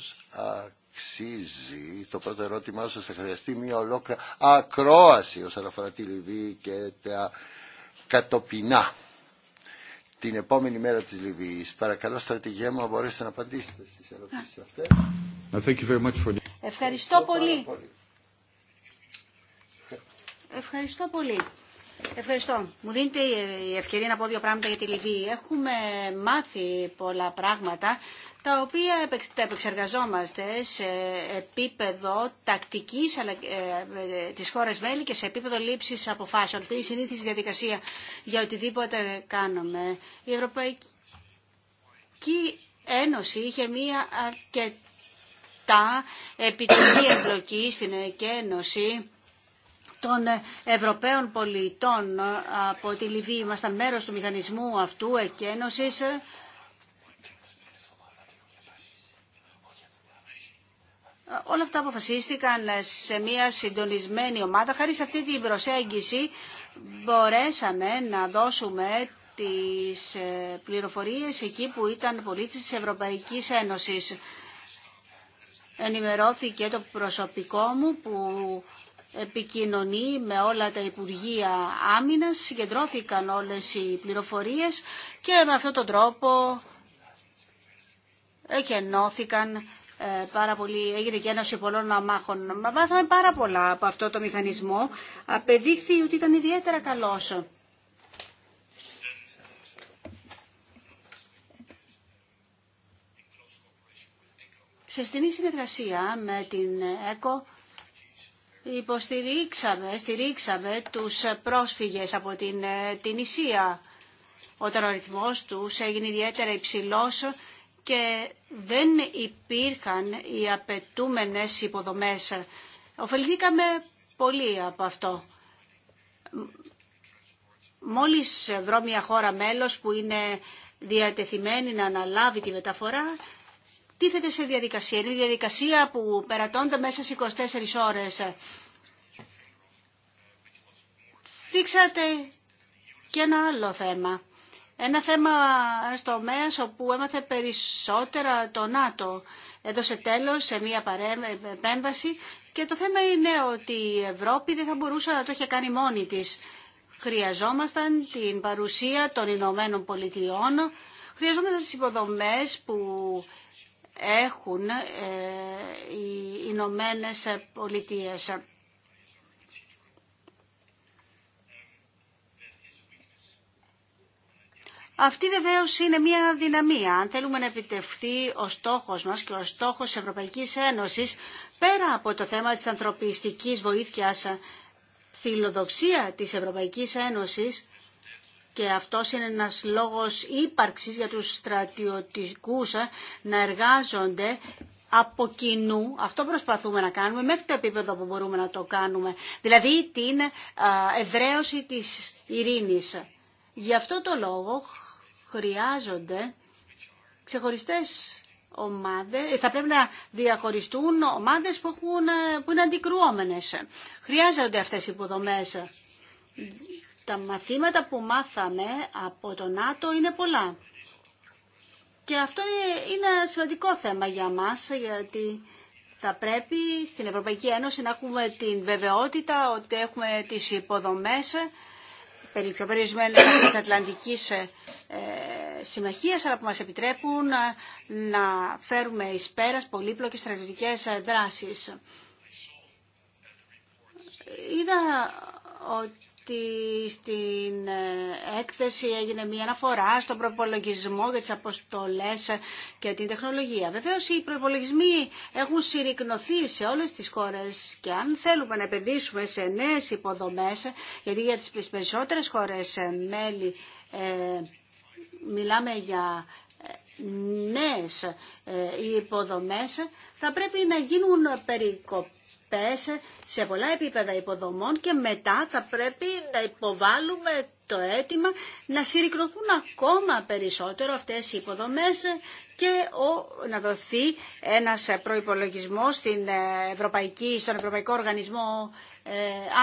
αξίζει το πρώτο ερώτημά σα θα χρειαστεί μια ολόκληρη ακρόαση όσον αφορά τη Λιβύη και τα κατοπινά την επόμενη μέρα της Λιβύης. Παρακαλώ στρατηγέ μου, μπορέσετε να απαντήσετε στις ερωτήσεις αυτές. Ευχαριστώ, πολύ. Ευχαριστώ πολύ. Ευχαριστώ. Μου δίνετε η ευκαιρία να πω δύο πράγματα για τη Λιβύη. Έχουμε μάθει πολλά πράγματα τα οποία τα επεξεργαζόμαστε σε επίπεδο τακτικής αλλά, ε, της χώρας μέλη και σε επίπεδο λήψης αποφάσεων. Αυτή η συνήθιση διαδικασία για οτιδήποτε κάνουμε. Η Ευρωπαϊκή Ένωση είχε μία αρκετά επιτυχή εμπλοκή στην Ένωση των ε, Ευρωπαίων πολιτών ε, από τη Λιβύη. Ήμασταν μέρος του μηχανισμού αυτού εκένωσης. Όλα αυτά αποφασίστηκαν ε, σε μια συντονισμένη ομάδα. Χάρη σε αυτή την προσέγγιση μπορέσαμε να δώσουμε τις πληροφορίες εκεί που ήταν πολίτες της Ευρωπαϊκής Ένωσης. Ενημερώθηκε το προσωπικό μου που επικοινωνεί με όλα τα Υπουργεία Άμυνας, συγκεντρώθηκαν όλες οι πληροφορίες και με αυτόν τον τρόπο εκενώθηκαν ε, πάρα πολύ, έγινε και ένωση πολλών αμάχων. Μάθαμε πάρα πολλά από αυτό το μηχανισμό. Απεδείχθη ότι ήταν ιδιαίτερα καλός. Σε στενή συνεργασία με την ΕΚΟ υποστηρίξαμε, στηρίξαμε τους πρόσφυγες από την, ε, την Ισία όταν ο ρυθμός τους έγινε ιδιαίτερα υψηλός και δεν υπήρχαν οι απαιτούμενες υποδομές. Οφεληθήκαμε πολύ από αυτό. Μόλις βρω μια χώρα μέλος που είναι διατεθειμένη να αναλάβει τη μεταφορά, τίθεται σε διαδικασία. Είναι η διαδικασία που περατώνται μέσα σε 24 ώρες. Δείξατε και ένα άλλο θέμα. Ένα θέμα στο ΜΕΑΣ όπου έμαθε περισσότερα το ΝΑΤΟ. Έδωσε τέλος σε μία επέμβαση και το θέμα είναι ότι η Ευρώπη δεν θα μπορούσε να το είχε κάνει μόνη της. Χρειαζόμασταν την παρουσία των Ηνωμένων Πολιτειών, χρειαζόμασταν τις υποδομές που έχουν ε, οι Ηνωμένε Πολιτείε. Αυτή βεβαίως είναι μια δυναμία. Αν θέλουμε να επιτευχθεί ο στόχος μας και ο στόχος της Ευρωπαϊκής Ένωση, πέρα από το θέμα της ανθρωπιστικής βοήθεια, φιλοδοξία της Ευρωπαϊκής Ένωσης και αυτό είναι ένας λόγος ύπαρξης για τους στρατιωτικούς ε, να εργάζονται από κοινού, αυτό προσπαθούμε να κάνουμε μέχρι το επίπεδο που μπορούμε να το κάνουμε, δηλαδή την ε, εδραίωση της ειρήνης. Γι' αυτό το λόγο χρειάζονται ξεχωριστές ομάδες, ε, θα πρέπει να διαχωριστούν ομάδες που, που είναι αντικρουόμενες. Χρειάζονται αυτές οι υποδομές τα μαθήματα που μάθαμε από το ΝΑΤΟ είναι πολλά. Και αυτό είναι ένα σημαντικό θέμα για μας, γιατί θα πρέπει στην Ευρωπαϊκή Ένωση να έχουμε την βεβαιότητα ότι έχουμε τις υποδομές πιο περιορισμένες της Ατλαντικής ε, Συμμαχίας, αλλά που μας επιτρέπουν ε, να φέρουμε εις πέρας πολύπλοκες στρατιωτικές ε, δράσεις. Είδα ότι στην ε, έκθεση έγινε μια αναφορά στον προπολογισμό για τις αποστολές και την τεχνολογία. Βεβαίως οι προπολογισμοί έχουν συρρυκνωθεί σε όλες τις χώρες και αν θέλουμε να επενδύσουμε σε νέες υποδομές, γιατί για τις περισσότερες χώρες ε, μέλη ε, μιλάμε για νέες υποδομές, θα πρέπει να γίνουν περικοπές σε πολλά επίπεδα υποδομών και μετά θα πρέπει να υποβάλουμε το αίτημα να συρρικνωθούν ακόμα περισσότερο αυτές οι υποδομές και ο, να δοθεί ένας προϋπολογισμός στην ε, Ευρωπαϊκή, στον Ευρωπαϊκό Οργανισμό ε,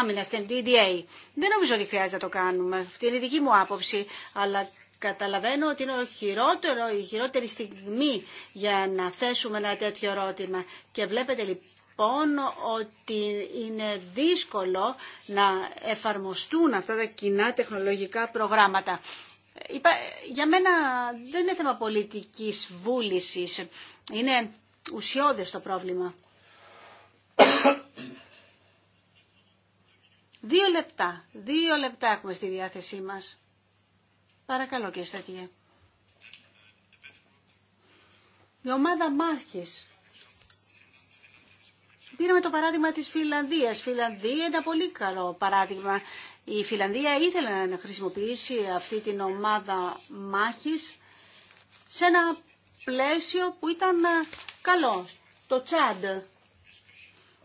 Άμυνα, στην DDA. Δεν νομίζω ότι χρειάζεται να το κάνουμε. Αυτή είναι η δική μου άποψη, αλλά καταλαβαίνω ότι είναι ο χειρότερο, η χειρότερη στιγμή για να θέσουμε ένα τέτοιο ερώτημα. Και βλέπετε λοιπόν λοιπόν ότι είναι δύσκολο να εφαρμοστούν αυτά τα κοινά τεχνολογικά προγράμματα. Για μένα δεν είναι θέμα πολιτικής βούλησης. Είναι ουσιώδες το πρόβλημα. Δύο λεπτά. Δύο λεπτά έχουμε στη διάθεσή μας. Παρακαλώ και Στατιέ. Η ομάδα μάχης Πήραμε το παράδειγμα της Φιλανδίας. Φιλανδία είναι ένα πολύ καλό παράδειγμα. Η Φιλανδία ήθελε να χρησιμοποιήσει αυτή την ομάδα μάχης σε ένα πλαίσιο που ήταν ε, καλό, το Τσάντ.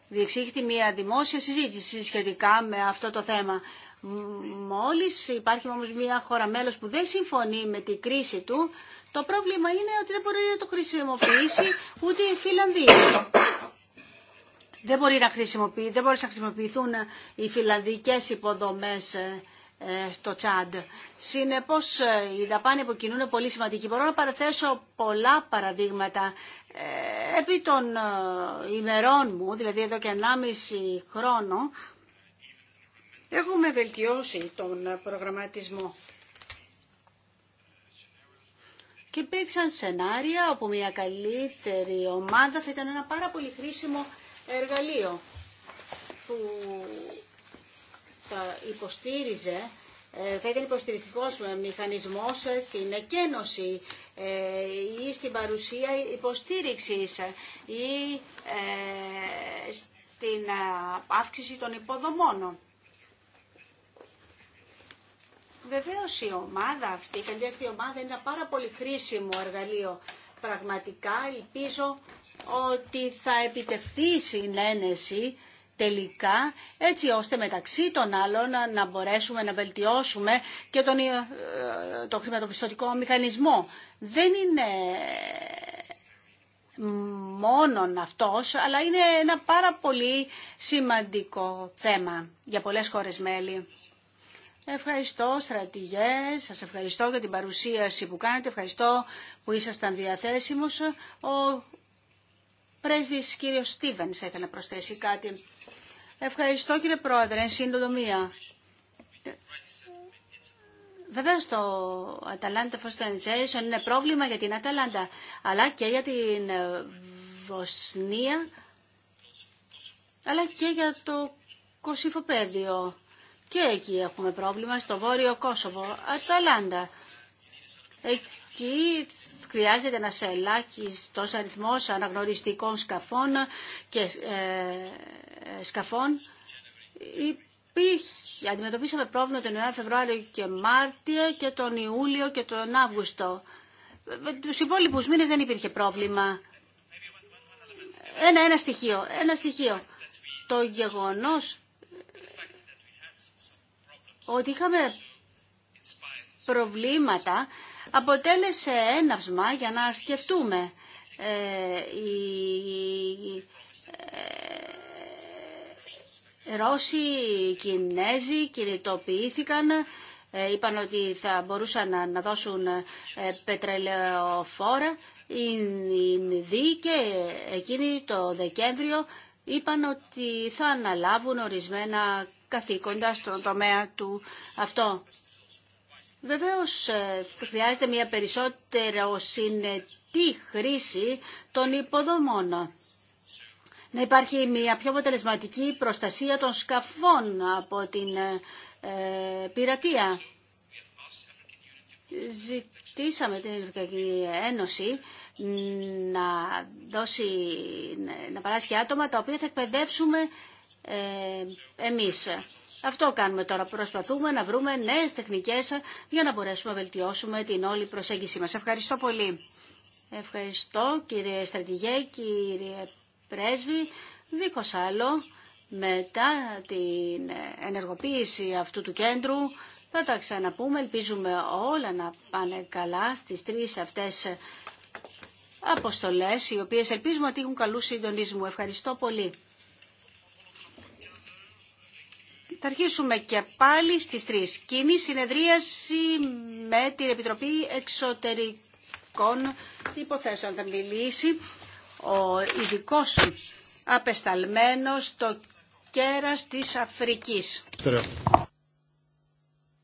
Διεξήχθη μια δημόσια συζήτηση σχετικά με αυτό το θέμα. Μόλις υπάρχει όμως μια χώρα μέλος που δεν συμφωνεί με την κρίση του, το πρόβλημα είναι ότι δεν μπορεί να το χρησιμοποιήσει ούτε η Φιλανδία δεν, μπορεί να χρησιμοποιηθούν οι φιλανδικές υποδομές ε, ε, στο Τσάντ. Συνεπώς η ε, δαπάνη που κινούν είναι πολύ σημαντική. Μπορώ να παραθέσω πολλά παραδείγματα επί των ημερών μου, δηλαδή εδώ και 1,5 χρόνο, έχουμε βελτιώσει τον προγραμματισμό. Και υπήρξαν σενάρια όπου μια καλύτερη ομάδα θα ήταν ένα πάρα πολύ χρήσιμο εργαλείο που θα υποστήριζε ε, θα ήταν υποστηρικτικό μηχανισμό στην εκένωση ε, ή στην παρουσία υποστήριξη ή ε, στην αύξηση των υποδομών. Βεβαίω η ομάδα αυτή, η καλλιτέχνη ομάδα είναι ένα η πολύ χρήσιμο εργαλείο. Πραγματικά ελπίζω ότι θα επιτευχθεί η συνένεση τελικά έτσι ώστε μεταξύ των άλλων να μπορέσουμε να βελτιώσουμε και τον, ε, το χρηματοπιστωτικό μηχανισμό. Δεν είναι μόνον αυτός, αλλά είναι ένα πάρα πολύ σημαντικό θέμα για πολλές χώρες μέλη. Ευχαριστώ στρατηγέ, σας ευχαριστώ για την παρουσίαση που κάνετε, ευχαριστώ που ήσασταν διαθέσιμος. Ο πρέσβη κύριο Στίβεν, θα ήθελε να προσθέσει κάτι. Ευχαριστώ κύριε Πρόεδρε, συντοδομία. Βεβαίω το Αταλάντα Foster είναι πρόβλημα για την Αταλάντα, αλλά και για την ε, Βοσνία, αλλά και για το Κοσυφοπέδιο, Και εκεί έχουμε πρόβλημα, στο βόρειο Κόσοβο, Αταλάντα. Εκεί χρειάζεται ένας ελάχιστος αριθμός αναγνωριστικών σκαφών και ε, σκαφών υπήρχε, αντιμετωπίσαμε πρόβλημα τον Ιανουάριο, Φεβρουάριο και Μάρτιο και τον Ιούλιο και τον Αύγουστο. Τους υπόλοιπους μήνες δεν υπήρχε πρόβλημα. Ένα, ένα στοιχείο, ένα στοιχείο. Το γεγονός ότι είχαμε προβλήματα αποτέλεσε έναυσμα για να σκεφτούμε ε, οι ε, Ρώσοι, οι Κινέζοι κινητοποιήθηκαν ε, είπαν ότι θα μπορούσαν να, δώσουν ε, πετρελαιοφόρα. Οι Ινδοί και εκείνοι το Δεκέμβριο είπαν ότι θα αναλάβουν ορισμένα καθήκοντα στον τομέα του αυτό. Βεβαίω ε, χρειάζεται μια περισσότερο συνετή χρήση των υποδομών. Να υπάρχει μια πιο αποτελεσματική προστασία των σκαφών από την ε, ε πειρατεία. Ζητήσαμε την Ευρωπαϊκή Ένωση να, δώσει, να παράσχει άτομα τα οποία θα εκπαιδεύσουμε ε, εμείς. Αυτό κάνουμε τώρα. Προσπαθούμε να βρούμε νέες τεχνικές για να μπορέσουμε να βελτιώσουμε την όλη προσέγγιση μας. Ευχαριστώ πολύ. Ευχαριστώ κύριε Στρατηγέ, κύριε Πρέσβη. Δίχως άλλο, μετά την ενεργοποίηση αυτού του κέντρου θα τα ξαναπούμε. Ελπίζουμε όλα να πάνε καλά στις τρεις αυτές αποστολές, οι οποίες ελπίζουμε ότι έχουν καλού συντονισμού. Ευχαριστώ πολύ. Θα αρχίσουμε και πάλι στις τρεις. Κοινή συνεδρίαση με την Επιτροπή Εξωτερικών Υποθέσεων. Θα μιλήσει ο ειδικό απεσταλμένος το κέρας της Αφρικής.